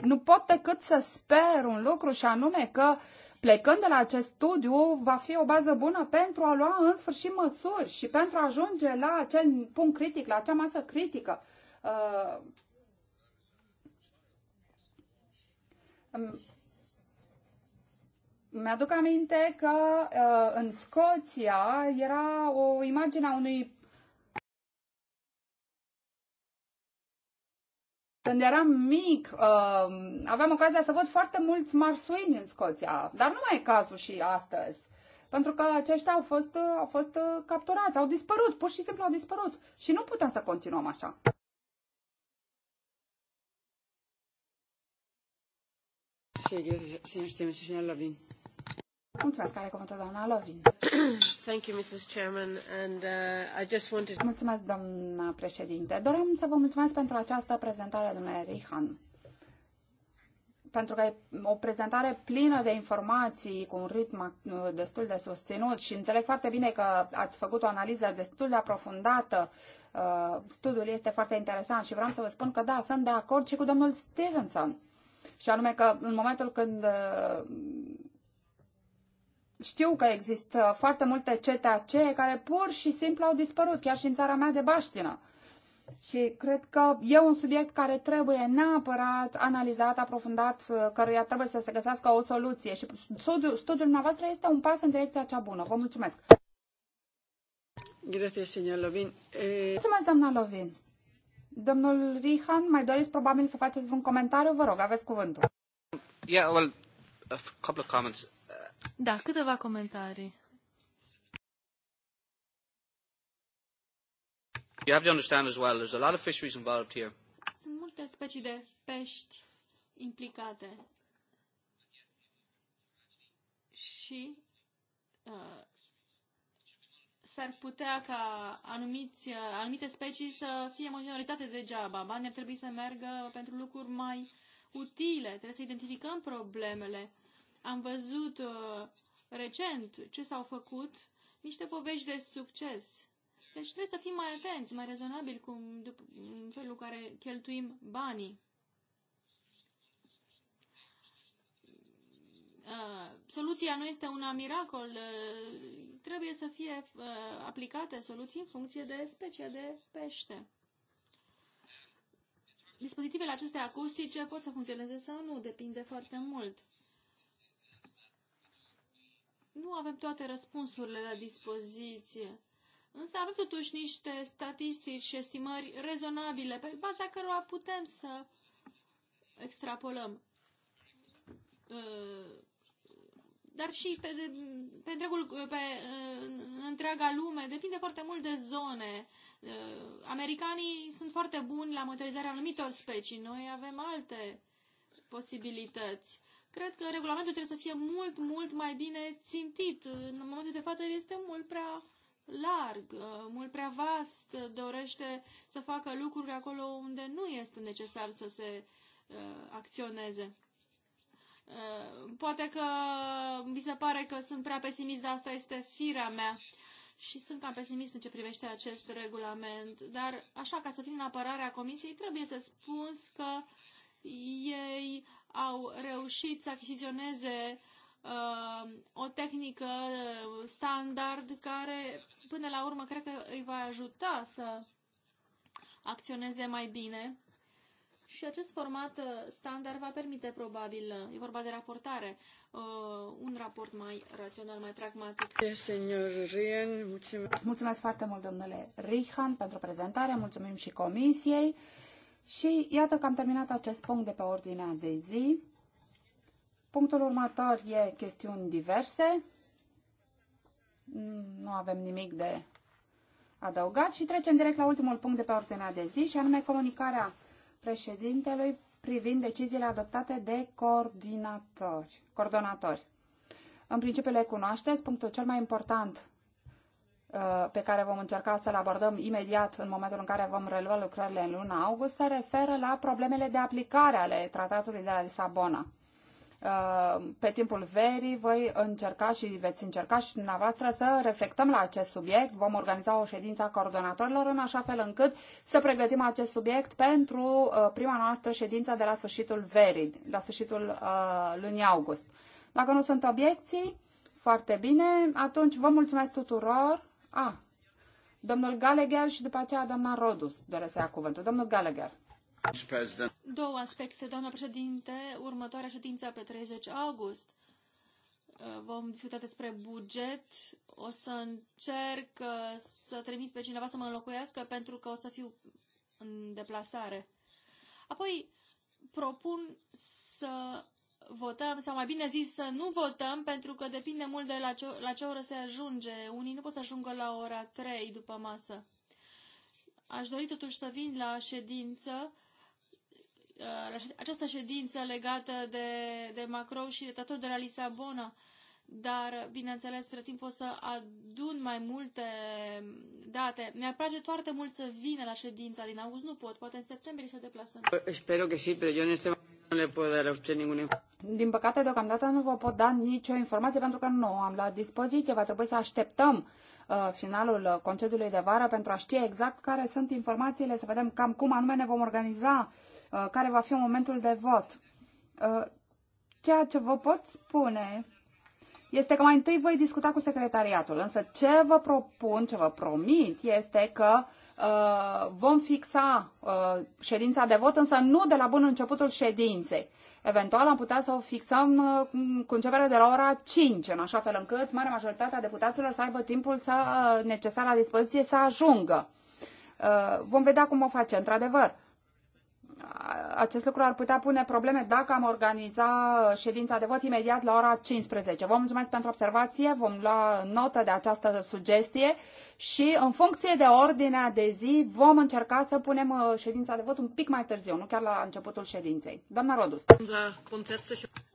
Nu pot decât să sper un lucru și anume că Plecând de la acest studiu, va fi o bază bună pentru a lua în sfârșit măsuri și pentru a ajunge la acel punct critic, la acea masă critică. Uh, mi-aduc aminte că uh, în Scoția era o imagine a unui Când eram mic, uh, aveam ocazia să văd foarte mulți marsuini în Scoția, dar nu mai e cazul și astăzi. Pentru că aceștia au fost, uh, au fost uh, capturați, au dispărut, pur și simplu au dispărut. Și nu putem să continuăm așa. Sí, gracias, señor Stevenson, señor Lavín. Mulțumesc, care cuvântul doamna Lovin. Thank you, Mrs. Chairman, and uh, I just wanted... Mulțumesc, doamna președinte. Doream să vă mulțumesc pentru această prezentare, domnule Rihan. Pentru că e o prezentare plină de informații, cu un ritm uh, destul de susținut și înțeleg foarte bine că ați făcut o analiză destul de aprofundată. Uh, studiul este foarte interesant și vreau să vă spun că da, sunt de acord și cu domnul Stevenson. Și anume că în momentul când uh, știu că există foarte multe CTAC care pur și simplu au dispărut, chiar și în țara mea de Baștină. Și cred că e un subiect care trebuie neapărat analizat, aprofundat, căruia trebuie să se găsească o soluție. Și studiul, studiul dumneavoastră este un pas în direcția cea bună. Vă mulțumesc! Gracias, señor Lovin. E... Eh, mulțumesc, doamna Lovin. Domnul Rihan, mai doriți probabil să faceți un comentariu? Vă rog, aveți cuvântul. Yeah, well, a couple of comments. Da, câteva comentarii. You have to understand as well, there's a lot of fisheries involved here. Sunt multe specii de pești implicate. Și uh, s-ar putea ca anumiți, uh, anumite specii să fie monitorizate degeaba. Banii ar trebui să meargă pentru lucruri mai utile. Trebuie să identificăm problemele am văzut uh, recent ce s-au făcut, niște povești de succes. Deci trebuie să fim mai atenți, mai rezonabili cu în felul care cheltuim banii. Uh, soluția nu este una miracol, uh, trebuie să fie uh, aplicate soluții în funcție de specie de pește. Dispozitivele acestea acustice pot să funcționeze sau nu, depinde foarte mult. Nu avem toate răspunsurile la dispoziție. Însă avem totuși niște statistici și estimări rezonabile pe baza cărora putem să extrapolăm. Uh, dar și pe, pe, întregul, pe întreaga lume depinde foarte mult de zone. Uh, americanii sunt foarte buni la monitorizarea anumitor specii. Noi avem alte posibilități cred că regulamentul trebuie să fie mult, mult mai bine țintit. În momentul de față este mult prea larg, uh, mult prea vast, uh, dorește să facă lucruri acolo unde nu este necesar să se uh, acționeze. Uh, poate că vi se pare că sunt prea pesimist, dar asta este firea mea și sunt cam pesimist în ce privește acest regulament, dar așa ca să fim în apărarea comisiei, trebuie să spun că ei au reușit să achiziționeze uh, o tehnică uh, standard care, până la urmă, cred că îi va ajuta să acționeze mai bine. Și acest format uh, standard va permite, probabil, uh, e vorba de raportare, uh, un raport mai rațional, mai pragmatic. Mulțumesc foarte mult, domnule Rihan, pentru prezentare. Mulțumim și comisiei. Și iată că am terminat acest punct de pe ordinea de zi. Punctul următor e chestiuni diverse. Nu avem nimic de adăugat și trecem direct la ultimul punct de pe ordinea de zi și anume comunicarea președintelui privind deciziile adoptate de coordonatori. În principiu le cunoașteți, punctul cel mai important Uh, pe care vom încerca să-l abordăm imediat în momentul în care vom relua lucrările în luna august, se referă la problemele de aplicare ale tratatului de la Lisabona. Uh, pe timpul verii voi încerca și veți încerca și dumneavoastră să reflectăm la acest subiect. Vom organiza o ședință a coordonatorilor în așa fel încât să pregătim acest subiect pentru uh, prima noastră ședință de la sfârșitul verii, la sfârșitul lunii august. Dacă nu sunt obiecții, foarte bine, atunci vă mulțumesc tuturor a, domnul Gallagher și după aceea doamna Rodus doresc să ia cuvântul. Domnul Gallagher. Două aspecte, doamna președinte. Următoarea ședință pe 30 august uh, vom discuta despre buget. O să încerc uh, să trimit pe cineva să mă înlocuiască pentru că o să fiu în deplasare. Apoi propun să votăm, sau mai bine zis să nu votăm, pentru că depinde mult de la ce, la ce oră se ajunge. Unii nu pot să ajungă la ora 3 după masă. Aș dori totuși să vin la ședință, uh, la această ședință legată de, de Macron și de tratatul de la Lisabona, dar, bineînțeles, între timp o să adun mai multe date. Mi-ar place foarte mult să vină la ședința din august, nu pot, poate în septembrie să deplasăm. Sper că sí, pero yo en este nu no le puedo dar a usted ningún din păcate, deocamdată nu vă pot da nicio informație pentru că nu o am la dispoziție. Va trebui să așteptăm uh, finalul concediului de vară pentru a ști exact care sunt informațiile, să vedem cam cum anume ne vom organiza, uh, care va fi momentul de vot. Uh, ceea ce vă pot spune este că mai întâi voi discuta cu secretariatul, însă ce vă propun, ce vă promit este că uh, Uh, vom fixa uh, ședința de vot, însă nu de la bun începutul ședinței. Eventual am putea să o fixăm uh, cu începere de la ora 5, în așa fel încât marea majoritate a deputaților să aibă timpul să, necesar la dispoziție să ajungă. Vom vedea cum o face, într-adevăr acest lucru ar putea pune probleme dacă am organiza ședința de vot imediat la ora 15. Vă mulțumesc pentru observație, vom lua notă de această sugestie și în funcție de ordinea de zi vom încerca să punem uh, ședința de vot un pic mai târziu, nu chiar la începutul ședinței. Doamna Rodus.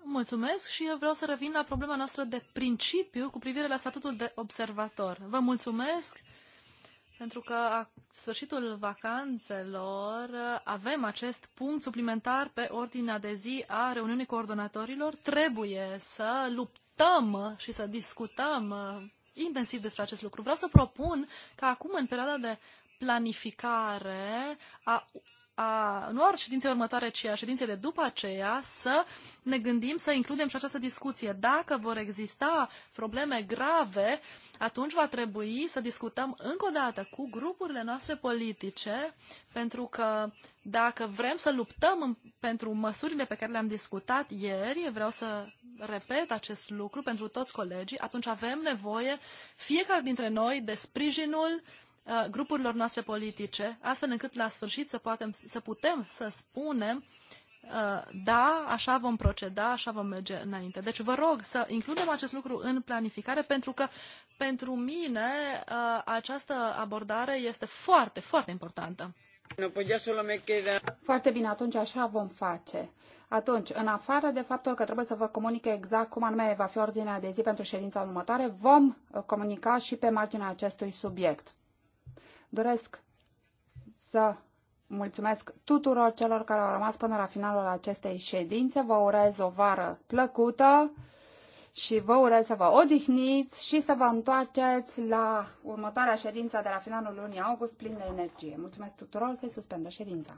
Mulțumesc și eu vreau să revin la problema noastră de principiu cu privire la statutul de observator. Vă mulțumesc pentru că a sfârșitul vacanțelor avem acest punct suplimentar pe ordinea de zi a reuniunii coordonatorilor. Trebuie să luptăm și să discutăm intensiv despre acest lucru. Vreau să propun ca acum, în perioada de planificare a a, nu ar ședințe următoare, ci a ședințele după aceea, să ne gândim să includem și această discuție. Dacă vor exista probleme grave, atunci va trebui să discutăm încă o dată cu grupurile noastre politice, pentru că dacă vrem să luptăm în, pentru măsurile pe care le-am discutat ieri, vreau să repet acest lucru pentru toți colegii, atunci avem nevoie fiecare dintre noi de sprijinul uh, Uh, grupurilor noastre politice, astfel încât la sfârșit să, poatem, să putem să spunem uh, da, așa vom proceda, așa vom merge înainte. Deci vă rog să includem acest lucru în planificare pentru că pentru mine uh, această abordare este foarte, foarte importantă. Foarte bine, atunci așa vom face. Atunci, în afară de faptul că trebuie să vă comunic exact cum anume va fi ordinea de zi pentru ședința următoare, vom comunica și pe marginea acestui subiect. Doresc să mulțumesc tuturor celor care au rămas până la finalul acestei ședințe. Vă urez o vară plăcută și vă urez să vă odihniți și să vă întoarceți la următoarea ședință de la finalul lunii august plin de energie. Mulțumesc tuturor, se suspendă ședința.